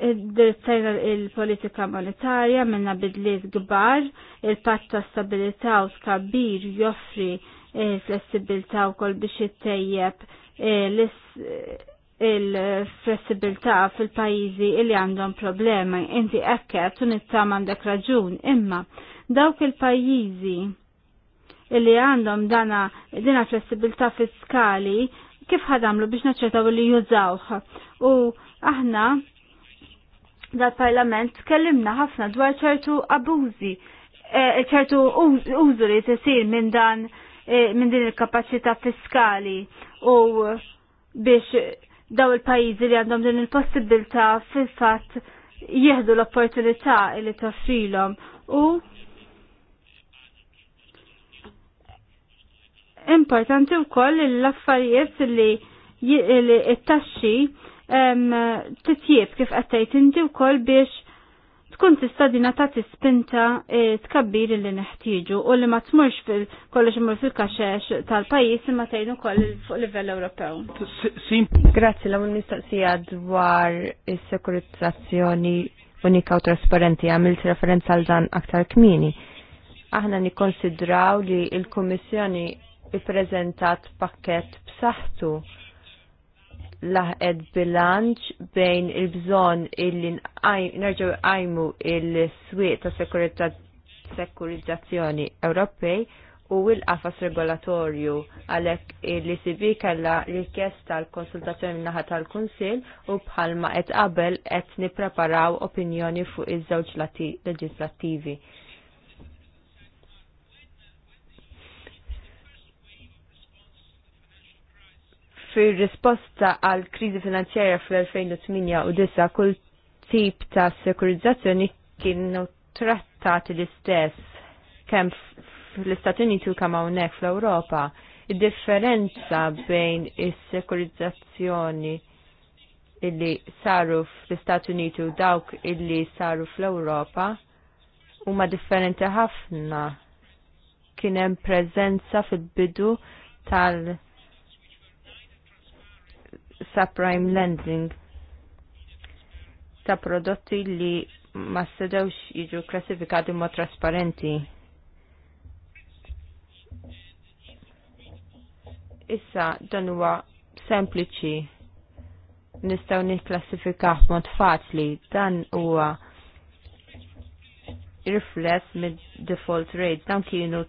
id il-politika monetarja minna bidliet gbar, il-patt ta' stabilità u tkabbir joffri eh, flessibilta u kol biex jittejjeb Eh, eh, il-flessibilità fil-pajizi illi għandhom problema. Inti ekket it-tam għandek raġun, imma dawk il-pajizi illi għandhom dana dina flessibilità fiskali kif ħadamlu biex naċċertaw li jużawħ. U aħna dal-parlament tkellimna ħafna dwar ċertu abużi, eh, ċertu użuri tisir minn dan minn din il-kapacità fiskali u biex daw il-pajizi li għandhom din il-possibilità fil-fatt jieħdu l-opportunità li toffrilhom u importanti u koll l-affarijiet li it-taxxi titjieb kif għattajt inti u koll biex tkun tista' dina tagħti spinta e, tkabbir li neħtieġu u li ma tmurx fil-kollox imur fil-kaxex tal-pajjiż imma tgħin ukoll fuq livell Ewropew. Grazzi l un mistoqsija dwar is sekurizzazzjoni unika u trasparenti għamilt referenza għal dan aktar kmini. Aħna nikkonsidraw li l-Kummissjoni ippreżentat pakkett b'saħħtu Laħed bilanċ bejn il-bżon illi nerġgħu għajmu il swiet ta' sekurizzazzjoni Ewropej u l-qafas regolatorju għalhekk li sibi kellha rikjesta l-konsultazzjoni min-naħa tal-Kunsill u bħalma qed qabel qed nippreparaw opinjoni fuq iż-żewġ lati leġislattivi. fir risposta għal kriżi finanzjarja fl-2008 u dissa kull tip ta' sekurizzazzjoni kienu trattati l-istess kemm fl-Istati Uniti u kemm hawnhekk fl-Ewropa. Id-differenza bejn is-sekurizzazzjoni illi saru fl-Istati Uniti u dawk illi saru fl-Ewropa huma differenti ħafna kien hemm preżenza fil-bidu tal- subprime lending ta' prodotti li ma sedewx jiġu klassifikati ma' trasparenti. Issa dan huwa sempliċi nistgħu nikklassifikah mod faċli dan huwa rifless mid default rate dan kienu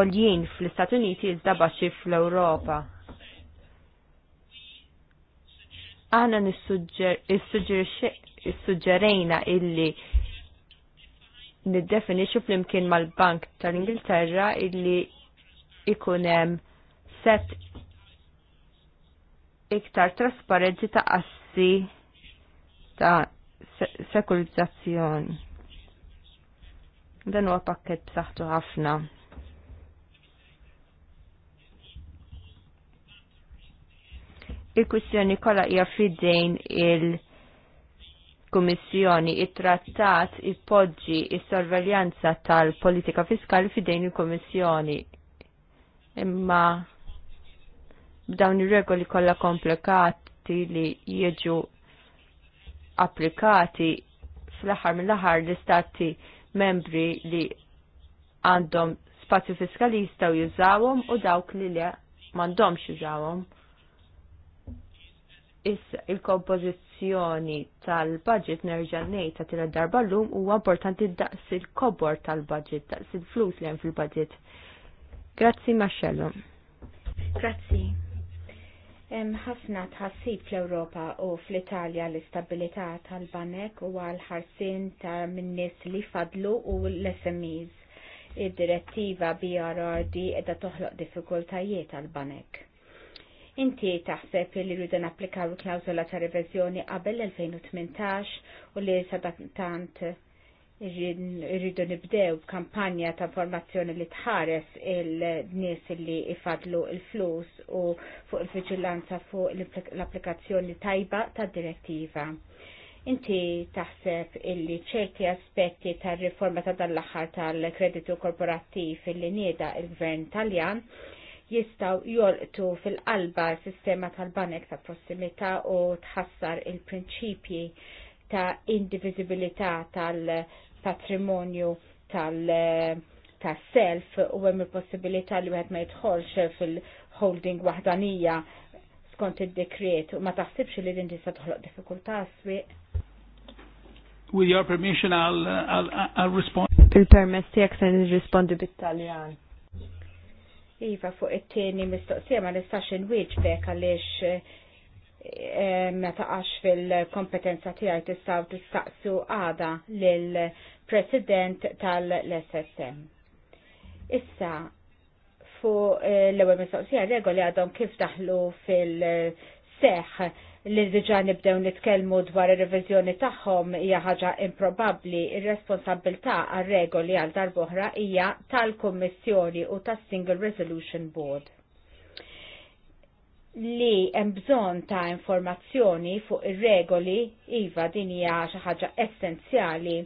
oljien fl-Istati Uniti iżda baċi fl-Ewropa Għana nissuġġerejna illi niddefinixu fl-imkien mal-Bank tal-Ingilterra illi ikunem set iktar trasparenti ta' assi ta' sekurizzazzjoni. Dan huwa pakket b'saħħtu ħafna. il-kwistjoni kollha hija fidejn il-Kummissjoni it-trattat ippoġġi is-sorveljanza tal-politika fiskali fidejn il-Kummissjoni. Imma b'dawn ir-regoli kollha komplikati li jiġu applikati fl-aħħar mill-aħħar l-istati membri li għandhom spazju fiskali jistgħu jużawhom u dawk li le m'għandhomx jużawhom. Issa il-kompożizzjoni tal-budget nerġa' ngħid ta' tielet darba llum huwa importanti daqs il-kobor tal-budget, daqs il-flus li hemm fil-budget. Grazzi Marcello. Grazzi. Hemm ħafna tħassib fl-Ewropa u fl-Italja l-istabilità tal-banek u għal ħarsien ta' min-nies li fadlu u l-SMEs. Id-direttiva BRRD edha toħloq diffikultajiet għal banek Inti taħseb li rridu napplikaw il-klawzola ta' reviżjoni qabel l-2018 u li sadattant irridu nibdew kampanja ta' formazzjoni li tħares il-nies li ifadlu il-flus u fuq il-vigilanza fuq l-applikazzjoni tajba ta' direttiva inti taħseb illi ċerti aspetti tar riforma ta' dan l tal-kreditu korporattiv illi nieda il-gvern taljan jistaw jolqtu fil-qalba sistema tal-banek ta' prossimità u tħassar il-prinċipji ta' indivizibilità tal-patrimonju tal- ta' self u hemm il-possibilità li wieħed ma jidħolx fil-holding waħdanija skont id-dekret u ma taħsibx li din tista' toħloq diffikultà swieq. With your permission I'll, I'll, I'll respond. Il-permess tiegħek se nirrispondi bit-Taljan. Iva fuq it-tieni mistoqsija ma nistax inwieġbek għaliex eh, eh, meta għax fil-kompetenza tiegħi tistgħu tistaqsu għada lil president tal-SSM. Issa fuq eh, l-ewwel mistoqsija regoli għadhom kif daħlu fil-seħħ li diġa nibdew nitkellmu dwar ir-reviżjoni tagħhom hija ħaġa improbabbli, ir-responsabilità għar-regoli għal darb'oħra hija tal-Kummissjoni u tas-Single Resolution Board li hemm bżonn ta' informazzjoni fuq ir-regoli iva din hija xi ħaġa essenzjali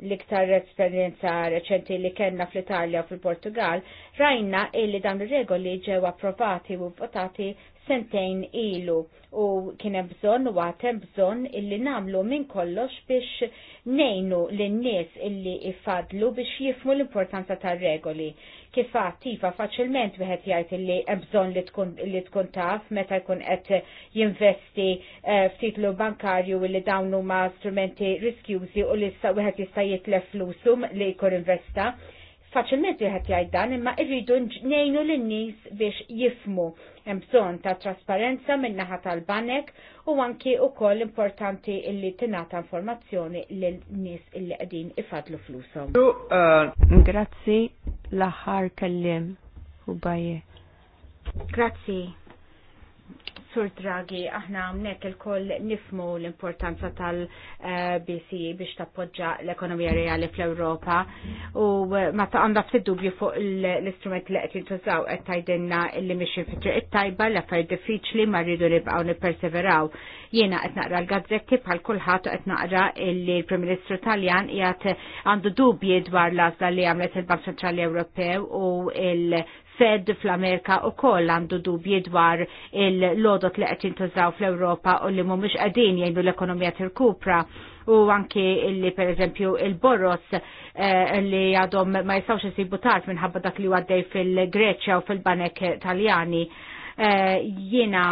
l-iktar esperjenza reċenti li kellna fl-Italja u fil-Portugal, rajna illi dan ir-regoli ġew approvati u votati sentejn ilu u kienem bżon u għatem bżon illi namlu minn kollox biex nejnu l-nies illi ifadlu biex jifmu l-importanza tar regoli. Kif attiva faċilment wieħed jgħid illi hemm bżonn li tkun taf meta jkun qed jinvesti eh, f'titlu bankarju li dawn huma strumenti riskjużi u li wieħed jista' jitlef flusum li jkun investa faċilment wieħed jgħid dan imma irridu ngħinu lin-nies biex jifmu hemm bżonn ta' trasparenza min-naħa tal-banek u anki wkoll importanti illi tingħata informazzjoni lil nies illi qegħdin ifadlu flushom. Uh, Grazzi l-aħħar kellim u bajje. Grazzi. Sur Draghi, aħna mnek il-koll nifmu l-importanza tal bc biex tappoġġa l-ekonomija reali fl-Europa u eh, ma ta' għanda dubju fuq l-istrument li qed jintużaw qed tajdinna li miexin fitri it-tajba l affarijiet diffiċli ma rridu nibqgħu nipperseveraw. Jiena qed naqra l-gazzetti bħal kulħadd qed naqra li l-Prim Ministru Taljan qiegħed għandu dubji dwar l-għażla li għamlet il-Bank Centrali Ewropew u il Fed fl-Amerika u koll għandu dubji dwar il-lodot li qed jintużaw fl-Ewropa u li mhumiex qegħdin jgħidu l-ekonomija tirkupra u anki li per eżempju il-borros eh, li għadhom ma jistawx isibu tard minħabba dak li għaddej fil-Greċja u fil-Banek Taljani. Eh, jiena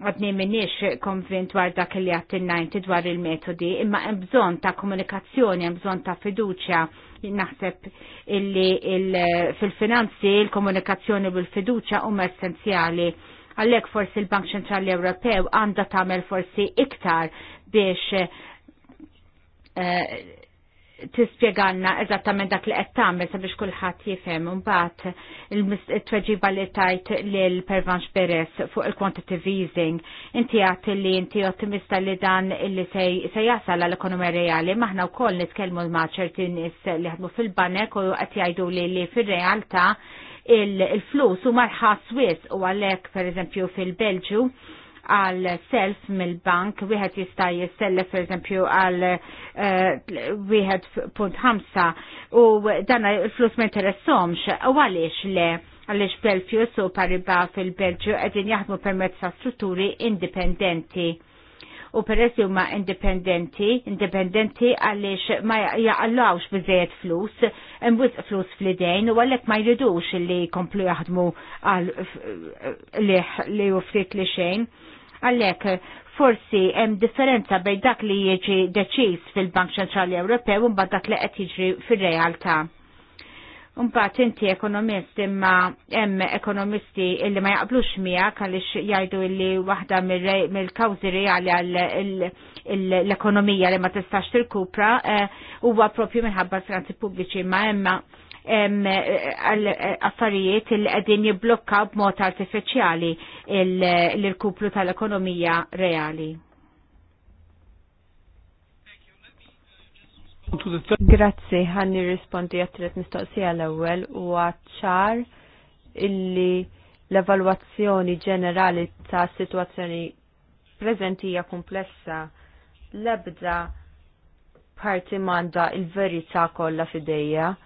għadni minnix konvint dwar dak li najnti dwar il-metodi, imma bżon ta' komunikazzjoni, bżon ta' fiduċja, naħseb illi fil-finanzi il-komunikazzjoni bil-fiduċa huma essenzjali għallek forsi l-Bank Ċentrali Ewropew għanda tagħmel forsi iktar biex eh, tispjeganna eżattament dak li qed tagħmel sabiex kulħadd jifhem imbagħad il-tweġiba li tajt lil Pervanx Beres fuq il-quantitative easing. Inti għat li inti ottimista li dan li se jasal għall ekonomija reali maħna wkoll nitkellmu ma' ċerti nies li ħadmu fil-banek u qed jgħidu li li fir-realtà il-flus u marħas wis u għalhekk pereżempju fil-Belġu għal self mill-bank, wieħed jista' per pereżempju għal eh, wieħed punt ħamsa u dan il-flus ma jinteressomx u għaliex le għaliex Belfju su pariba fil belġju qegħdin jaħdmu permezz ta' strutturi indipendenti u peress li huma indipendenti, indipendenti għaliex ma jaqallawx biżejjed flus, wisq flus fl-idejn u għalhekk ma jridux li jkomplu jaħdmu għal eh, li li ftit li xejn. Għalhekk forsi hemm differenza bejn dak li jiġi deċiż fil-Bank Ċentrali Ewropew un mbagħad dak li qed jiġri fir-realtà. Mbagħad inti ekonomist imma hemm ekonomisti illi ma jaqblux miegħek għaliex jgħidu li waħda mill-kawżi reali għal l-ekonomija li ma tistax tirkupra eh, huwa proprju minħabba finanzi pubbliċi ma hemm Eh, eh, affarijiet il qegħdin jibblokka b'mod artifiċjali l-irkuplu tal-ekonomija reali. Grazzi, ħanni rispondi għattret mistoqsija l-ewel u għacċar illi l-evaluazzjoni ġenerali ta' situazzjoni prezentija komplessa lebda parti manda il-verità kollha fidejja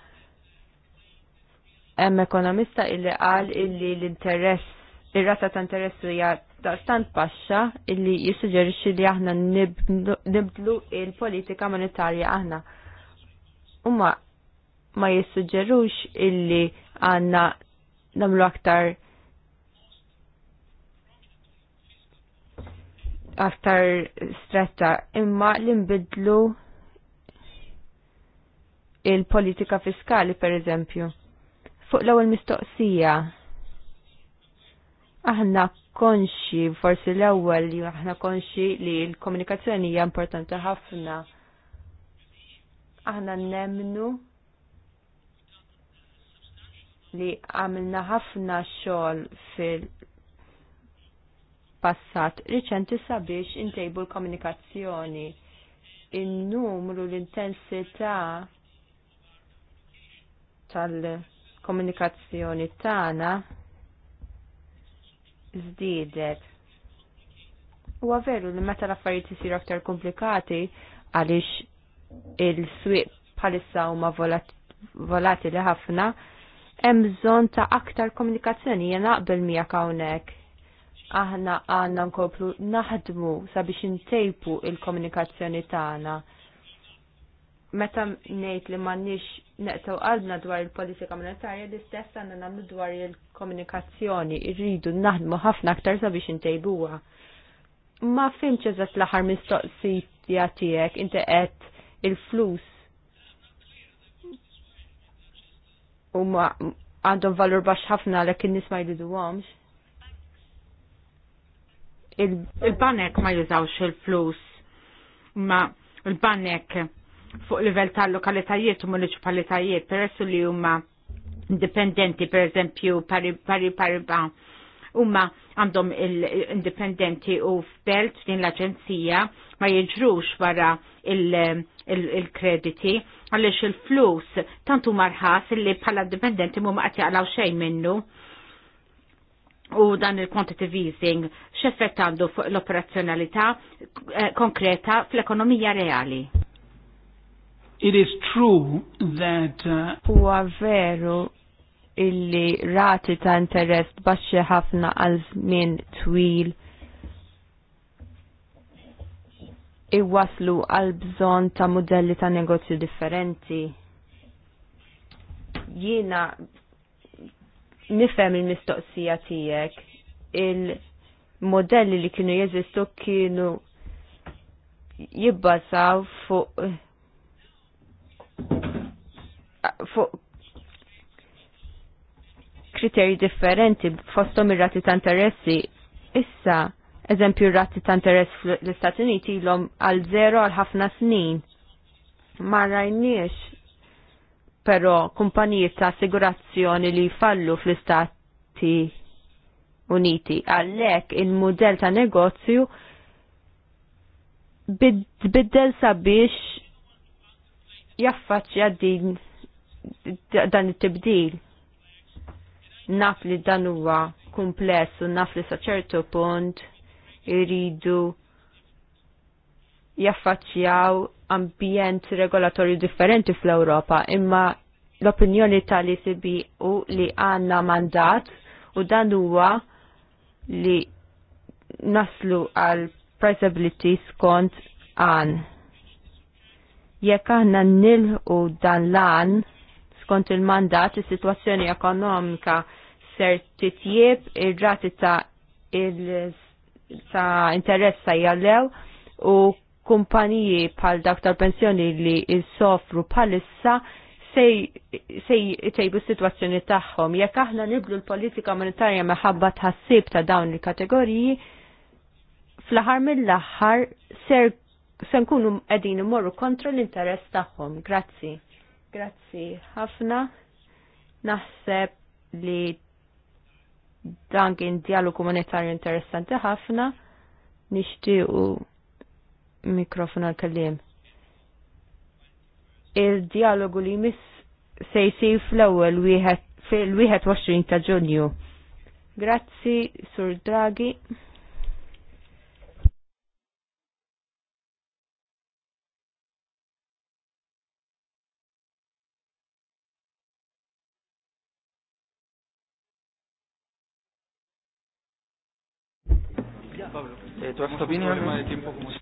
Hemm ekonomista illi qal illi l-interess ir-rata ta' interess hija tant baxxa illi jissuġġerixxi li aħna nibdlu il-politika monetarja aħna. Huma ma jissuġġerux illi għandna nagħmlu aktar aktar stretta imma li nbidlu il-politika fiskali per eżempju. Fuq l-ewwel mistoqsija. Aħna konxi, forsi l-ewwel li aħna konxi li l-komunikazzjoni hija importanti ħafna. Aħna nemnu li għamilna ħafna xogħol fil-passat riċenti sabiex intejbu l-komunikazzjoni. In-numru l-intensità tal- komunikazzjoni tagħna żdiedet. Huwa veru li meta l-affarijiet isiru aktar komplikati għaliex il-swieq bħalissa huma volatili ħafna, hemm bżonn ta' aktar komunikazzjoni jena naqbel miegħek hawnhekk. Aħna għandna nkomplu naħdmu sabiex intejpu il-komunikazzjoni tagħna meta ngħid li m'għandniex neqsew għadna dwar il-politika monetarja li istess għandna nagħmlu dwar il-komunikazzjoni, irridu naħdmu ħafna aktar sabiex intejbuha. Ma fimx eżatt l-aħħar mistoqsija tiegħek inti qed il-flus ma għandhom valur baxx ħafna għalhekk in-nies ma jriduhomx? Il-banek ma jużawx il-flus ma il-banek fuq livell tal-lokalitajiet u municipalitajiet peressu li huma indipendenti per eżempju pari pari ba. huma għandhom il-indipendenti u f'belt din l-aġenzija ma jiġrux wara il-krediti għaliex il-flus tantu marħas li bħala indipendenti mu ma qed jaqlaw xejn minnu u dan il-quantitative easing x'effett għandu fuq l-operazzjonalità eh, konkreta fl-ekonomija reali. It is true that uh, huwa veru illi rati ta' interess baxxi ħafna għal żmien twil iwaslu għal bżonn ta' modelli ta' negozju differenti. Jiena nifhem il-mistoqsija tiegħek il-modelli li kienu jeżistu kienu jibbażaw fuq fuq kriterji differenti fostom ir-rati ta' interessi issa eżempju r-rati ta' interess fl-Istati Uniti ilhom għal zero għal ħafna snin. Ma rajniex però kumpanijiet ta' assigurazzjoni li fallu fl-Istati Uniti. Għallek il-modell ta' negozju biddel sabiex jaffaċċja din dan it-tibdil. Naf li dan huwa kumpless u naf li sa ċertu punt iridu jaffaċċjaw ambjent regolatorju differenti fl-Ewropa, imma l-opinjoni tal-ECB u li għanna mandat u dan huwa li naslu għal priceability skont għan. Jekk aħna u dan l-għan, skont il-mandat is-sitwazzjoni ekonomika ser titjieb ir-rati ta' il interess interessa jallew u kumpaniji pal dak tal-pensjoni li jissofru palissa sej tejbu situazzjoni tagħhom. Jekk aħna niblu l-politika monetarja meħabba tħassib ta' dawn il-kategoriji, fl-aħħar mill-aħħar ser se nkunu qegħdin imorru kontra l-interess tagħhom. Grazzi. Grazzi ħafna. Naħseb li dan kien dialogu komunitarju interessanti ħafna. Nixtiequ mikrofon għal-kellim. Il-dialogu li mis se jsir fl-ewwel wieħed fil-21 ta' Ġunju. Grazzi, Sur Draghi. Pablo. Eh, ¿Tú has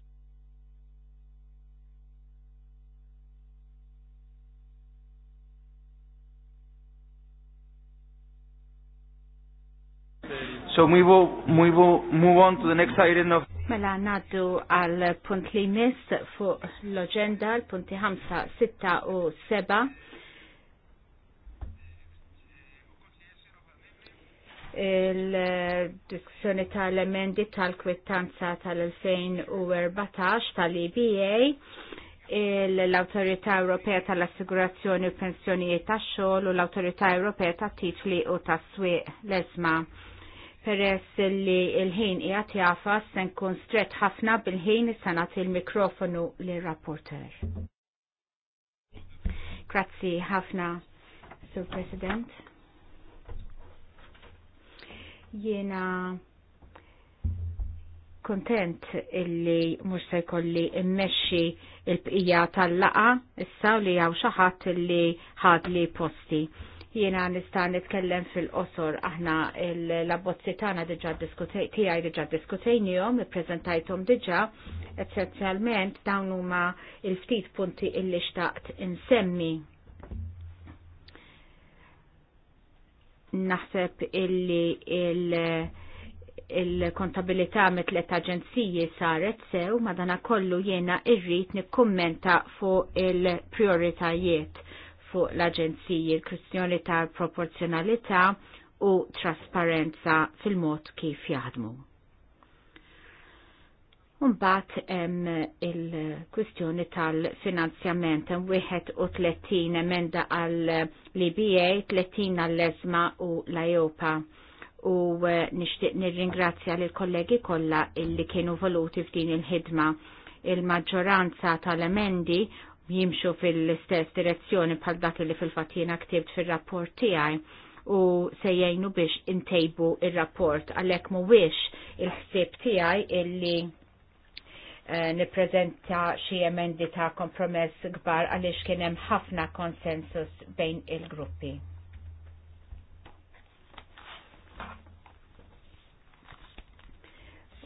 So we will, we will move on to the next item of Mela naddu għal punt li mis fuq l-agenda, l-punti 5, 6 u 7 il-diskussjoni tal-emendi tal-kwittanza tal-2014 tal-EBA l-Autorità Ewropea tal-Assigurazzjoni u Pensjonijiet tax-xogħol u l-Autorità Ewropea tat-Titli u tas-Swieq l-ESMA. Peress li l-ħin qiegħed jafas se nkun stret ħafna bil-ħin issa nagħti l-mikrofonu lir-rapporter. Grazzi ħafna, Sur President. Jiena kontent illi mux se jkolli immexxi il-bqija tal-laqa issa li għaw xaħat illi ħad li posti. Jiena nista' nitkellem fil-qosor aħna l-abbozzi tagħna diġà tiegħi diġà diskutejnihom, ippreżentajthom diġà, essenzjalment dawn huma il-ftit punti illi xtaqt insemmi naħseb illi il- il-kontabilità me tlet aġenziji saret sew madana kollu jena irrit nikkummenta fuq il-prioritajiet fuq l-aġenziji il-kwistjoni tal proporzjonalità u trasparenza fil-mod kif jaħdmu. Umbat il-kwistjoni tal-finanzjament, 31 emenda għal-LBA, 30 għall-ESMA u l ajopa U eh, nishtiq nir-ringrazzja l-kollegi kolla illi kienu voluti f'din il-ħidma. Il-maġġoranza tal-emendi jimxu fil-istess direzzjoni bħal dak li fil-fatina ktibt fil-rapport tiegħi u sejjajnu biex intejbu il-rapport għalek mu biex il-ħsib tijaj illi Eh, niprezenta xi emendi ta' kompromess kbar għaliex kien hemm ħafna konsensus bejn il-gruppi.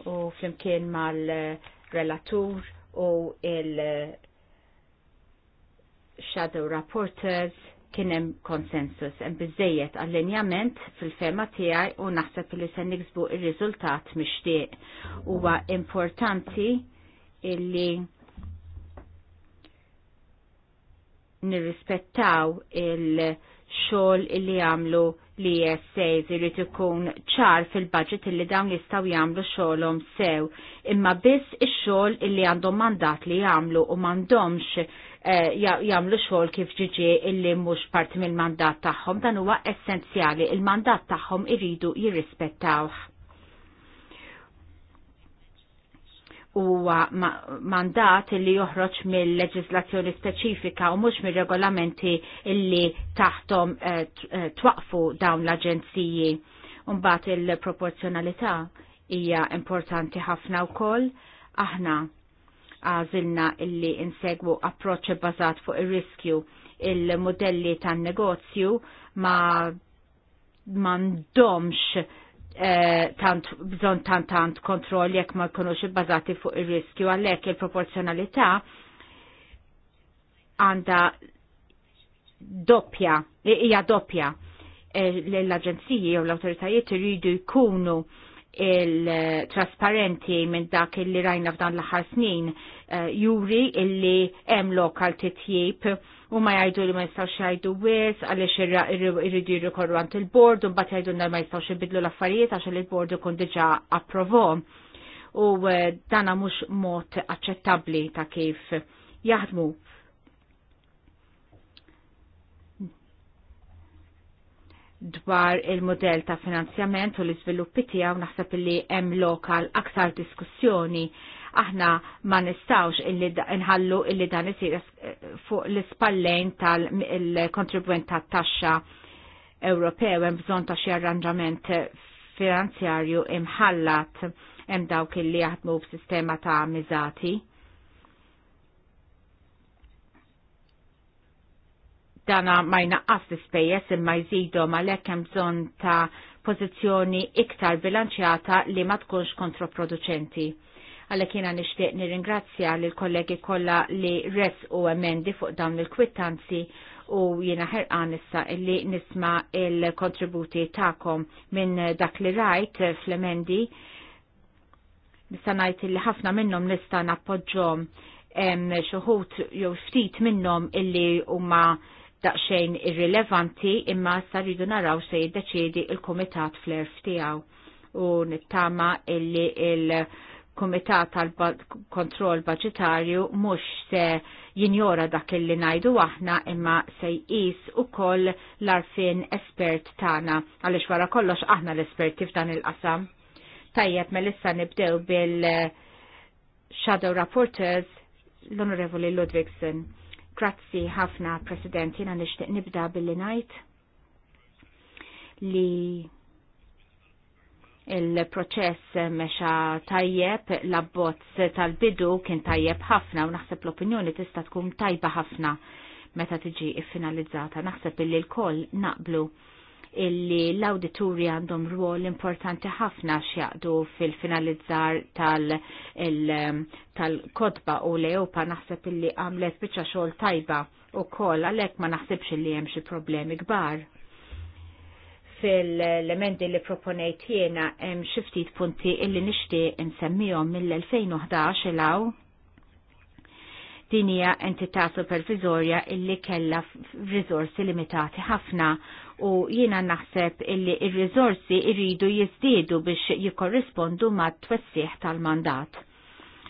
U flimkien mal-relatur u il-shadow rapporters kien hemm konsensus hemm biżejjed linjament fil-fema tiegħi u naħseb li se niksbu ir-riżultat mixtieq huwa importanti illi nirrispettaw il-xol illi għamlu li jessejz irrid ikun ċar fil-budget illi dawn jistgħu jagħmlu xogħolhom sew, imma biss ix-xogħol illi għandhom mandat li jagħmlu u m'għandhomx eh, jagħmlu xogħol kif ġiġi illi mhux parti mill-mandat tagħhom dan huwa essenzjali, il-mandat tagħhom iridu jirrispettawħ. huwa mandat li joħroġ mill-leġislazzjoni speċifika u mhux mir-regolamenti illi taħtom eh, eh, twaqfu dawn l-aġenziji. Mbagħad il-proporzjonalità hija importanti ħafna wkoll aħna għażilna illi insegwu approċċ bbażat fuq ir-riskju il-modelli tan-negozju ma mandomx Eh, tant bżon tant tant kontroll jekk ma jkunux ibbażati fuq ir-riskju għalhekk il-proporzjonalità għandha doppja, hija doppja eh, l-aġenziji jew l-awtoritajiet iridu jkunu il-trasparenti minn dak li rajna f'dan l-aħħar snin eh, juri illi hemm lokal titjib u ma jgħidu li ma jistawx jgħidu wis għaliex irridu jirrikorru għant il-bord u mbagħad jgħidu ma jistawx ibidlu l-affarijiet għax il-bord u diġà approvo U dana mhux mod aċċettabbli ta' kif jaħdmu dwar il-modell ta' finanzjament u l-iżviluppi tiegħu naħseb li hemm lokal aktar diskussjoni. Aħna ma nistawx illi nħallu illi dan isir eh, fuq l-ispallejn tal-kontribwent tat-taxxa Ewropew hemm bżonn ta' xi arranġament finanzjarju imħallat hemm dawk illi jaħdmu b'sistema ta' miżati dana ma jnaqqas l-ispejjeż imma jżidhom għalhekk hemm bżonn ta' pożizzjoni iktar bilanċjata li ma tkunx kontraproducenti. Għalhekk jiena nixtieq nirringrazzja lil kollegi kollha li res u emendi fuq dawn il-kwittanzi u jiena ħerqan issa li nisma il-kontributi tagħkom minn dak li rajt fl-emendi. Nista' ngħid li ħafna minnhom nista' nappoġġhom xi xuħut jew ftit minnhom illi huma daqxejn irrilevanti imma sa rridu naraw se jiddeċiedi il-komitat fl-erf tiegħu u nittama illi il-komitat tal-kontroll budgetarju mhux se jinjora dak illi najdu aħna imma se jqis ukoll l-arfin espert tagħna għaliex wara kollox aħna l-esperti f'dan il-qasam. Tajjeb, melissa nibdew bil-Shadow Rapporters, l-Onorevoli Ludwigsen. Grazzi ħafna, President, jina nishtiq nibda billi najt li il-proċess meċa tajjeb, l-abbozz tal-bidu kien tajjeb ħafna u naħseb l-opinjoni tista' tkun tajba ħafna meta tiġi finalizzata. Naħseb illi l-koll naqblu illi l auditori għandhom rwol importanti ħafna xjaqdu fil-finalizzar tal-kodba tal u l-Ewpa naħseb illi għamlet bieċa xogħol tajba u koll għalek ma naħsibx illi hemm xi problemi kbar. fil lemendi li proponejt jena hemm xi ftit punti illi nixtieq nsemmijom mill-2011 il-għaw Din hija entità supervizorja illi kellha risorsi limitati ħafna u jiena naħseb illi ir risorsi irridu jiżdiedu biex jikorrispondu mat twessieħ tal-mandat.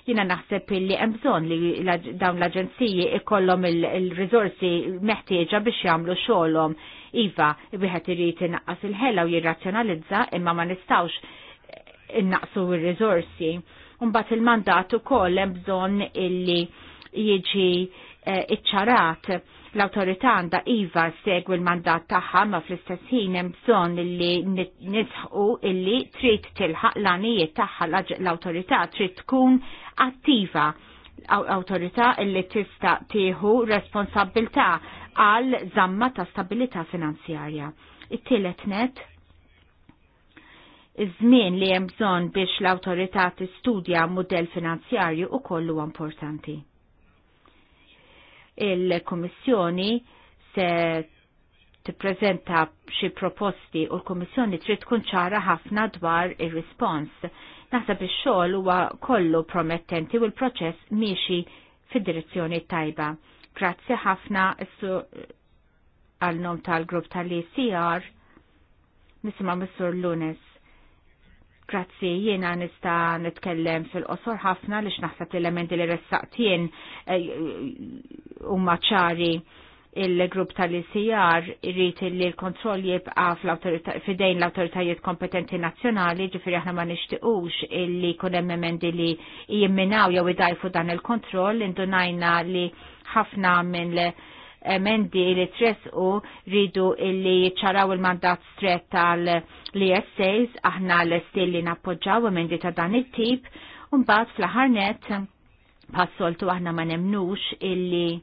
Jiena naħseb illi hemm bżonn li dawn l-aġenziji ikollhom il risorsi meħtieġa biex jagħmlu xogħolhom. Iva, wieħed irid innaqqas il-ħela u jirrazzjonalizza imma ma nistgħux innaqsu r risorsi Umbat il-mandat ukoll hemm bżon illi jiġi eh, iċċarat l-autorità għandha iva segwi l-mandat tagħha ma fl-istess ħin hemm bżonn li nisħu illi trid tilħaq l-għanijiet tagħha l-autorità trid tkun attiva autorità illi tista' tieħu responsabilità għal żamma ta' stabilità finanzjarja. It-tielet net iż-żmien li hemm bżonn biex l-awtorità tistudja mudell finanzjarju u kollu importanti il-Komissjoni se tippreżenta xi proposti u l-Komissjoni trid tkun ċara ħafna dwar ir-rispons. Naħseb biex xogħol huwa kollu promettenti u l-proċess miexi fid-direzzjoni tajba. Grazzi ħafna għal-nom tal-grupp tal-ECR. nisimaw Mr. Lunes. Grazzi, jiena nista nitkellem fil-qosor ħafna li naħseb l-elementi li ressaqtien eh, umma ċari il-grupp tal-ICR irrit li l-kontroll jibqa fidejn l-autoritajiet kompetenti nazjonali, ġifiri aħna ma nixtiqux illi kunem emendi li jimminaw jew idajfu dan il-kontroll, indunajna li ħafna minn emendi li tres u ridu illi ċaraw il-mandat stret tal-ESAs, aħna l-estilli nappoġġaw emendi ta' dan il-tip, un-bat fl-ħarnet, passoltu aħna ma nemnux illi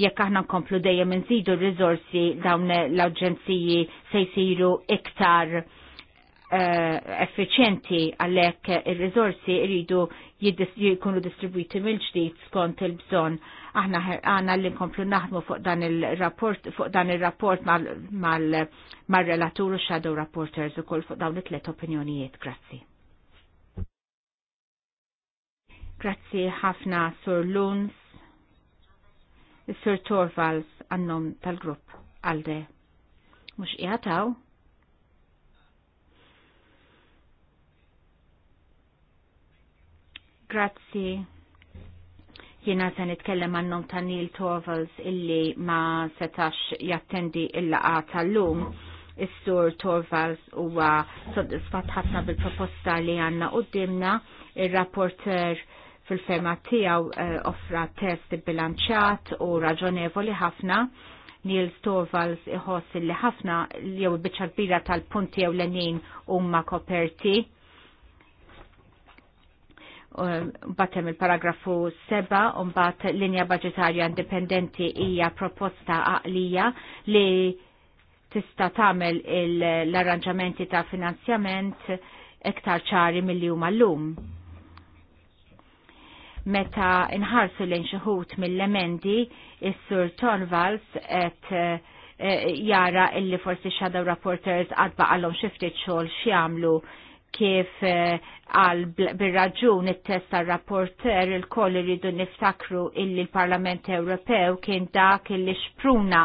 jekk aħna nkomplu dejjem nżidu r-riżorsi dawn l-aġenziji se jsiru iktar uh, effiċjenti għalhekk ir-riżorsi jridu jkunu distribwiti mill-ġdid skont il-bżonn aħna għana li nkomplu naħdmu fuq dan il-rapport fuq dan il-rapport mal-relatur u shadow rapporters u kol fuq dawn it-tlet opinjonijiet. Grazzi. Grazzi ħafna Sur Luns, Sur Torvalds għannom tal-grupp għalde. Mux iħataw? Grazzi. Jiena se nitkellem għannom ta' Neil Torvalds illi ma setax jattendi il-laqa tal-lum. Is-sur Torvalds huwa soddisfatt ħafna bil-proposta li għandna dimna ir-rapporter fil-ferma tiegħu eh, offra test bilanċat u raġonevoli ħafna. Neil Torvalds iħoss li ħafna jew biċċa kbira tal-punti ewlenin huma koperti Um, batem il-paragrafu 7 bat linja budgetarja indipendenti hija proposta għaqlija li tista tagħmel l-arranġamenti ta' finanzjament iktar ċari mill-li llum. Meta inħarsu lejn xi mill-emendi, il sur Torvalds qed eh, jara illi forsi xadaw rapporters għadba għallum xi ftit xogħol kif eh, għal bil-raġun it-test tal-rapporter il-koll rridu niftakru illi l-Parlament Ewropew kien dak li xpruna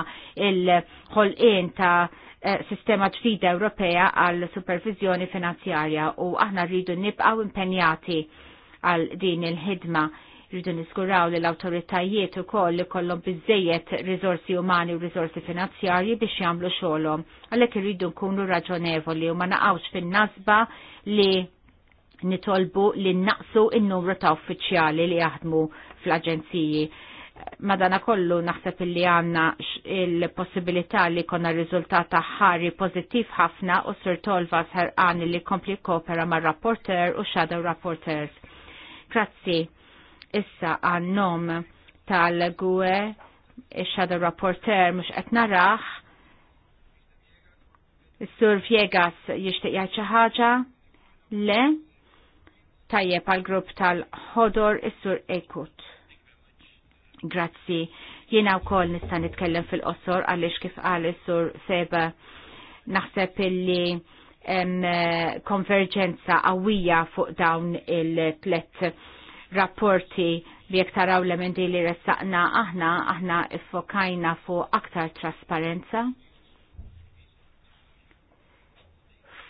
il-ħolqien ta' eh, sistema ġdida Ewropea għal supervizjoni finanzjarja u aħna rridu nibqaw impenjati għal din il-ħidma rridu niskuraw li l-autoritajiet u koll li kollom bizzejiet rizorsi umani u rizorsi finanzjarji biex jamlu xolom. Għalek rridu nkunu raġonevoli u ma naqawx fin-nasba li nitolbu li naqsu il-numru ta' uffiċjali li jaħdmu fl-aġenziji. Madana kollu naħseb li għanna il-possibilità li konna rizultat ta' ħari pozittiv ħafna u Sir Tolva ħarqan li kompli kopera ma' rapporter u shadow rapporters. Grazzi issa għannom tal-gwe ix-shadow rapporter mux qed naraħ Sur Viegas jixtieq jgħid xi ħaġa? Le? Tajjeb għal grupp tal-ħodor is-Sur Ekut. Grazzi. Jiena wkoll nista' nitkellem fil-qosor għaliex kif qal is-Sur Seba naħseb illi eh, konverġenza qawwija fuq dawn il-tlet rapporti li jek taraw l-emendi li ressaqna aħna, aħna iffokajna fuq aktar trasparenza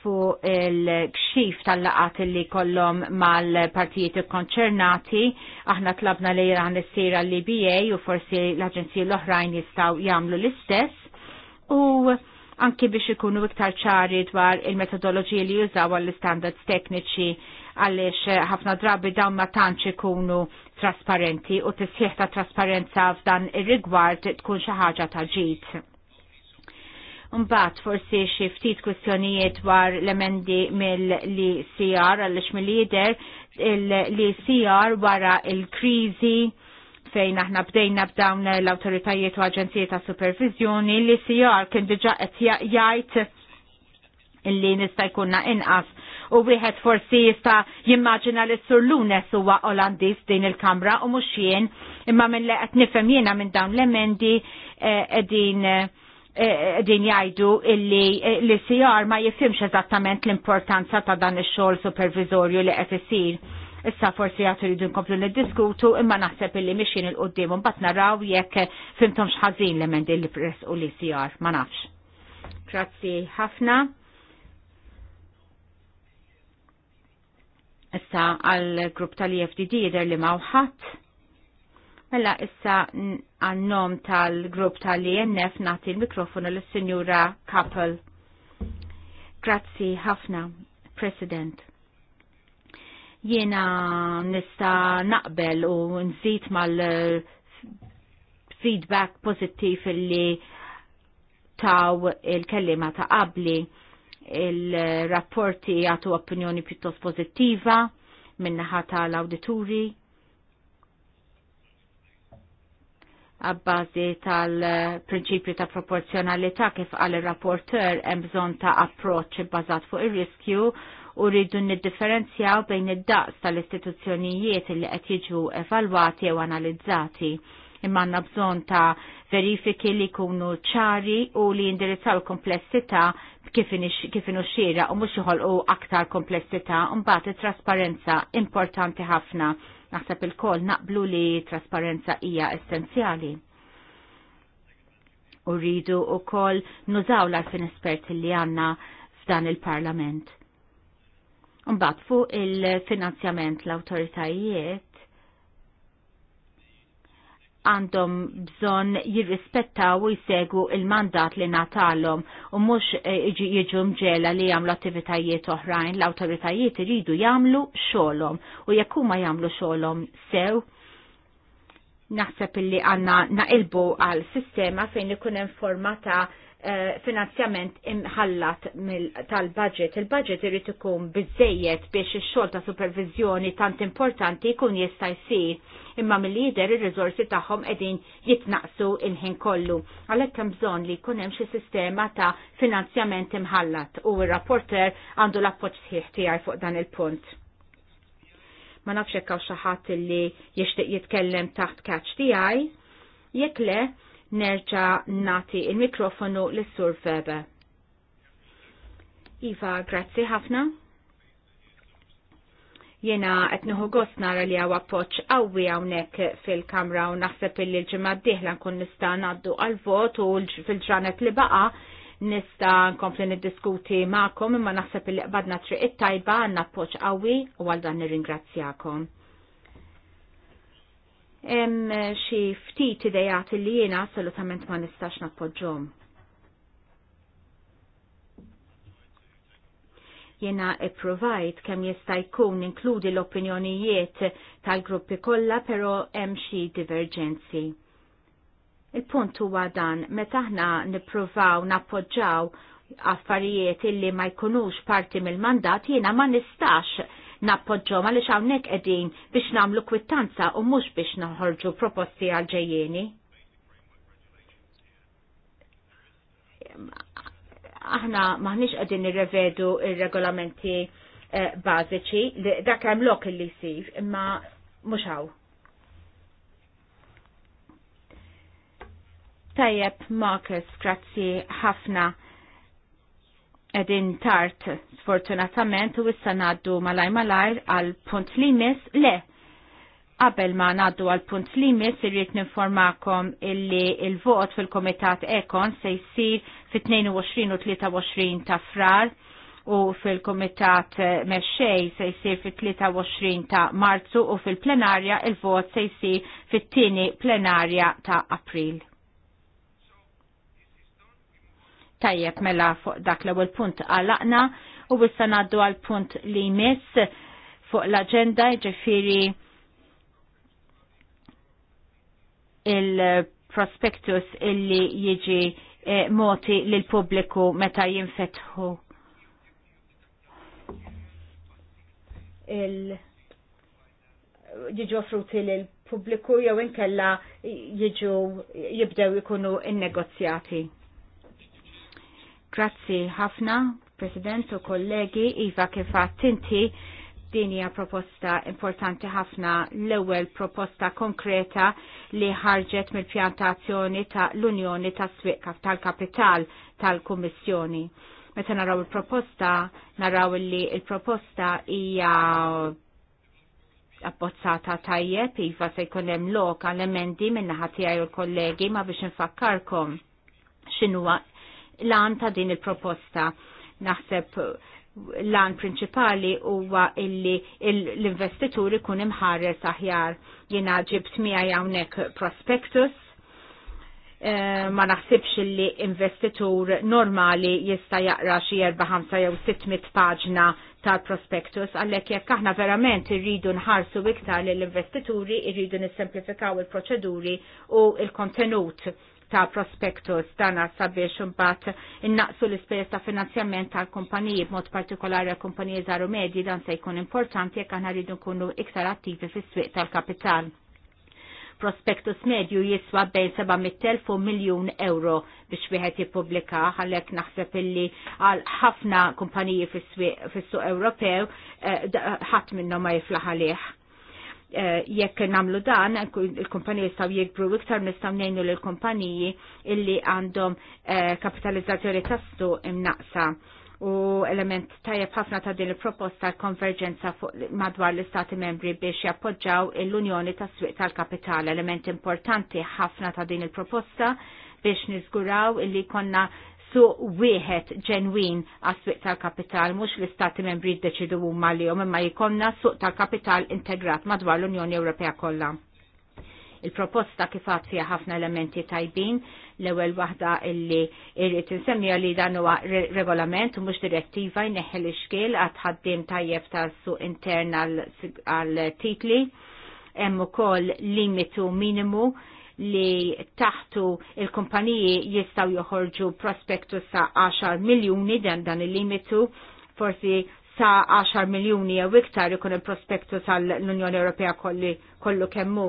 Fu il-kxif tal-laqat li kollom mal-partijiet konċernati, aħna tlabna li jiran s-sira l-BA u forsi l-Aġenziji l-oħrajn jistaw jamlu l-istess u anki biex ikunu iktar ċari dwar il-metodoloġiji li jużaw għall-standards tekniċi għaliex eh, ħafna drabi dawn ma tantx ikunu trasparenti u tisħiħ ta' trasparenza f'dan ir-rigward tkun xi ħaġa ta' ġid. Mbagħad forsi xi ftit kwistjonijiet dwar l-emendi mill-CR għaliex mill-lider il-CR wara il-kriżi fejn aħna bdejna b'dawn l-autoritajiet u aġenzijiet ta' supervizjoni li CR kien diġa qed jgħid illi nista' jkunna inqas u wieħed forsi jista' jimmaġina li sur Lunes huwa Olandis din il-Kamra u mhux jien imma minn li qed nifhem jiena minn dawn l-emendi din din jajdu illi eh, l-CR ma jifimx eżattament l-importanza ta' dan ix-xogħol supervizorju li qed isir issa forsi għat rridu nkomplu niddiskutu imma naħseb illi mixin il-qoddim un bat naraw jekk fimtom xħazin l-emendi li press u li sijar, ma nafx. Grazzi ħafna. Issa għal-grupp tal-EFDD jider li mawħat. Mela issa għan-nom tal-grupp tal-INF nati l-mikrofonu l-Sinjura Kappel. Grazzi ħafna, President jiena nista naqbel u nżid mal-feedback pozittiv li taw il-kellima ta' qabli il-rapporti jgħatu opinjoni pjuttost pozittiva minnaħa tal-awdituri għabbażi tal-prinċipju ta' proporzjonalità kif għal il-rapporter hemm bżonn ta' approċċ bbażat fuq ir-riskju u rridu niddifferenzjaw bejn id-daqs tal-istituzzjonijiet li qed jiġu evalwati u analizzati imma għandna bżonn ta' verifiki li kunu ċari u li indirizzaw il-komplessità kifinu xira u mux u aktar komplessità un-bat trasparenza importanti ħafna. Naħseb il-kol naqblu li trasparenza hija essenzjali. U rridu u kol nużaw l-arfin esperti li għanna f'dan il-parlament. bat fuq il-finanzjament l-autoritajiet, għandhom bżon jirrispettaw u jisegu il-mandat li natalom u mhux e, jiġu mġela li jagħmlu attivitajiet oħrajn, l-awtoritajiet iridu jagħmlu xogħolhom u jekk huma jagħmlu sew naħseb illi għanna naqilbu għal sistema fejn ikun informata e, finanzjament imħallat tal-budget. Il-budget irrit ikun biżejjed biex ix-xogħol ta' supervizjoni tant importanti jkun jista' jsir imma mill-lider ir rizorsi tagħhom qegħdin jitnaqsu il-ħin kollu. Għalhekk hemm bżonn li jkun hemm xi sistema ta' finanzjament imħallat u r-rapporter għandu l-appoġġ sħiħ tiegħi fuq dan il-punt. Ma nafx hekk xaħat li jishtiq jitkellem taħt catch tiegħi, jekk le nerġa' nati il-mikrofonu lis-Sur Weber. Iva, grazzi ħafna. Jena qed nieħu gost nara li hawn appoġġ qawwi hawnhekk fil-Kamra u naħseb li l-ġimgħa d nkun nista' ngħaddu għal-vot u fil-ġranet li baqa' nista nkompli niddiskuti ma'kom imma naħseb li qbadna triq it-tajba għandna appoġġ qawwi u għal dan nir-ingrazzjakom. Em xie ftit id-dajat li jiena assolutament ma nistax nappoġġhom. jena provide kem jista' jkun inkludi l-opinjonijiet tal-gruppi kollha però hemm xi divergenzi. Il-punt huwa dan meta aħna nippruvaw nappoġġaw affarijiet illi ma jkunux parti mill-mandat jiena ma nistax nappoġġaw għaliex hawnhekk qegħdin biex nagħmlu kwittanza u mhux biex naħorġu proposti għal ġejjieni aħna maħniex qegħdin nirrevedu il regolamenti eh, bażiċi li dak hemm lok li jsir imma mhux hawn. Tajjeb Marcus, grazzi ħafna edin tart sfortunatament u issa naddu malaj malajr għal punt li mis le Qabel ma naddu għal punt li mis ninformakom illi il-vot fil-Komitat Ekon se jsir fit-22 u 23 ta' frar u fil-Komitat eh, Mexxej se jsir fit-23 ta' Marzu u fil-plenarja il-vot se jsir fit-tieni plenarja ta' April. Tajjeb mela fuq dak l-ewwel punt għalaqna u issa naddu għal punt li fuq l-aġenda ġifiri il-prospektus illi jiġi eh, moti l-pubbliku meta jinfetħu il- jiġu offruti l-pubbliku jew inkella jiġu jibdew ikunu innegozjati. Grazzi ħafna, President u kollegi, Iva kifat inti Din hija proposta importanti ħafna l-ewwel proposta konkreta li ħarġet mill-pjantazzjoni ta' l-Unjoni ta' Swieq tal-Kapital tal-Kummissjoni. Meta naraw il-proposta, naraw li il-proposta hija abbozzata tajjeb, iva se jkun hemm lok għal emendi min-naħa tiegħi u l-kollegi ma biex infakkarkom x'inhuwa l ta' din il-proposta. Naħseb lan prinċipali huwa illi l-investitur ikun imħares aħjar jiena ġibt miegħi hawnhekk prospectus eh, ma naħsibx li investitur normali jista jaqra xi 4-5 jew 600 paġna tal-prospektus għalhekk jekk aħna verament irridu nħarsu iktar lill investituri irridu nissemplifikaw il-proċeduri u il-kontenut ta' prospektus dana sabiex imbagħad innaqsu l-ispejjeż ta' finanzjament tal-kumpaniji b'mod partikolari għal kumpaniji żaru medji dan se jkun importanti jekk aħna rridu nkunu iktar attivi fis-swieq tal-kapital. Prospektus medju jiswa bejn 700.000 miljon miljun euro biex wieħed jippubblika ħallek naħseb illi għal ħafna kumpaniji fis-suq Ewropew eh, ħadd minnhom ma jiflaħ għalih Eh, jekk namlu dan, il-kumpaniji staw jikbru iktar nistaw nejnu l-kumpaniji illi għandhom eh, kapitalizzazzjoni tastu imnaqsa u element tajjeb ħafna ta' din il-proposta konverġenza madwar l-Istati membri biex jappoġġaw l-Unjoni tas swieq tal-Kapital, element importanti ħafna ta' din il-proposta biex nizguraw illi konna Su wieħed ġenwin għas-suq tal-kapital, mhux l-istati membri jiddeċidu huma li imma jkollna suq tal-kapital integrat madwar l-Unjoni Ewropea kollha. Il-proposta kifat fija ħafna elementi tajbin, l-ewwel waħda illi irrid insemmija li dan huwa regolament u mhux direttiva jneħħel ix-xkiel għad ħaddiem tajjeb tas-suq intern għal titli hemm ukoll limitu minimu li taħtu il-kumpaniji jistaw joħorġu prospektu sa' 10 miljoni dan dan il-limitu forsi sa' 10 miljoni jew iktar ikun il-prospektu tal-Unjoni Ewropea kollu kemmu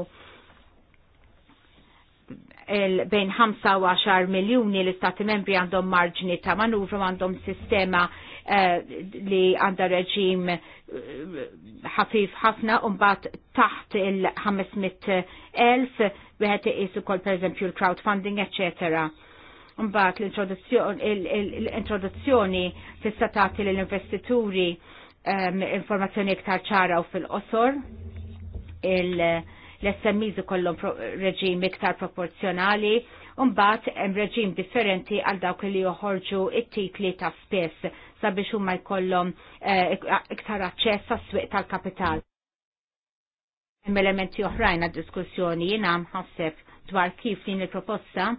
bejn 5 u 10 miljoni l-istati membri għandhom marġni ta' manuvru għandhom sistema Eh, li għandha reġim eh, ħafif ħafna u mbagħad taħt il-500,000 wieħed iqis ukoll pereżempju l-crowdfunding, eċċetera. Mbagħad l-introduzzjoni tista' tagħti lill-investituri ehm, informazzjoni iktar ċara u fil-qosor l u kollhom reġim iktar proporzjonali, un hemm reġim differenti għal dawk li joħorġu it-titli ta' spess sabiex huma jkollhom eh, iktar aċċess għas-swieq tal-kapital. Hemm elementi oħrajn għad-diskussjoni jiena ħassef dwar kif din il-proposta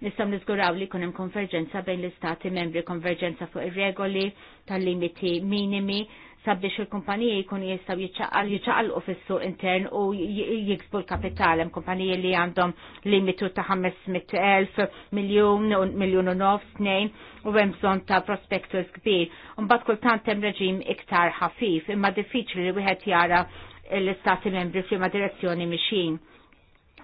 nistgħu niżguraw li jkun hemm konverġenza bejn l-istati membri, konverġenza fuq ir-regoli tal-limiti minimi sabiex il-kumpaniji jkun jistaw jiċaqalqu fis-suq intern u jiksbu l-kapital hemm kumpaniji li għandhom limitu ta' 500,000 miljun miljun u nofs tnejn u hemm bżonn ta' prospectus kbir. Mbagħad kultant hemm reġim iktar ħafif imma diffiċli li wieħed jara l-istati membri f'liema direzzjoni mixin.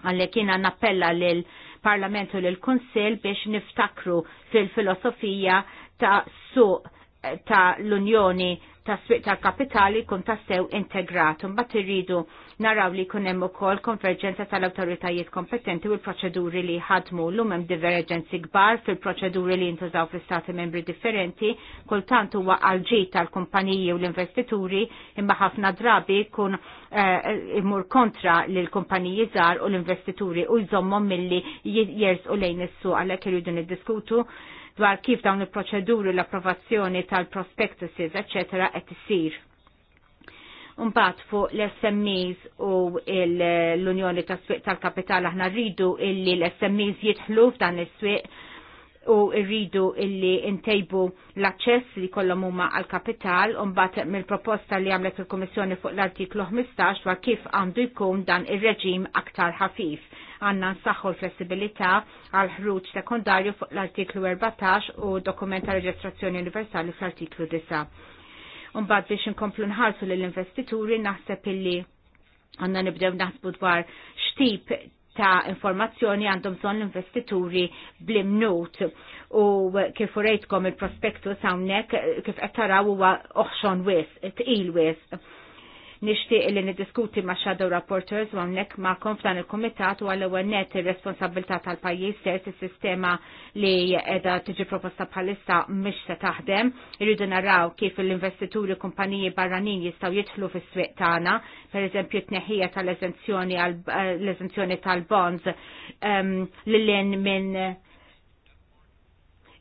Għallek jiena nappella l Parlament u l-Konsil biex niftakru fil-filosofija ta' suq ta' l-Unjoni ta' s tal-Kapitali kun ta' sew integrat. Mbagħad irridu naraw li jkun hemm ukoll konverġenza tal-awtoritajiet kompetenti u l-proċeduri li ħadmu llum hemm divergenzi kbar fil-proċeduri li jintużaw fl-istati membri differenti, kultant huwa għalġi ġid tal-kumpaniji u l-investituri imma ħafna drabi kun uh, imur kontra li l-kumpaniji żgħar u l-investituri u jżommhom milli u lejn is su għalhekk irridu niddiskutu dwar kif dawn il-proċeduri l-approvazzjoni tal-prospectuses, etc. qed isir. Umbat fuq l-SMEs u l-Unjoni tal-Kapital aħna rridu illi l-SMEs jitħlu f'dan is-swieq u rridu illi intejbu l-aċċess li kollom huma għal kapital u mbagħad mill-proposta li għamlet il-Kummissjoni fuq l-artiklu 15 dwar kif għandu jkun dan ir-reġim aktar ħafif. Għanna nsaħħu l-flessibilità għal ħruġ sekondarju fuq l-artiklu 14 u dokumenta reġistrazzjoni universali fl-artiklu 9. Unbad biex nkomplu nħarsu l-investituri naħseb illi għanna nibdew naħsbu dwar xtip ta' informazzjoni għandhom son l-investituri bl-imnut u kif urejtkom il-prospektus hawnhekk kif qed taraw huwa oħxon wis, tqil wis nixtieq li niddiskuti ma' shadow rapporteurs u hawnhekk ma' konflan il-kumitat u għallu ewwel il ir-responsabilità tal-pajjiż ser is-sistema li qiegħda tiġi proposta bħalissa mhix se taħdem. Irridu naraw kif l-investituri kumpaniji barranin jistgħu jidħlu fis-swieq tagħna, pereżempju t-neħija tal-eżenzjoni eh, tal-bonds ehm, lil minn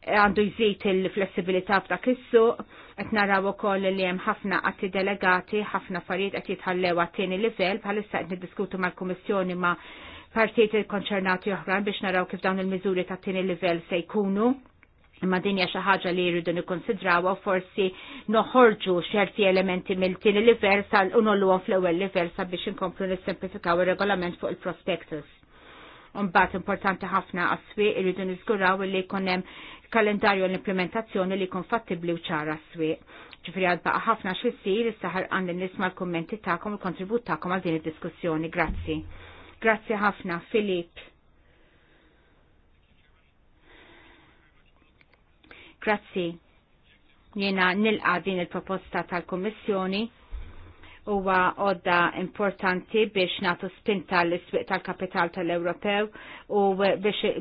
għandu jżid il-flessibilità f'dak is-suq qed naraw ukoll li hemm ħafna qatti delegati, ħafna affarijiet qed jitħallew għat-tieni livell bħalissa qed niddiskutu mal-Kummissjoni ma' partijiet il-konċernati oħrajn biex naraw kif dawn il-miżuri ta' tieni livell se jkunu imma din hija xi ħaġa li jridu nikkonsidrawha forsi noħorġu xerti elementi mill-tieni livell sal u fl-ewwel livell sabiex inkomplu nissimplifikaw ir-regolament fuq il-prospectus. Mbagħad importanti ħafna għas-swieq irridu niżguraw li jkun hemm kalendarju l-implementazzjoni li jkun fattibbli u ċara s-swieq. Ġifri għad baqa ħafna xissir, s-saħar għan nisma l-kommenti ta'kom u kontribut ta'kom għal din id-diskussjoni. Grazzi. Grazzi ħafna, Filip. Grazzi. Jena nilqa din il-proposta tal-Kommissjoni huwa għodda importanti biex natu spinta l-iswiq tal-kapital tal-Ewropew u biex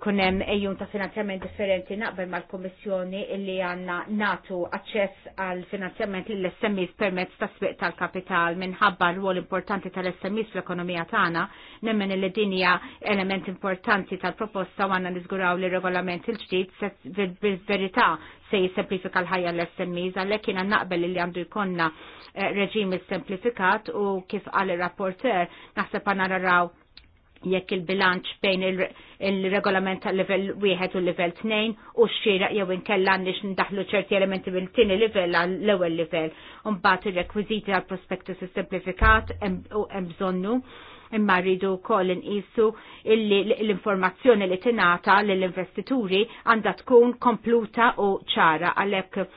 kunem ejjun ta' finanzjament differenti naqbel mal-Komissjoni illi għanna natu aċċess għal finanzjament l smis permezz ta' sbiq tal-kapital minħabba l wol importanti tal-SMIs fl-ekonomija tagħna, nemmen li dinja element importanti tal-proposta għanna nizguraw li regolament il-ġdid bil-verità se jisemplifika l-ħajja l-SMIs, għallek jina naqbel li għandu jkonna eh, reġim semplifikat u kif għal rapporter naħseb għanna raraw jekk il-bilanċ bejn il-regolament tal level 1 u level 2 u xxira jew inkella nix ndaħlu ċerti elementi mill tieni level għal l-ewwel level. Mbagħad ir-rekwiżiti għal prospektus simplifikat u hemm imma rridu wkoll inqisu l-informazzjoni li tingħata lill-investituri għandha tkun kompluta u ċara għalhekk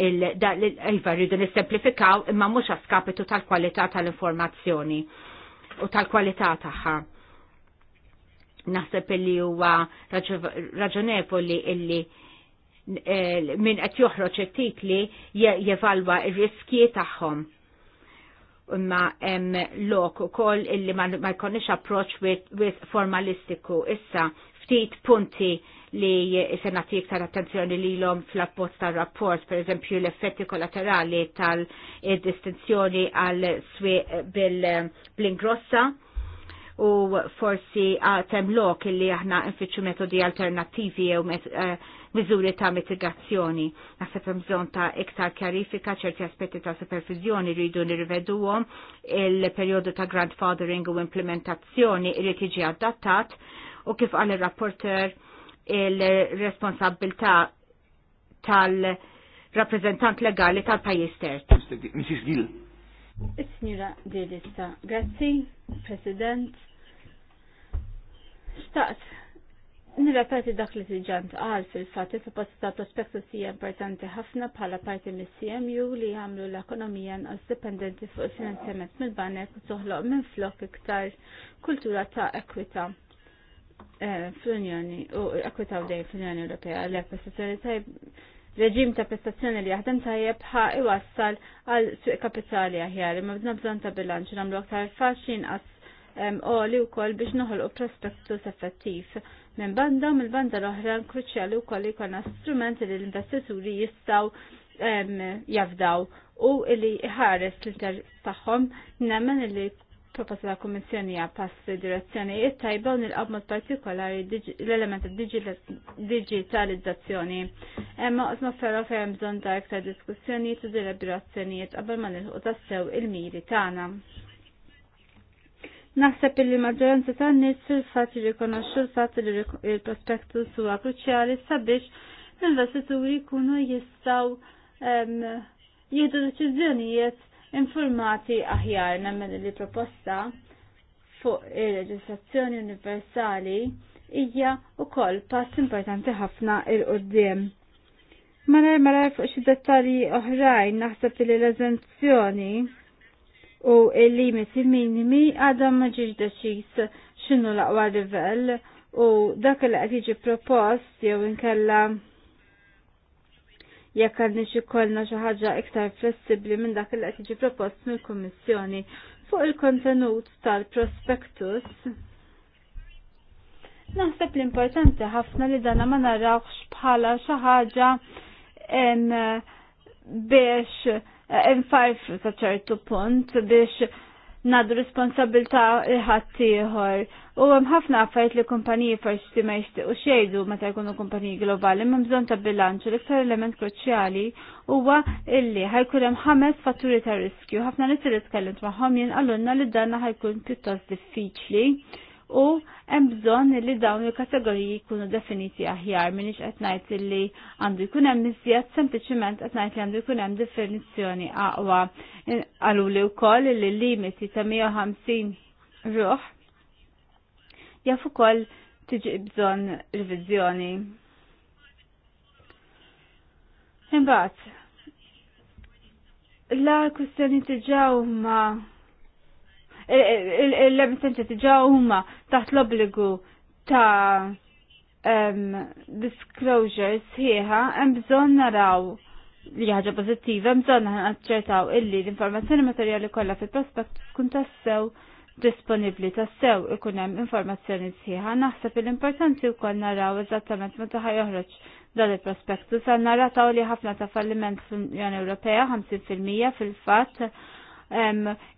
il-da iva rridu nissemplifikaw imma mhux għaskapitu tal-kwalità tal-informazzjoni. tal kwalità tal informazzjoni u tal-kwalità tagħha. Naħseb illi huwa raġonevoli illi eh, min qed joħroġ it-titli jevalwa r-riskji tagħhom imma hemm lok ukoll illi ma jkollniex approċċ with formalistiku issa ftit punti li se nagħti iktar attenzjoni lilhom fl appost tar-rapport, pereżempju l-effetti kollaterali tal-distinzjoni għal swieq bil-ingrossa u forsi għatem lok illi aħna nfittxu metodi alternativi u eh, miżuri ta' mitigazzjoni. Naħseb hemm bżonn ta' iktar kjarifika ċerti aspetti ta' supervizjoni rridu nirveduhom il-perjodu ta' grandfathering u implementazzjoni irid jiġi adattat u kif għal ir-rapporter il-responsabilità tal-rappresentant legali tal-pajis terz. Mrs. Gill. Is-signora Dilista, grazzi, President. Staqt, nirrepeti dak li tiġant għal fil-fat, il-proposta ta' prospektu sija importanti ħafna bħala parti mis cmu li għamlu l-ekonomija nqas dipendenti fuq il-finanzjament mill-banek u toħloq minn flok iktar kultura ta' ekwita. Eh, fl-Unjoni u ekwitaw dej fl-Unjoni Ewropea l prestazzjoni tajb reġim ta' prestazzjoni li jaħdem tajjeb ħa iwassal għal suq kapitali aħjar imma bżna bżon ta' bilanċ nagħmlu aktar faċli li u wkoll biex u prospektus effettiv. Minn banda il banda l-oħra kruċjali wkoll li jkollna strumenti li l-investituri jistgħu jafdaw u li ħares l-interess tagħhom nemmen li proposta ta' kummissjoni għal pass direzzjoni it-tajba nil il mod partikolari l-element digitalizzazzjoni. Emma osma ferro fejn bżon ta' iktar diskussjoni u deliberazzjonijiet qabel ma nilħu tassew il-miri tagħna. Naħseb li maġġoranza ta' nies fil-fatt jirrikonoxxu l-fatt li l-prospektus huwa kruċjali sabiex l-investituri jkunu jistgħu jieħdu deċiżjonijiet informati aħjar nemmen li proposta fuq il reġistrazzjoni universali hija wkoll pass importanti ħafna il qoddim Malar malar fuq xi dettalji oħrajn naħseb li l-eżenzjoni u il-limiti minimi għadha ma ġiġ deċiż x'inhu l-aqwa livell u dak li qed jiġi propost jew inkella jekk għandniex ikollna xi ħaġa iktar flessibbli minn dak li qed jiġi propost mill-Kummissjoni fuq il-kontenut tal-prospektus. Naħseb l-importanti ħafna li dana ma narawx bħala xi ħaġa biex infajfru ta' ċertu punt biex nadu responsabilta ħattijħor. U hemm ħafna affarijiet li kumpaniji forsi ma u xejdu meta jkunu kumpaniji globali, imma bżonn ta' bilanċu l-iktar element kruċjali huwa illi ħajkun hemm ħames fatturi ta' riskju. Ħafna nies li tkellimt magħhom jien għallunna li danna ħajkun pjuttost diffiċli u hemm bżonn li dawn il-kategoriji jkunu definiti aħjar minix qed ngħid li għandu jkun hemm iżjed sempliċiment qed ngħid li għandu jkun hemm definizzjoni aqwa. għaluli li wkoll li limiti ta' 150 ruħ jaf ukoll tiġi bżonn riviżjoni. Imbagħad, la kwistjoni tiġaw ma' l-emittenti diġa huma taħt l-obbligu ta' disclosures sħiħa hemm bżonn naraw li ħaġa pożittiva, hemm bżonn naċċertaw illi l-informazzjoni materjali kollha fil-prospekt tkun tassew disponibli tassew ikun hemm informazzjoni sħiħa. Naħseb l-importanti wkoll naraw eżattament meta ħajoħroġ dan il-prospektu sa narataw li ħafna ta' falliment fl-Unjoni Ewropea 50% fil-fatt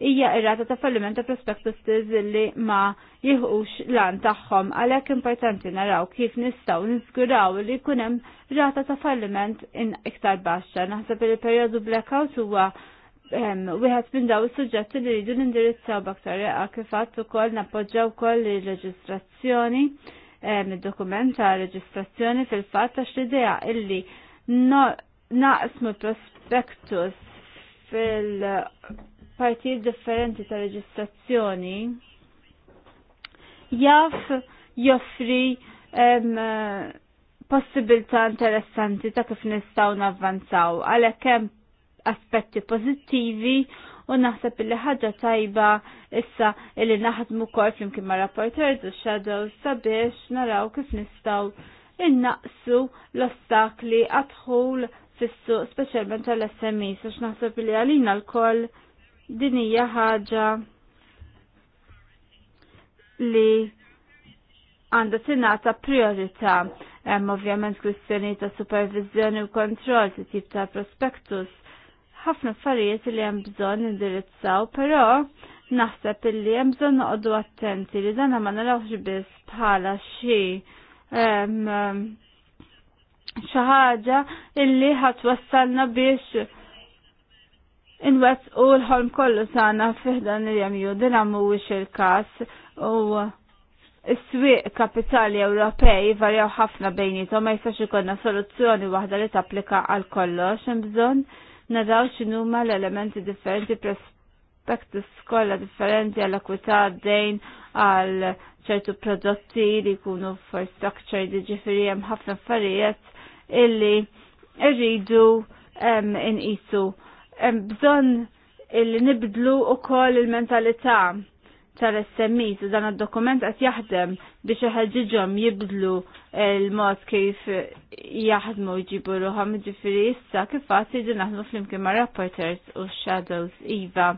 hija irrata ta' falliment ta' prospectuses li ma jieħux lan tagħhom għalhekk importanti naraw kif nistgħu nizguraw li jkun hemm rata ta' falliment iktar baxxa. Naħseb li perjodu blackout huwa wieħed minn daw is-suġġetti li jridu nindirizzaw baktar kif fatt ukoll nappoġġaw ukoll il-reġistrazzjoni id dokument ta' reġistrazzjoni fil-fatt għax l-idea illi naqsmu prospektus fil- partijiet differenti ta' reġistrazzjoni jaf joffri possibilità interessanti ta' kif nistgħu navvanzaw għalhekk hemm aspetti pożittivi u naħseb li ħaġa tajba issa illi naħdmu kol flimkien ma' rapporters u shadows sabiex naraw kif nistgħu innaqsu l-ostakli għadħul fissu specialment għal-SMI, sax naħseb li għalina l-koll din hija ħaġa li għandha tinata priorità. Hemm ovvjament kwistjoni ta' supervizjoni u kontroll si tip ta' prospektus. Ħafna affarijiet li hemm bżonn indirizzaw, però naħseb illi hemm bżonn noqogħdu attenti li dan ma narawx biss bħala xi xi ħaġa illi wassalna biex inwet u l-ħolm kollu sana fiħdan il-jamju dinamu wix il-kas u Is-swieq kapitali Ewropej varjaw ħafna bejnietom ma jistax ikonna soluzzjoni waħda li tapplika għal kollox hemm bżonn naraw x'inhuma l-elementi differenti prospectus kollha differenti għal akwità dejn għal ċertu prodotti li jkunu for structure jiġifieri hemm ħafna affarijiet illi rridu inqisu bżon il nibdlu u koll il-mentalità tal-SMIs u dan id-dokument qed jaħdem biex iħeġġiġhom jibdlu l-mod kif jaħdmu jġibu ruħam ġifiri issa kif qatt jiġu naħdmu flimkien ma' rapporters u shadows iva.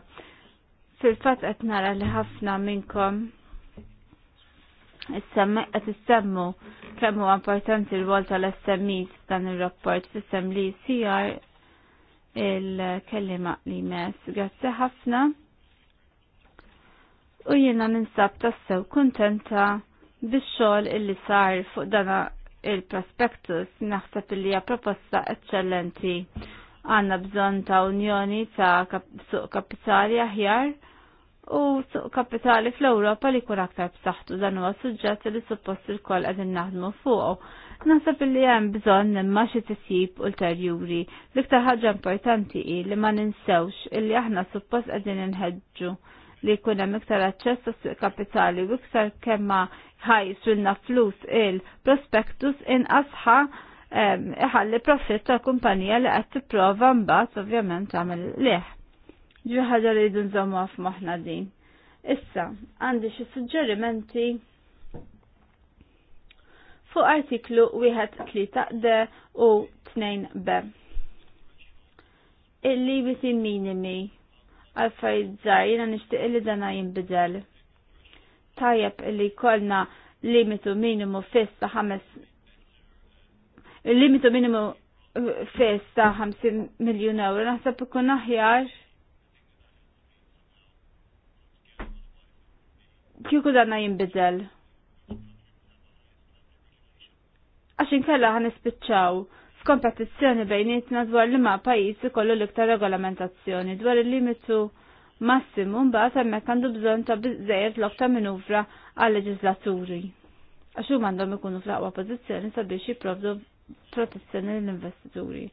Fil-fatt qed nara li ħafna minnkom qed issemmu kemm huwa importanti l-wol tal-SMIs f'dan ir-rapport fil sem CR il-kellima li mess. Grazzi ħafna. U jiena ninsab tassew kuntenta bix-xogħol illi sar fuq dana il-prospektus naħseb li hija proposta eċċellenti. Għanna bżonn ta' unjoni ta' kap suq kapitali aħjar u suq kapitali fl-Ewropa li kun aktar b'saħħtu dan huwa suġġett li suppost il-koll qegħdin naħdmu fuqu Naħseb li hemm bżonn imma xi tisjib ulterjuri. L-iktar ħaġa importanti hi li ma ninsewx illi aħna suppost qegħdin inħeġġu li jkun hemm iktar aċċess tas kapitali u iktar kemma ħajs sulna flus il-prospektus inqasħa iħalli profitt ta' kumpanija li qed tipprova mbagħad ovvjament għamil liħ. Ġi ħaġa li jdu nżommuha f'moħħna din. Issa, għandi xi suġġerimenti fuq artiklu 1.3 d u 2b. il bisi minimi għal-fajdżar jina nishtiq li dana jimbidel. Tajab li kolna limitu minimu fiss ħames il-limitu minimu eh, fiss ta' 50 miljon euro naħseb ikun aħjar kieku dana jimbidel. għax inkella ħan nispiċċaw f'kompetizzjoni bejnietna dwar li ma' pajjiż ikollu l-iktar regolamentazzjoni dwar il-limitu massimu mbagħad hemmhekk għandu bżonn ta' biżejjed l-okta minuvra għal leġislaturi. Għax huma għandhom ikunu fl-aqwa pożizzjoni sabiex jipprovdu protezzjoni l-investituri.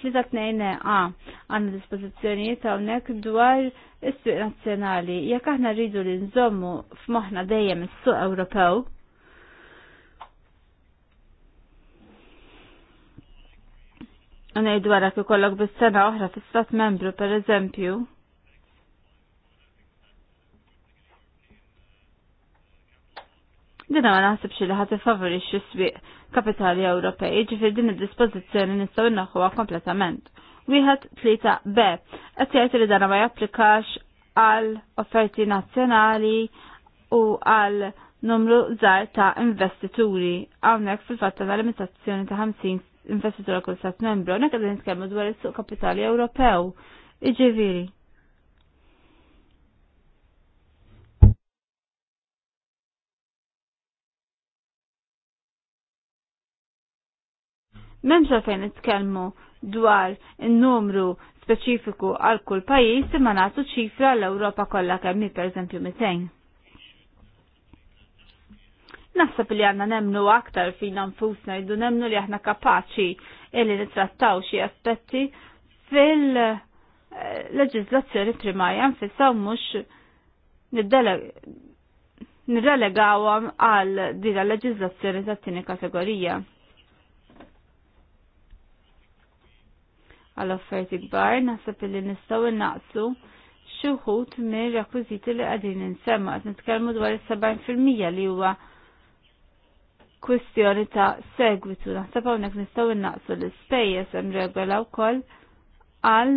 3-2 A għanna dispozizjonijiet hawnhekk dwar is-suq nazzjonali. Jekk aħna rridu li nżommu f'moħħna dejjem is-suq Ewropew, Unajdu għarak ikollok bis-sena oħra fis-stat membru, per eżempju, Dina ma naħsibx li ħati favorixxi s-swieq kapitali Ewropej, ġifir din id-dispożizzjoni nistgħu naħuha kompletament. Wieħed tlieta B qed jgħid li dana ma japplikax għal offerti nazzjonali u għal numru żgħar ta' investituri hawnhekk fil-fatt ta' limitazzjoni ta' 50 investitura kull stat membru, nek għadin nitkellmu dwar is-suq kapitali Ewropew. Iġifieri. Memx fejn nitkellmu dwar in-numru speċifiku għal kull pajjiż imma nagħtu ċifra l-Ewropa kollha kemm pereżempju 200. Nasab li għanna nemnu aktar fina nfusna iddu nemnu li aħna kapaċi illi nitrattaw xi aspetti fil-leġizlazzjoni eh, primarja nfissa mhux nirrelegawhom għal din leġizlazzjoni tat-tieni kategorija. Għal offerti kbar naħseb li nistgħu il xi wħud mir-rekwiżiti li qegħdin insemma qed nitkellmu dwar is-70% li huwa kwistjoni ta' segwitu. Naħseb hawnhekk nistgħu innaqsu l-ispejjeż hemm regola wkoll għal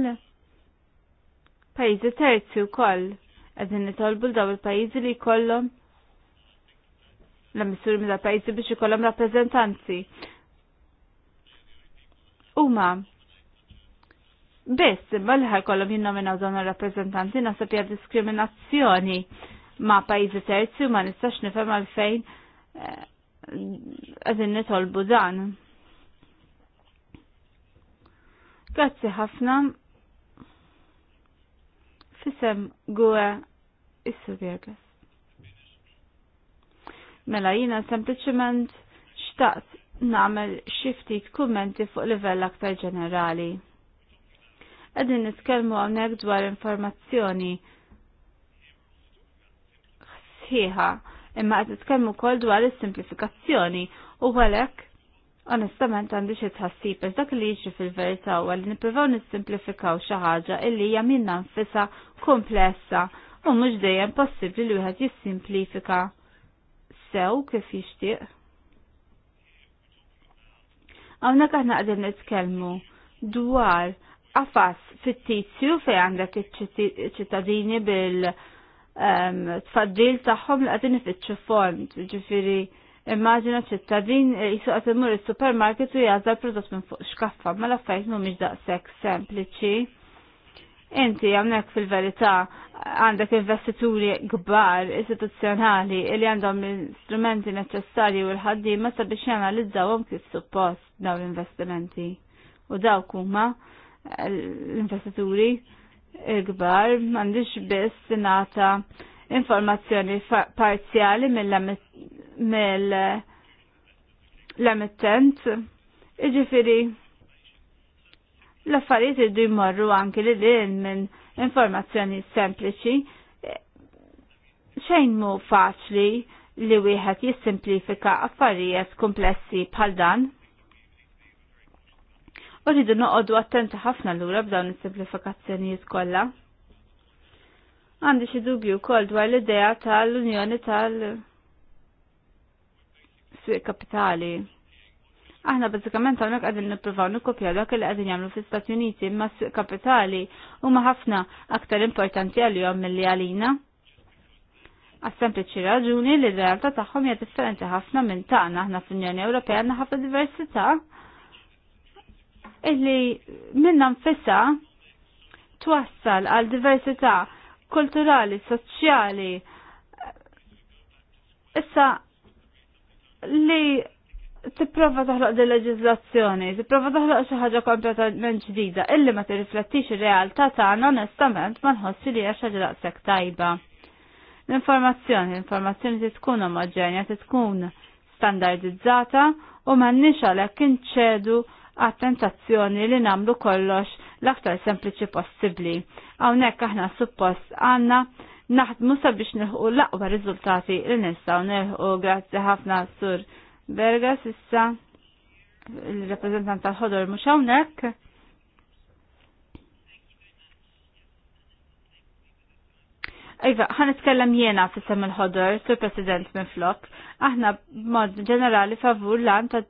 pajjiżi terzi wkoll qegħdin nitolbu daw il-pajjiżi li jkollhom l-missuri dal pajjiżi biex ikollhom rappreżentanzi. Huma biss imma li ħajkollhom jinnominaw dawn ir-rappreżentanti naħseb hija diskriminazzjoni ma' pajjiżi terzi u ma nistax nifhem għalfejn eh, għazin nitolbu dan. Grazzi ħafna fisem għuħe issu virgas. Mela jina sempliciment xtaqt namel xifti kummenti fuq livell aktar ġenerali. Għedin nitkelmu għonek dwar informazzjoni sħiħa imma għad nitkellmu wkoll dwar is-simplifikazzjoni u għalhekk onestament għandi xi tħassib dak li jiġri fil-verità huwa li nippruvaw nissimplifikaw xi ħaġa illi hija minna nfisha komplessa u mhux dejjem possibbli li wieħed jissimplifika sew kif jixtieq. Hawnhekk aħna qegħdin nitkellmu dwar qafas fittizju fej għandek iċ-ċittadini bil- tfaddil tagħhom li qegħdin ifittxu fond, ġifiri immaġina ċittadin eh, jisuq qed imur is-supermarket u l prodott minn fuq xkaffa, ma laffajt mu mhumiex daqshekk sempliċi. Inti hawnhekk fil-verità għandek investituri kbar istituzzjonali li għandhom l instrumenti neċessarji u l-ħaddiema sabiex janalizzawhom kif suppost dawn l-investimenti. U dawk huma l-investituri il-gbar m'għandix biss nata informazzjoni parzjali mill-emittent. Iġifiri, l-affarijiet iddu jmorru anki li l-in minn informazzjoni sempliċi. Xejn mu faċli li wieħed jissimplifika affarijiet komplessi bħal dan u rridu noqogħdu attenti ħafna lura b'dawn is-simplifikazzjonijiet kollha. Għandi xi dubju wkoll dwar l-idea tal-Unjoni tal-Swieq Kapitali. Aħna bażikament hawnhekk qegħdin nippruvaw nikkopjaw dak li qegħdin jagħmlu fl-Istati Uniti imma s-swieq kapitali huma ħafna aktar importanti għalihom milli għalina għas-sempliċi raġuni li r-realtà tagħhom hija differenti ħafna minn tagħna aħna fl-Unjoni Ewropea għandna ħafna diversità illi minna nfissa twassal għal diversità kulturali, soċjali. Issa li tipprova taħloq di leġizlazzjoni, tipprova taħloq xi ħaġa kompletament ġdida, illi ma tirriflettix ir-realtà tagħna onestament ma nħossi li hija xi daqshekk tajba. L-informazzjoni, l-informazzjoni tkun omogenja, t tkun standardizzata u m'għandniex għalhekk inċedu attentazzjoni tentazzjoni li namlu kollox l-aktar sempliċi possibli. Hawnhekk aħna suppost għandna naħdmu sabiex nilħu l-aqwa riżultati li nistaw nħu grazzi ħafna sur Berga s'issa, il reprezentant tal-ħodor mhux hawnhekk. Iva, ħan itkellem jena fi sem il-ħodor, sur President minn flok, aħna mod ġenerali favur lan ta'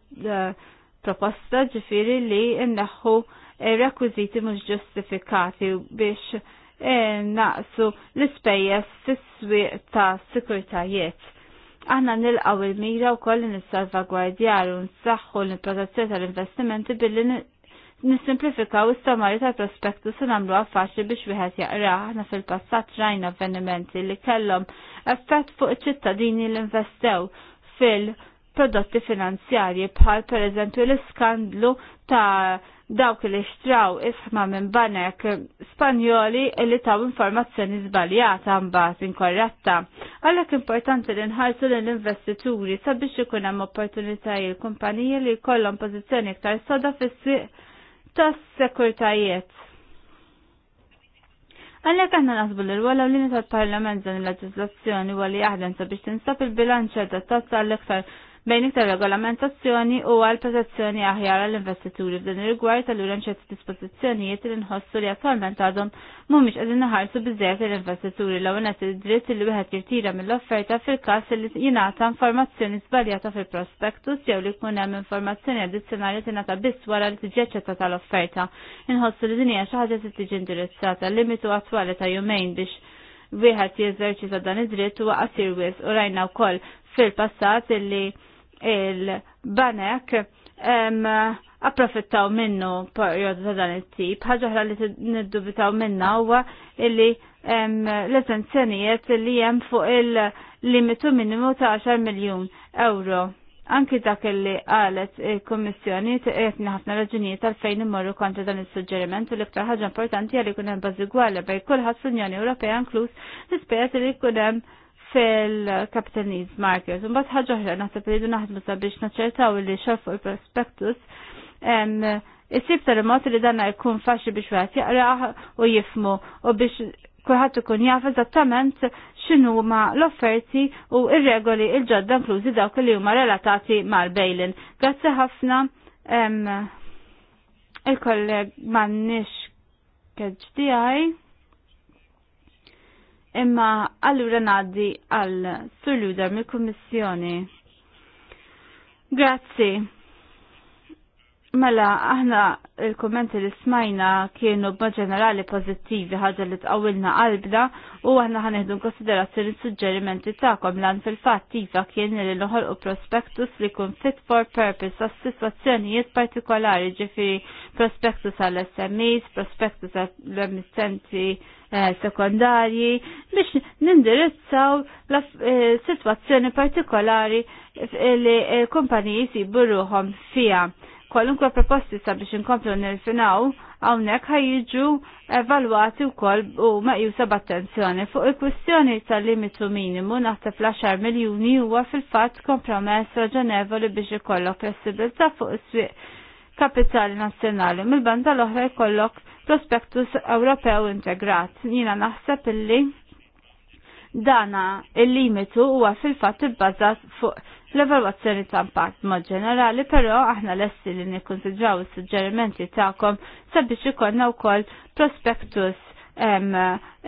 proposta ġifiri li inneħħu eh, rekwiziti mhux ġustifikati biex eh, naqsu l-ispejjeż fis-swieq ta' sikurtajiet. Aħna nilqaw il-mira wkoll nissalvagwardjar u nsaħħu l-protezzjoni tal-investimenti billi nisimplifikaw is-samari tal-prospektus u nagħmluha faċli biex wieħed jaqra. Aħna fil-passat rajna avvenimenti li kellhom effett fuq iċ-ċittadini li investew fil- prodotti finanzjarji bħal per eżempju l-iskandlu ta' dawk li xtraw isħma minn banek spanjoli li taw informazzjoni zbaljata mbagħad inkorretta. Għalhekk importanti li nħarsu lill investituri sabiex ikun hemm opportunitajiet kumpaniji li jkollhom pożizzjoni iktar soda fis-sieq tas-sekurtajiet. Għalhekk aħna nasbu li l-wala l-lini tal-Parlament dan il-leġiżlazzjoni huwa li jaħdem sabiex tinsab il-bilanċ adattat għall-iktar bejn iktar regolamentazzjoni u għal protezzjoni aħjar għall investituri f'din ir-rigward allura hemm ċerti dispożizzjonijiet li nħossu li attualment għadhom mhumiex qegħdin naħarsu biżejjed l-investituri l għonet id-dritt li wieħed jirtira mill-offerta fil-każ li jingħata informazzjoni żbaljata fil-prospektus jew li jkun hemm informazzjoni addizzjonali tingħata biss wara li tiġi ċetta tal-offerta. Inħossu li din hija xi ħaġa li tiġi indirizzata limitu attwali ta' jumejn biex wieħed jeżerċita dan id-dritt huwa qasir wis u rajna wkoll fil-passat illi il-banek approfittaw minnu perjodu ta' dan it-tip. Ħaġa li niddubitaw minna huwa illi l-esenzjonijiet li hemm fuq il-limitu minimu ta' 10 miljun euro. Anki dak li qalet il-Kommissjoni qedni ħafna raġunijiet għalfejn immorru kontra dan is-suġġeriment u l-iktar ħaġa importanti għal kunem hemm bej kullħat kulħadd fl-Unjoni Ewropea inkluż l li jkun hemm fil-Capital Needs Market. Mbagħad ħaġa oħra naħseb li naħdmu sabiex naċċertaw li xar fuq il-prospectus isib tal-mod li danna jkun faċi biex wieħed jaqrah u jifmu u biex u ikun jaf eżattament xinu ma l-offerti u il regoli l-ġodda inklużi dawk li huma relatati mal-bejlin. Grazzi ħafna il-kolleg m'għandniex keġ Imma allura ngħaddi għal Sur mill-Kummissjoni. Grazzi. Mela, aħna il-kommenti li smajna kienu b'ma ġenerali pozittivi ħaġa li tqawilna qalbna u aħna ħaneħdu konsiderazzjoni suġġerimenti tagħkom lan fil-fatt iva kien li noħolqu prospektus li kun fit for purpose għas sitwazzjonijiet partikolari ġifiri prospektus għall smes prospektus għall emittenti eh, sekondarji biex nindirizzaw eh, sitwazzjoni partikolari li eh, kumpaniji jisibu ruhom fija kwalunkwa proposti sabiex inkomplu nirfinaw hawnhekk ħajjiġu evalwati wkoll u meqjusa attenzjoni. fuq il-kwistjoni tal-limitu minimu naħseb l-10 miljuni huwa fil-fatt kompromess raġonevoli biex ikollok flessibilità fuq is-swieq kapitali nazzjonali mill-banda l-oħra jkollok prospektus Ewropew integrat. Jiena naħseb illi dana il-limitu huwa fil-fatt ibbażat fuq l evalwazzjoni ta' impatt mod ġenerali, però aħna lessi li nikkonsidraw is-suġġerimenti tagħkom sabiex ikollna wkoll prospektus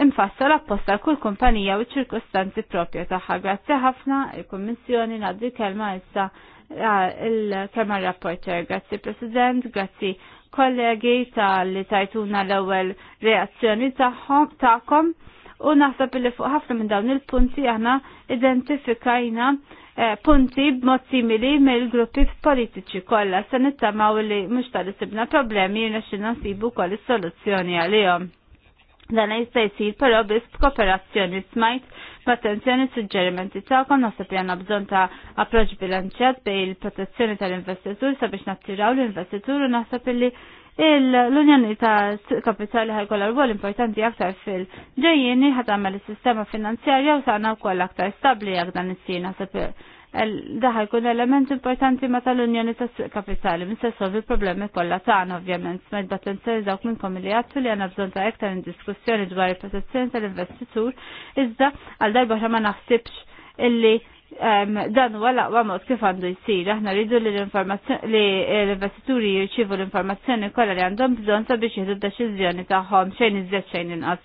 imfassal apposta kull kumpanija u ċirkostanzi propja tagħha. Grazzi ħafna il-Kummissjoni naddi kelma issa il-kelma rapporter. Grazzi President, grazzi kollegi tal-li tajtuna l-ewwel reazzjoni tagħkom u naħseb li fuq ħafna minn dawn il-punti aħna identifikajna Eh, punti b'mod simili mill-gruppi politiċi kollha se nittamaw li mhux tal-isibna problemi jirna xi nasibu wkoll is-soluzzjoni għalihom. Dan jista' jsir però biss b'kooperazzjoni smajt b'attenzjoni suġġerimenti tagħkom naħseb li għandna bżonn ta' approċċ bilanċjat bejn il-protezzjoni tal-investitur sabiex nattiraw l-investitur u naħseb li l-Unjoni ta' Kapitali ħajkolla rwol importanti aktar fil-ġejjini għamel il-sistema finanzjarja u sana wkoll aktar stabli jak dan is-sina sepp daħal element importanti ma tal-Unjoni ta' Kapitali minn se solvi problemi kollha tagħna ovvjament med battenzer dawk minnkom li għattu li għandna bżonn ta' iktar indiskussjoni dwar il-protezzjoni tal-investitur iżda għal darba ma naħsibx illi dan huwa laqwa mod kif għandu jsir. Aħna rridu li l-investituri jirċivu l-informazzjoni kollha li għandhom bżonn sabiex jieħdu d-deċiżjoni tagħhom xejn iżjed xejn inqas.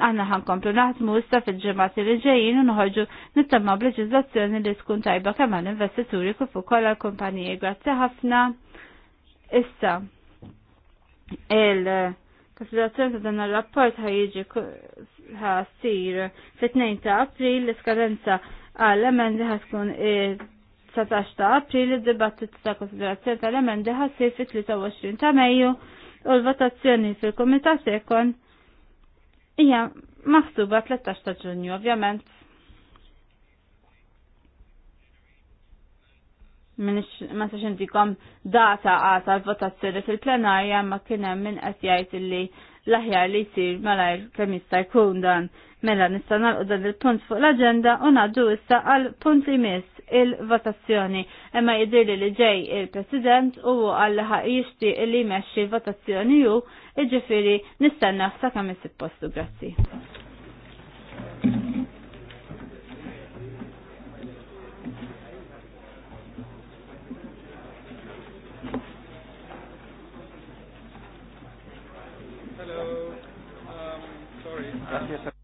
Aħna ħankomplu naħdmu issa fil ġemati li ġejjin u noħorġu nittama' b'leġiżlazzjoni li tkun tajba kemm għall-investituri kif ukoll għall-kumpaniji. Grazzi ħafna. Issa il- kasilazzjoni ta' dan il rapport ħajġi ħasir fit-2 ta' April l-iskadenza għal emendi ħatkun il-19 ta' april id-dibattit ta' konsiderazzjoni tal-emendi ħassir fit-23 ta' Mejju u l-votazzjoni fil-Komitat sekon hija maħsuba 13 ta' Ġunju, ovvjament. minix ma sax data għata l-votazzjoni fil-plenarja ma kienem min qed jgħid illi l-aħjar li jsir malajr kemm jista' jkun dan. Mela nista' nagħlqu dan il-punt fuq l-aġenda u ngħaddu issa għal punt li miss il-votazzjoni. Imma jidirli li ġej il-President u għal ħaq jixtieq li jmexxi l-votazzjoni ju, jiġifieri nistanna sa kemm issib postu. Grazzi. Gracias.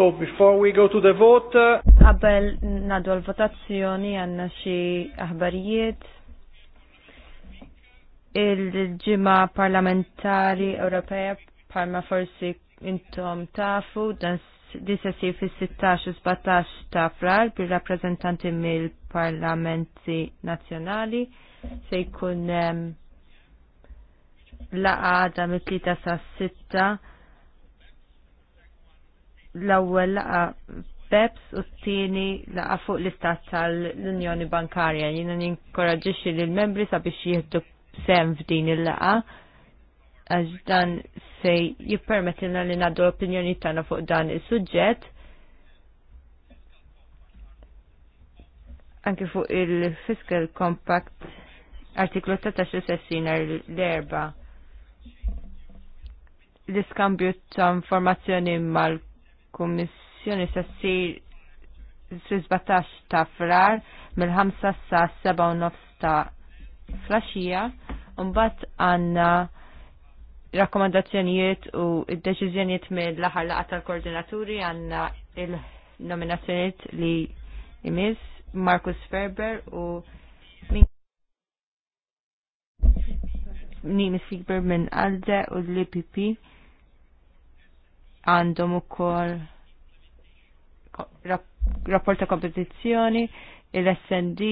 So before we go to the vote... Uh, Qabel nadu l-votazzjoni għanna xie aħbarijiet. il ġimgħa parlamentari Ewropea bħalma forsi intom tafu dan disessi fis 16 u 17 ta' frar bil-rappresentanti mill-parlamenti nazjonali se jkun ehm, laqa da mit tlieta sa' 6 l-ewwel laqa BEPS u t-tieni laqa fuq l-istat tal-Unjoni Bankarja. Jiena ninkoraġġixxi lill membri sabiex jieħdu sem f'din il-laqa għax dan se jippermettilna li naddu opinjoni tagħna fuq dan is-suġġett. Anke fuq il-Fiscal Compact artiklu 13 sessina l-erba l-iskambju ta' informazzjoni mal kummissjoni se ssir fl-17 ta' frar mill-5 sa' 7 ta' un mbagħad għandna rakkomandazzjonijiet u id-deċiżjonijiet mill-aħħar laqa tal-koordinaturi għandna il-nominazzjonijiet li imiss Markus Ferber u Nimi Sigber minn Alde u l-IPP għandhom ukoll rapport ta' kompetizzjoni, il-SND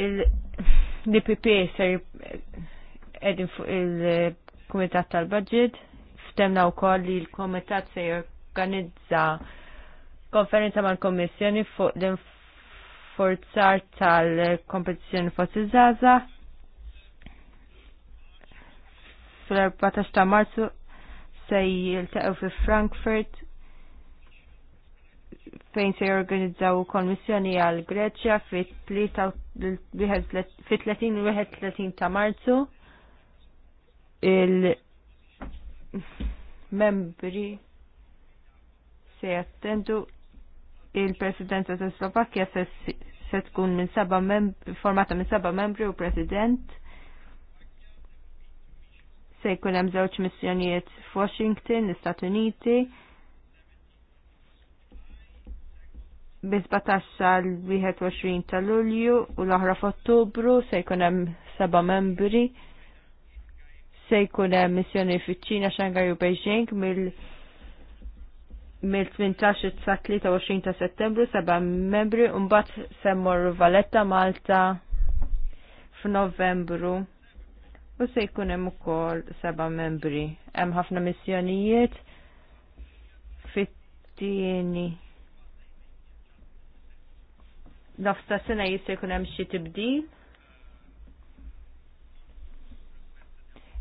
il-DPP ser edin fuq il-Komitat tal-Budget, ftemna u koll li l-Komitat se jorganizza konferenza mal kommissjoni fuq l forzar tal-kompetizjoni fuq Zaza, fil-14 ta' Marzu se jiltaqgħu fi Frankfurt fejn se jorganizzaw konmissjoni għal Greċja fit-30 ta' Marzu il-membri se jattendu il-presidenza ta' Slovakkja se tkun minn seba formata minn seba membri u president se jkun hemm żewġ missjonijiet f'Washington, l-Istat Uniti. Bi 17 għal 21 ta' Lulju u l-oħra f'Ottubru se jkun hemm seba' membri. Se jkun hemm missjoni fiċ-Ċina, Shanghai u Beijing mill mill-18 sa 23 ta' settembru seba' membri u mbagħad semmorru Valletta Malta f'Novembru u se jkun hemm ukoll seba' membri. Hemm ħafna missjonijiet fit-tieni. Nofsa sena jista' jkun hemm xi tibdil.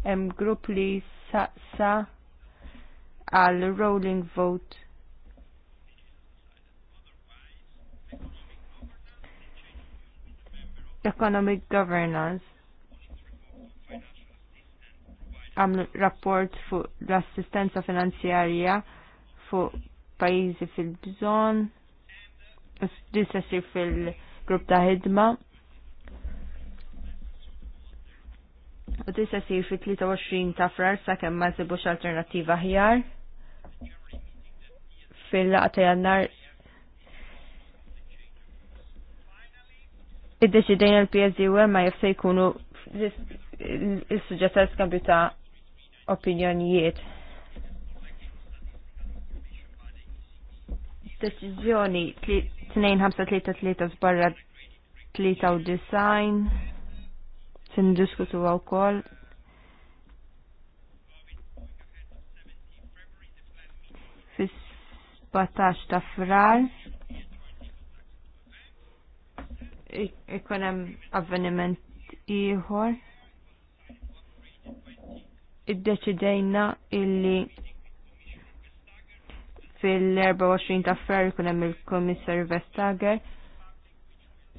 Hemm grupp li saqsa għal rolling vote economic governance għamlu rapport fuq l-assistenza finanzjarja fuq pajizi fil-bżon, dissessir fil-grupp ta' ħidma. U dissessir fil-23 ta' frar sa' kemm ma' zibux alternativa ħjar fil-laqta jannar id-deċidejn l-PSD e ma jifsa jkunu il-sujġet skambju ta' opinjonijiet. Deċizjoni 2533 barra sin diskutu għaw kol. Fis 17 ta' frar. Ikonem avveniment iħor. E iddeċidejna illi fil-24 ta' fer jkun hemm il-Kummissarju Vestager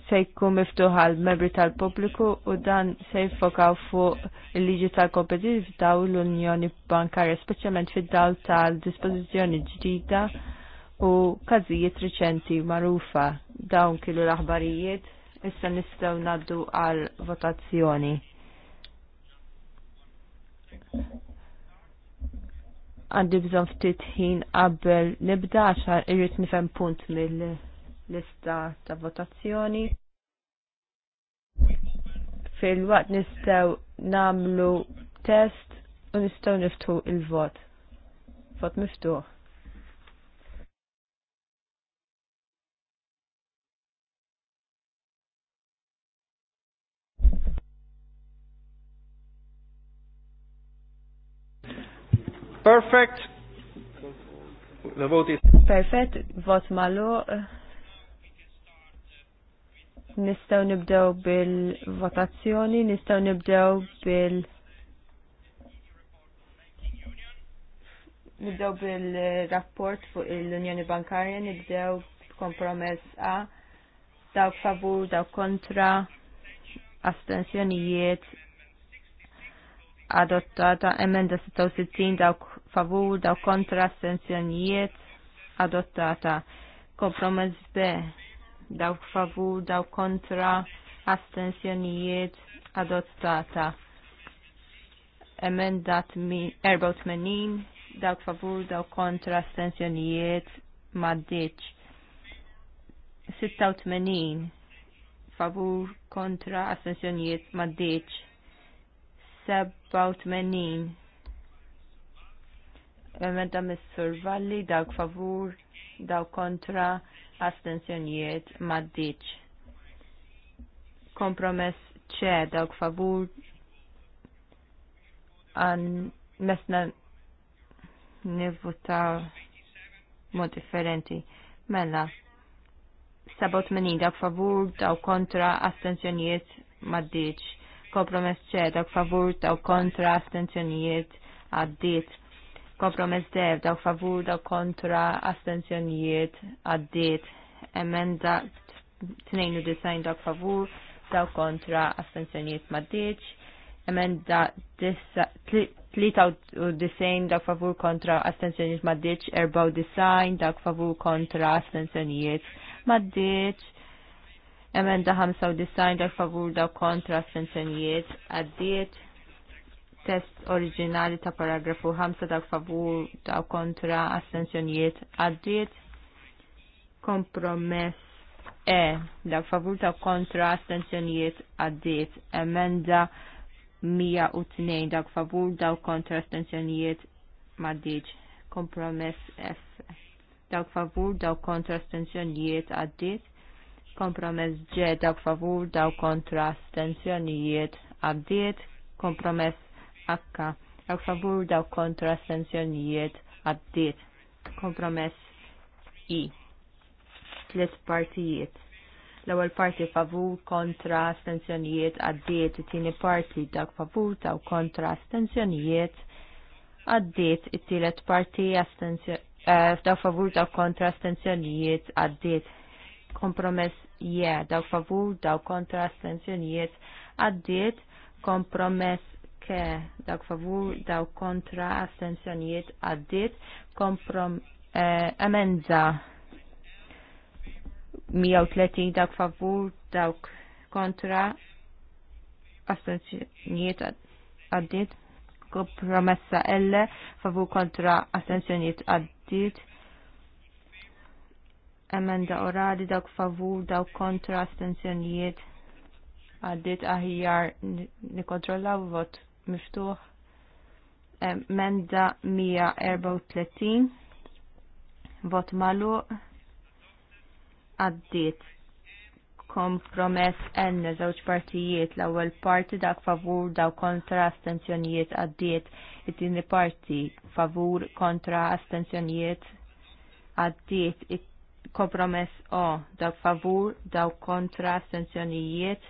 se jkun miftuħ għal membri tal-pubbliku u dan se jfokaw fuq il-liġi tal-kompetitività u l-Unjoni Bankarja, speċjalment fid-dawl tal-dispożizzjoni ġdida u każijiet riċenti magħrufa dawn kienu l-aħbarijiet issa nistgħu ngħaddu għal votazzjoni. għandi bżon ftit ħin qabel nibda għaxar irrit nifem punt mill-lista ta' votazzjoni. Fil-waqt nistaw namlu test u nistaw niftu il-vot. Vot miftuħ. Perfect. The vote is... Perfect. Vot malu. Nistaw nibdew bil-votazzjoni, nistaw nibdew bil- Nibdew bil-rapport fuq l-Unjoni Bankarja, nibdew kompromess A, dawk favur, dawk kontra, astensjonijiet, adottata emenda 66 dawk favur daw kontra astenzjonijiet adottata kompromess B dawk favur dawk kontra astenzjonijiet adottata emenda 84 dawk favur daw kontra astenzjonijiet maddiċ 86 favur kontra astenzjonijiet maddiċ menin. Emenda Mr. Valli, dawk favur, daw kontra, astensjonijiet maddiċ. Kompromess ċe, dawk favur, għan mesna nivuta mod differenti. Mela, menin, daw favur, daw kontra, astensjonijiet maddiċ. Kompromess ċed, dawk favur dawk kontra astenzjonijiet għaddiet. Kompromess dev dawk favur daw kontra astenzjonijiet għaddiet. Emenda 92 dawk favur daw kontra astenzjonijiet maddiċ. Emenda 93 dak favur kontra astenzjonijiet maddiċ. disajn dak favur kontra astenzjonijiet maddiċ. Emenda 95 dar favur da kontra astenzjonijiet għaddiet. Test oriġinali ta' paragrafu 5 daw favur da kontra astenzjonijiet għaddiet. Kompromess E daw favur da kontra assenzjonijiet għaddiet. Emenda 102 daw favur daw kontra astenzjonijiet maddiċ. Kompromess F daw favur daw kontra astenzjonijiet għaddiet kompromess ġe dawk favur dawk kontra stenzjonijiet għaddiet, kompromess akka dawk favur dawk kontra stenzjonijiet għaddiet, kompromess i. Tlet partijiet. L-ewwel parti favur kontra stenzjonijiet għaddiet, it tini parti dawk favur dawk kontra stenzjonijiet għaddiet, it-tielet parti Uh, eh, daw favur daw kontra stenzjonijiet għaddiet kompromess yeah, daw favur, daw kontra astenzjonijiet addit, kompromess ke daw favur, daw kontra astenzjonijiet addit. komprom eh, emenza 130 daw favur, daw kontra astenzjonijiet għaddiet kompromessa elle, favur kontra astenzjonijiet addit emenda orali dawk favur dawk kontra astenzjonijiet għaddit aħjar nikontrollaw vot miftuħ emenda 134 vot malu għaddit kompromess enne żewġ partijiet l-ewwel parti dak favur daw kontra astenzjonijiet għaddiet it-tieni parti favur kontra astenzjonijiet għaddiet it Kompromess O, daw favur, daw kontra, astenzjonijiet,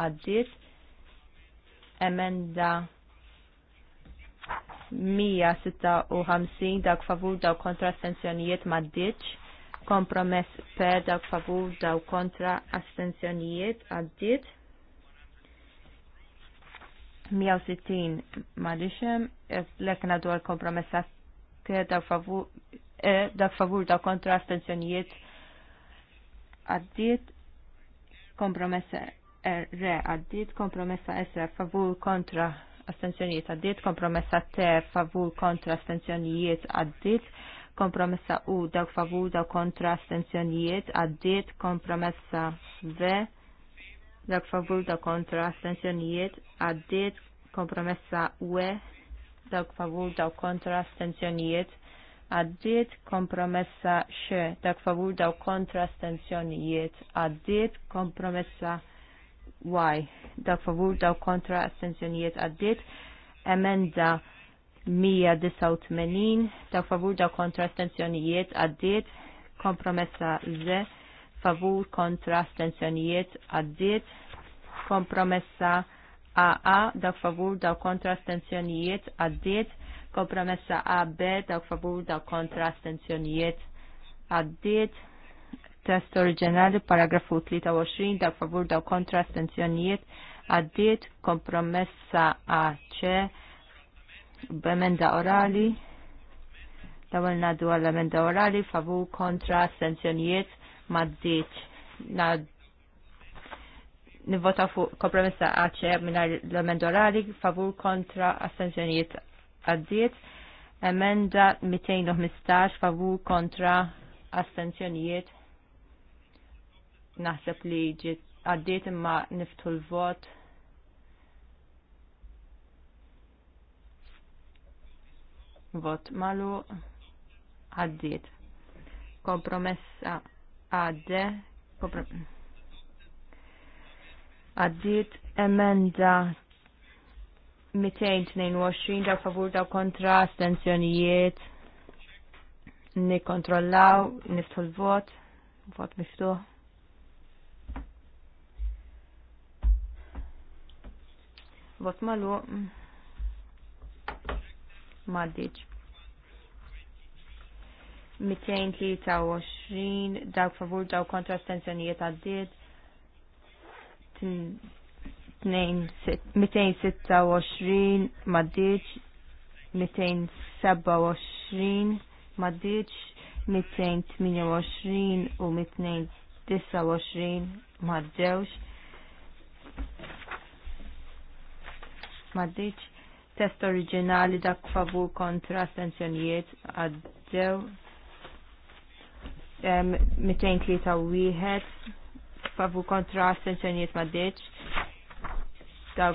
għaddit. Emenda 156, daw favur, daw kontra, astenzjonijiet, maddiċ. Kompromess P, daw favur, daw kontra, astenzjonijiet, għaddit. 160 maddiċem lekna dwar kompromessa ke dak favur, eh, daw favur kontra astenzjonijiet għaddiet kompromessa re għaddiet kompromessa S favur kontra astenzjonijiet għaddiet kompromessa T favur kontra astenzjonijiet għaddiet kompromessa U daw favur daw kontra astenzjonijiet għaddiet kompromessa V daw favur daw kontra astenzjonijiet għaddiet kompromessa U daw favur daw kontra astenzjonijiet għaddiet kompromessa xe dak favur daw kontra astenzjonijiet għaddiet kompromessa y dak favur daw kontra astenzjonijiet għaddiet emenda 189 dak favur daw kontra astenzjonijiet għaddiet kompromessa ze. favur kontra astenzjonijiet għaddiet kompromessa AA dak favur daw kontra astenzjonijiet għaddiet Kompromessa AB dawk favur dawk kontra stenzjonijiet għaddit. Test oriġinali paragrafu 23 dawk favur daw kontra stenzjonijiet għaddit. Kompromessa AC b'emenda orali l-ewwel ngħaddu għall emenda orali favur kontra stenzjonijiet m'għaddiċ. Nivvota fuq kompromessa għaċe mingħajr l-emenda orali favur kontra astenzjonijiet għaddiet emenda 215 favur kontra astenzjonijiet naħseb li ġiet għaddiet imma niftu l-vot vot malu għaddiet kompromessa għadde għaddiet emenda 222 daw favur daw kontra astenzjonijiet nikkontrollaw niftħu l-vot vot miftuħ vot malu maddiġ 223 daw favur daw kontra astenzjonijiet għaddiet 226 maddiċ, 227 maddiċ, 228 u 229 maddewx. Maddiċ, test oriġinali dak favur kontra sanzjonijiet għaddew. 203 favur kontra sanzjonijiet maddiċ ta'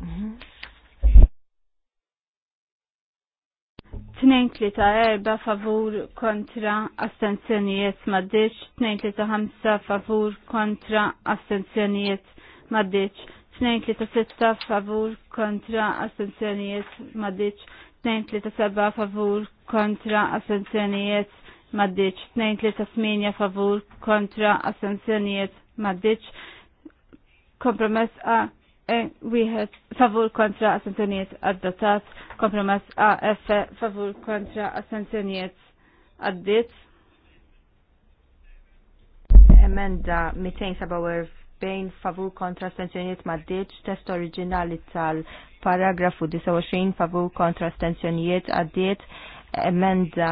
mhm. Tnejn tlieta' erba favur kontra astenzjonijiet maddiċ, tnejn tlita ħamsa favur kontra astenzjonijiet maddiċ, tnejn tlita sitta favur kontra astenzjonijiet maddiċ, tnejn tlita seba favur kontra astenzjonijiet maddiċ, tnejn tlita sminja favur kontra astenzjonijiet maddiċ, kompromess A e, wieħed favur kontra assenzjonijiet adottat, kompromess AF favur kontra assenzjonijiet addit. Emenda 247 favur kontra astenzjonijiet maddiċ, test oriġinali tal-paragrafu 29 favur kontra astenzjonijiet għaddiet, emenda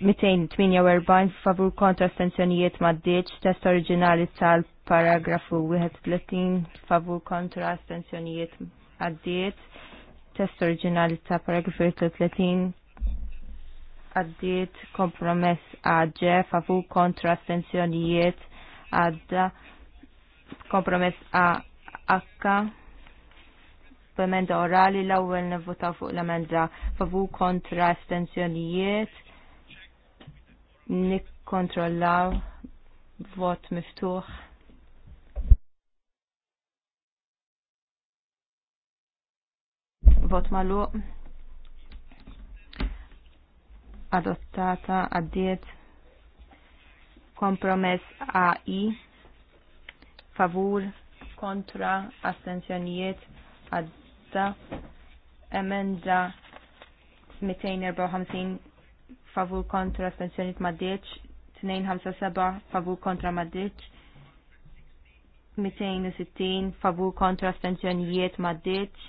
248 favur kontra astenzjonijiet maddiċ, test oriġinali tal-paragrafu paragrafu 31 favur kontra astensjonijiet għaddiet, test oriġinali ta' paragrafu 31 għaddiet kompromess għadġe favur kontra astensjonijiet għadda kompromess għakka b'emenda orali l-ewwel nivvotaw fuq l-emenda favur kontra astensjonijiet nikkontrollaw vot miftuħ. Vot maluq. Adottata għaddiet. Kompromess AI. Favur kontra astenzjonijiet għadda. Emenda 254 favur kontra astenzjonijiet maddiċ. 257 favur kontra maddiċ. 260 favur kontra astenzjonijiet maddiċ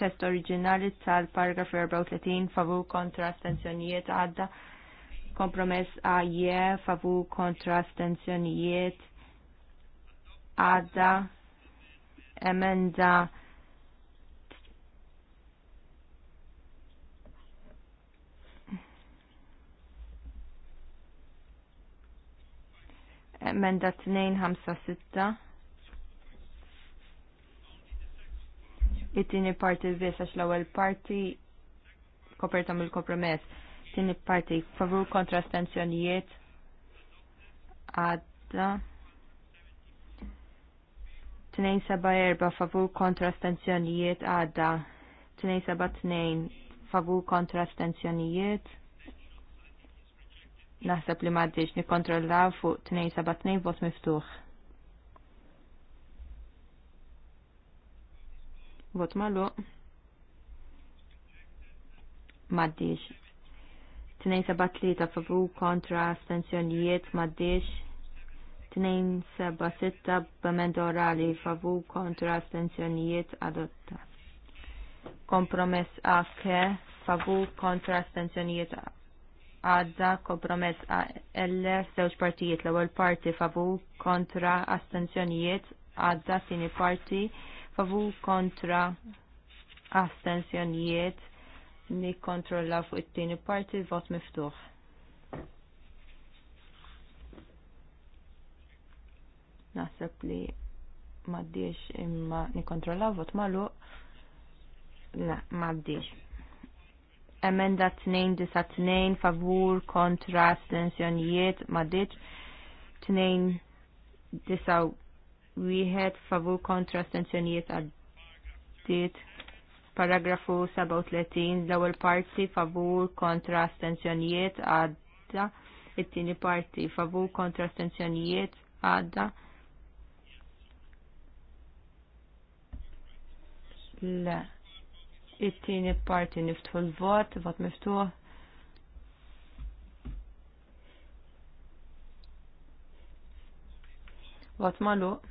test oriġinali tal-paragraf 34 favu kontra stenzjonijiet għadda kompromess għajje favu kontra stenzjonijiet għadda emenda emenda 256 it-tieni parti biss għax l-ewwel parti koperta mill-kompromess. Tieni parti favur kontra astensjonijiet għadda. erba' favur kontra astensjonijiet għadda. tnejn favur kontra astensjonijiet. Naħseb li maddiex nikontrollaw fuq tnejn vot miftuħ. Vot Tnejn Maddix. 273 favu kontra astensjonijiet Tnejn seba' sitta b'emend orali favu kontra astensjonijiet adotta. Kompromess AK favu kontra astensjonijiet għadda kompromess għall żewġ partijiet l-ewwel parti favu kontra astensjonijiet għadda tini parti favur kontra astensjonijiet nikkontrolla fuq it-tieni parti vot miftuħ. Naħseb li maddiex imma nikkontrolla vot malu na maddiex. Emenda 292 favur kontra astensjonijiet maddiex 2 disaw wieħed favur kontra astenzjonijiet adit. Paragrafu 37 l-ewwel parti favur kontra astenzjonijiet għadda. It-tieni parti favur kontra astenzjonijiet għadda. Le. It-tieni parti niftħu l-vot, vot miftuħ. Vot maluq.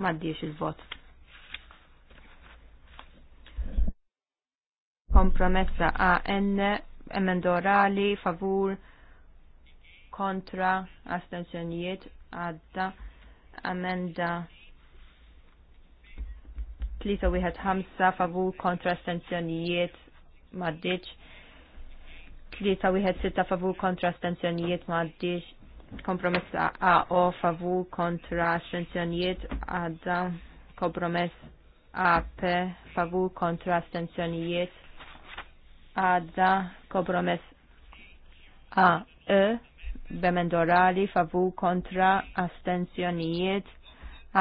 maddiex il-vot. Kompromessa AN, emendorali, favur, kontra, astensjonijiet għadda, amenda 315 favur kontra astenzjonijiet, maddiċ, 316 favur kontra astensjonijiet maddiċ, kompromess A o favu kontra astenzjonijiet għadda kompromess A P favu kontra astenzjonijiet għadda kompromess A E bemendorali favu kontra astenzjonijiet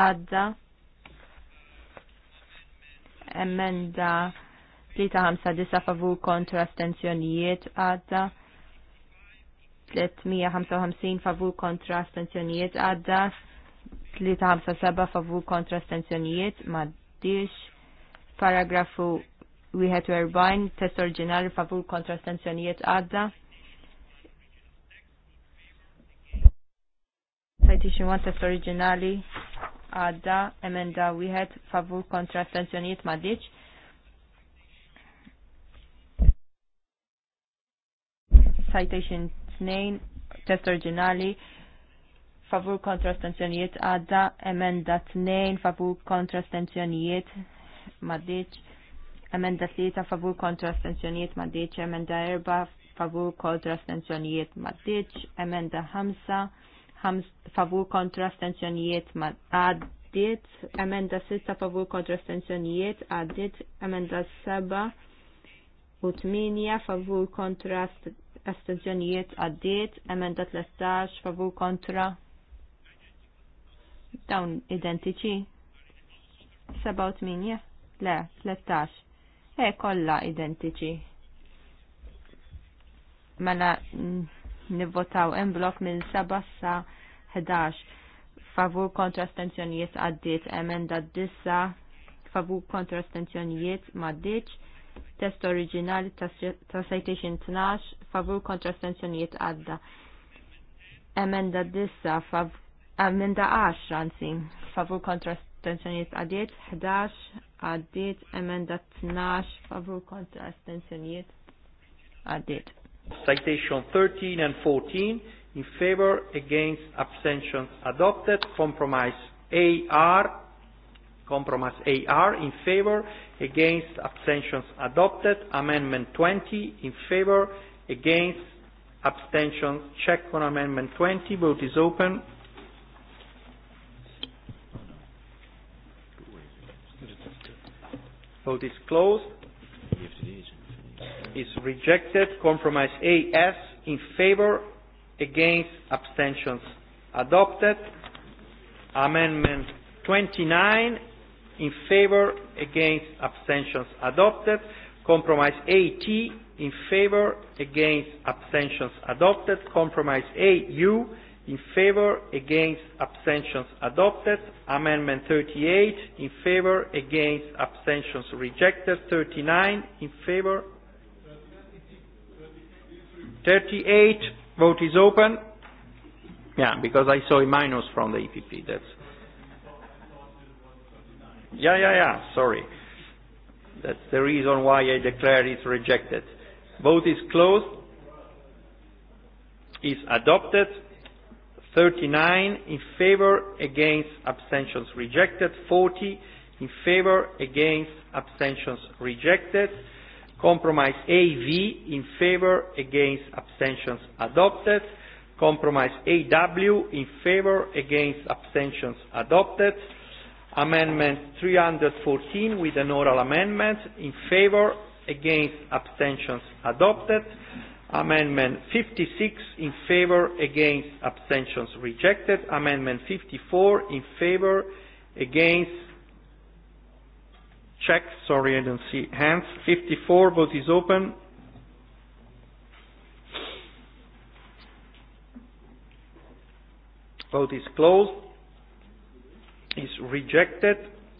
għadda emenda 359 favu kontra astenzjonijiet għadda 355 favur kontra astenzjonijiet għadda 357 favur kontra astenzjonijiet maddix paragrafu 41 test oriġinali favur kontra astenzjonijiet għadda citation 1 test originali għadda emenda wieħed favur kontra astenzjonijiet maddix citation snejn test oriġinali, favur kontra stenzjonijiet għadda, emenda snejn favur kontra stenzjonijiet maddiċ, emenda 3, favur kontra stenzjonijiet maddiċ, emenda erba', favur kontra stenzjonijiet maddiċ, emenda hamsa, favur kontra stenzjonijiet maddiċ, għaddit, emenda 6 favur kontra stenzjonijiet għaddit, emenda 7 u 8 favur kontra astenzjonijiet għaddiet, emenda 13 favur kontra dawn identiċi 78, le 13 e kolla identiċi mela nivvotaw en blok minn 7 sa 11 favur kontra astenzjonijiet għaddiet emenda 9 favur kontra astenzjonijiet maddiċ test oriġinali ta' citation 12 favur kontra sanzjonijiet għadda. Emenda dissa fav emenda 10 anzi favur kontra sanzjonijiet għaddiet, 11 għaddiet, emenda 12 favur kontra sanzjonijiet għaddiet. Citation 13 and 14 in favor against abstentions adopted compromise AR Compromise AR in favor, against abstentions adopted. Amendment 20 in favor, against abstentions. Check on Amendment 20. Vote is open. Vote is closed. Is rejected. Compromise AS in favor, against abstentions adopted. Amendment 29 in favor, against, abstentions adopted. Compromise AT in favor, against, abstentions adopted. Compromise AU in favor, against, abstentions adopted. Amendment 38 in favor, against, abstentions rejected. 39 in favor. 38 vote is open. Yeah, because I saw a minus from the EPP. That's Yeah, yeah, yeah, sorry. That's the reason why I declare it's rejected. Vote is closed. Is adopted. 39 in favor, against, abstentions rejected. 40 in favor, against, abstentions rejected. Compromise AV in favor, against, abstentions adopted. Compromise AW in favor, against, abstentions adopted. Amendment 314 with an oral amendment in favor, against abstentions adopted. Amendment 56 in favor, against abstentions rejected. Amendment 54 in favor, against check, sorry I don't see hands. 54 vote is open. Vote is closed is rejected.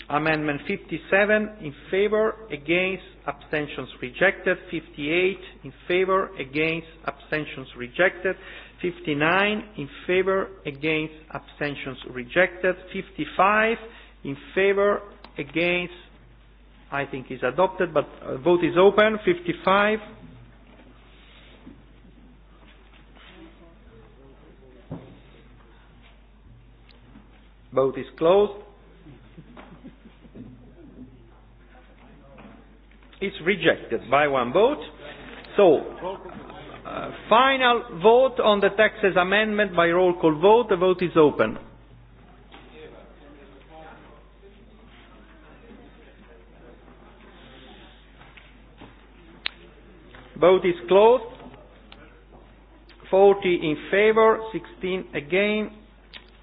Amendment 57 in favor, against, abstentions rejected. 58 in favor, against, abstentions rejected. 59 in favor, against, abstentions rejected. 55 in favor, against, I think is adopted, but uh, vote is open. 55 Vote is closed. It's rejected by one vote. So, uh, final vote on the taxes amendment by roll call vote. The vote is open. Vote is closed. 40 in favor, 16 against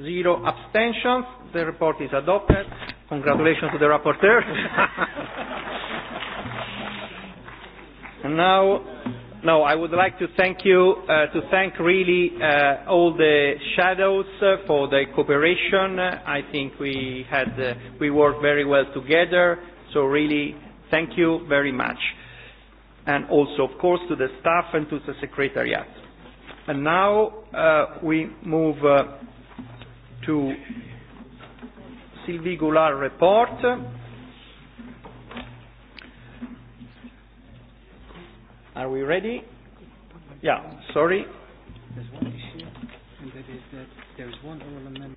zero abstentions. The report is adopted. Congratulations to the rapporteur. and now, no, I would like to thank you, uh, to thank really uh, all the shadows uh, for the cooperation. Uh, I think we had, uh, we worked very well together. So really, thank you very much. And also, of course, to the staff and to the secretariat. And now uh, we move. Uh, to Sylvie Goulart report. Are we ready? Yeah, sorry. There's one issue, and that is that there is one oral amendment.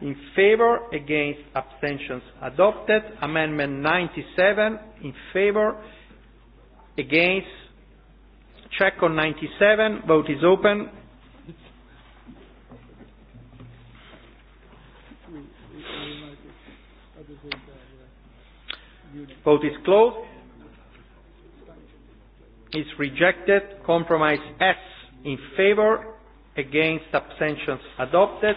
in favor, against abstentions adopted. Amendment 97 in favor, against. Check on 97. Vote is open. Vote is closed. Is rejected. Compromise S in favor, against abstentions adopted.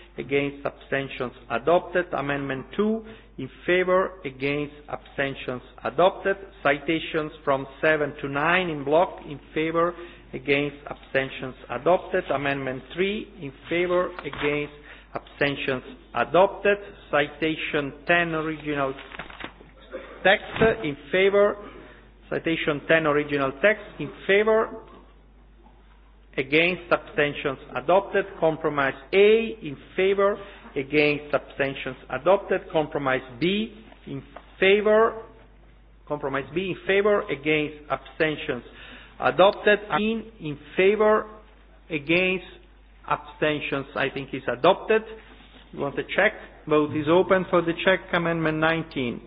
against abstentions adopted. Amendment 2 in favor against abstentions adopted. Citations from 7 to 9 in block in favor against abstentions adopted. Amendment 3 in favor against abstentions adopted. Citation 10 original text in favor. Citation 10 original text in favor against abstentions adopted compromise A in favor against abstentions adopted compromise B in favor compromise B in favor against abstentions adopted in in favor against abstentions I think is adopted you want to check vote is open for the check amendment 19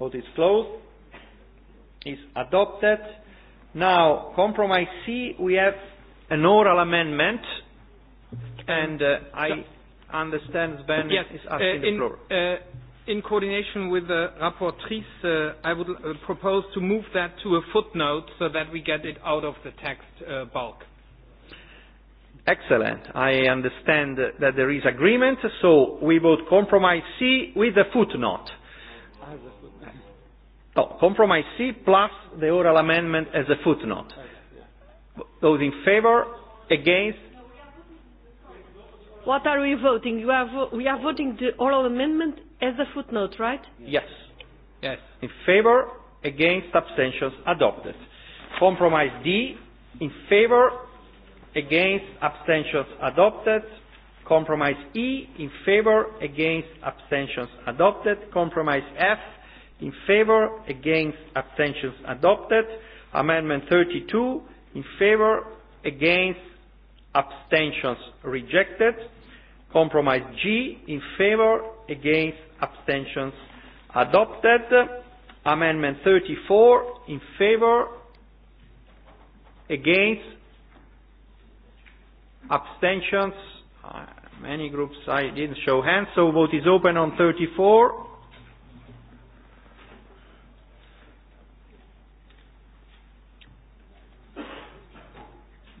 Vote is closed. Is adopted. Now, compromise C, we have an oral amendment, and uh, I understand Sven yes, is asking uh, in, the floor. Uh, in coordination with the rapportrice, uh, I would uh, propose to move that to a footnote so that we get it out of the text uh, bulk. Excellent. I understand that there is agreement, so we vote compromise C with a footnote. Oh, compromise C plus the oral amendment as a footnote. Those in favor, against? What are we voting? You are vo we are voting the oral amendment as a footnote, right? Yes. Yes. In favor, against, abstentions, adopted. Compromise D, in favor, against, abstentions, adopted. Compromise E, in favor, against, abstentions, adopted. Compromise F, in favor, against, abstentions adopted. Amendment 32, in favor, against, abstentions rejected. Compromise G, in favor, against, abstentions adopted. Amendment 34, in favor, against, abstentions. Uh, many groups, I didn't show hands, so vote is open on 34.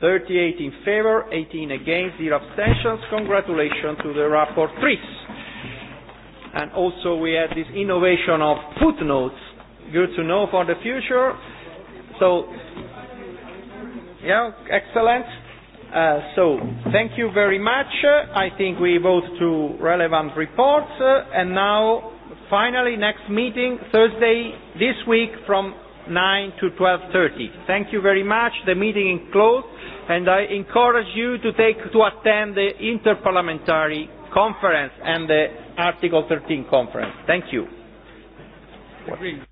38 in favor, 18 against, 0 abstentions. Congratulations to the rapporteurs. And also we had this innovation of footnotes. Good to know for the future. So, yeah, excellent. Uh, so, thank you very much. Uh, I think we vote to relevant reports. Uh, and now, finally, next meeting, Thursday this week from 9 to 12.30. Thank you very much. The meeting is closed and I encourage you to take to attend the Interparliamentary Conference and the Article 13 Conference. Thank you. What?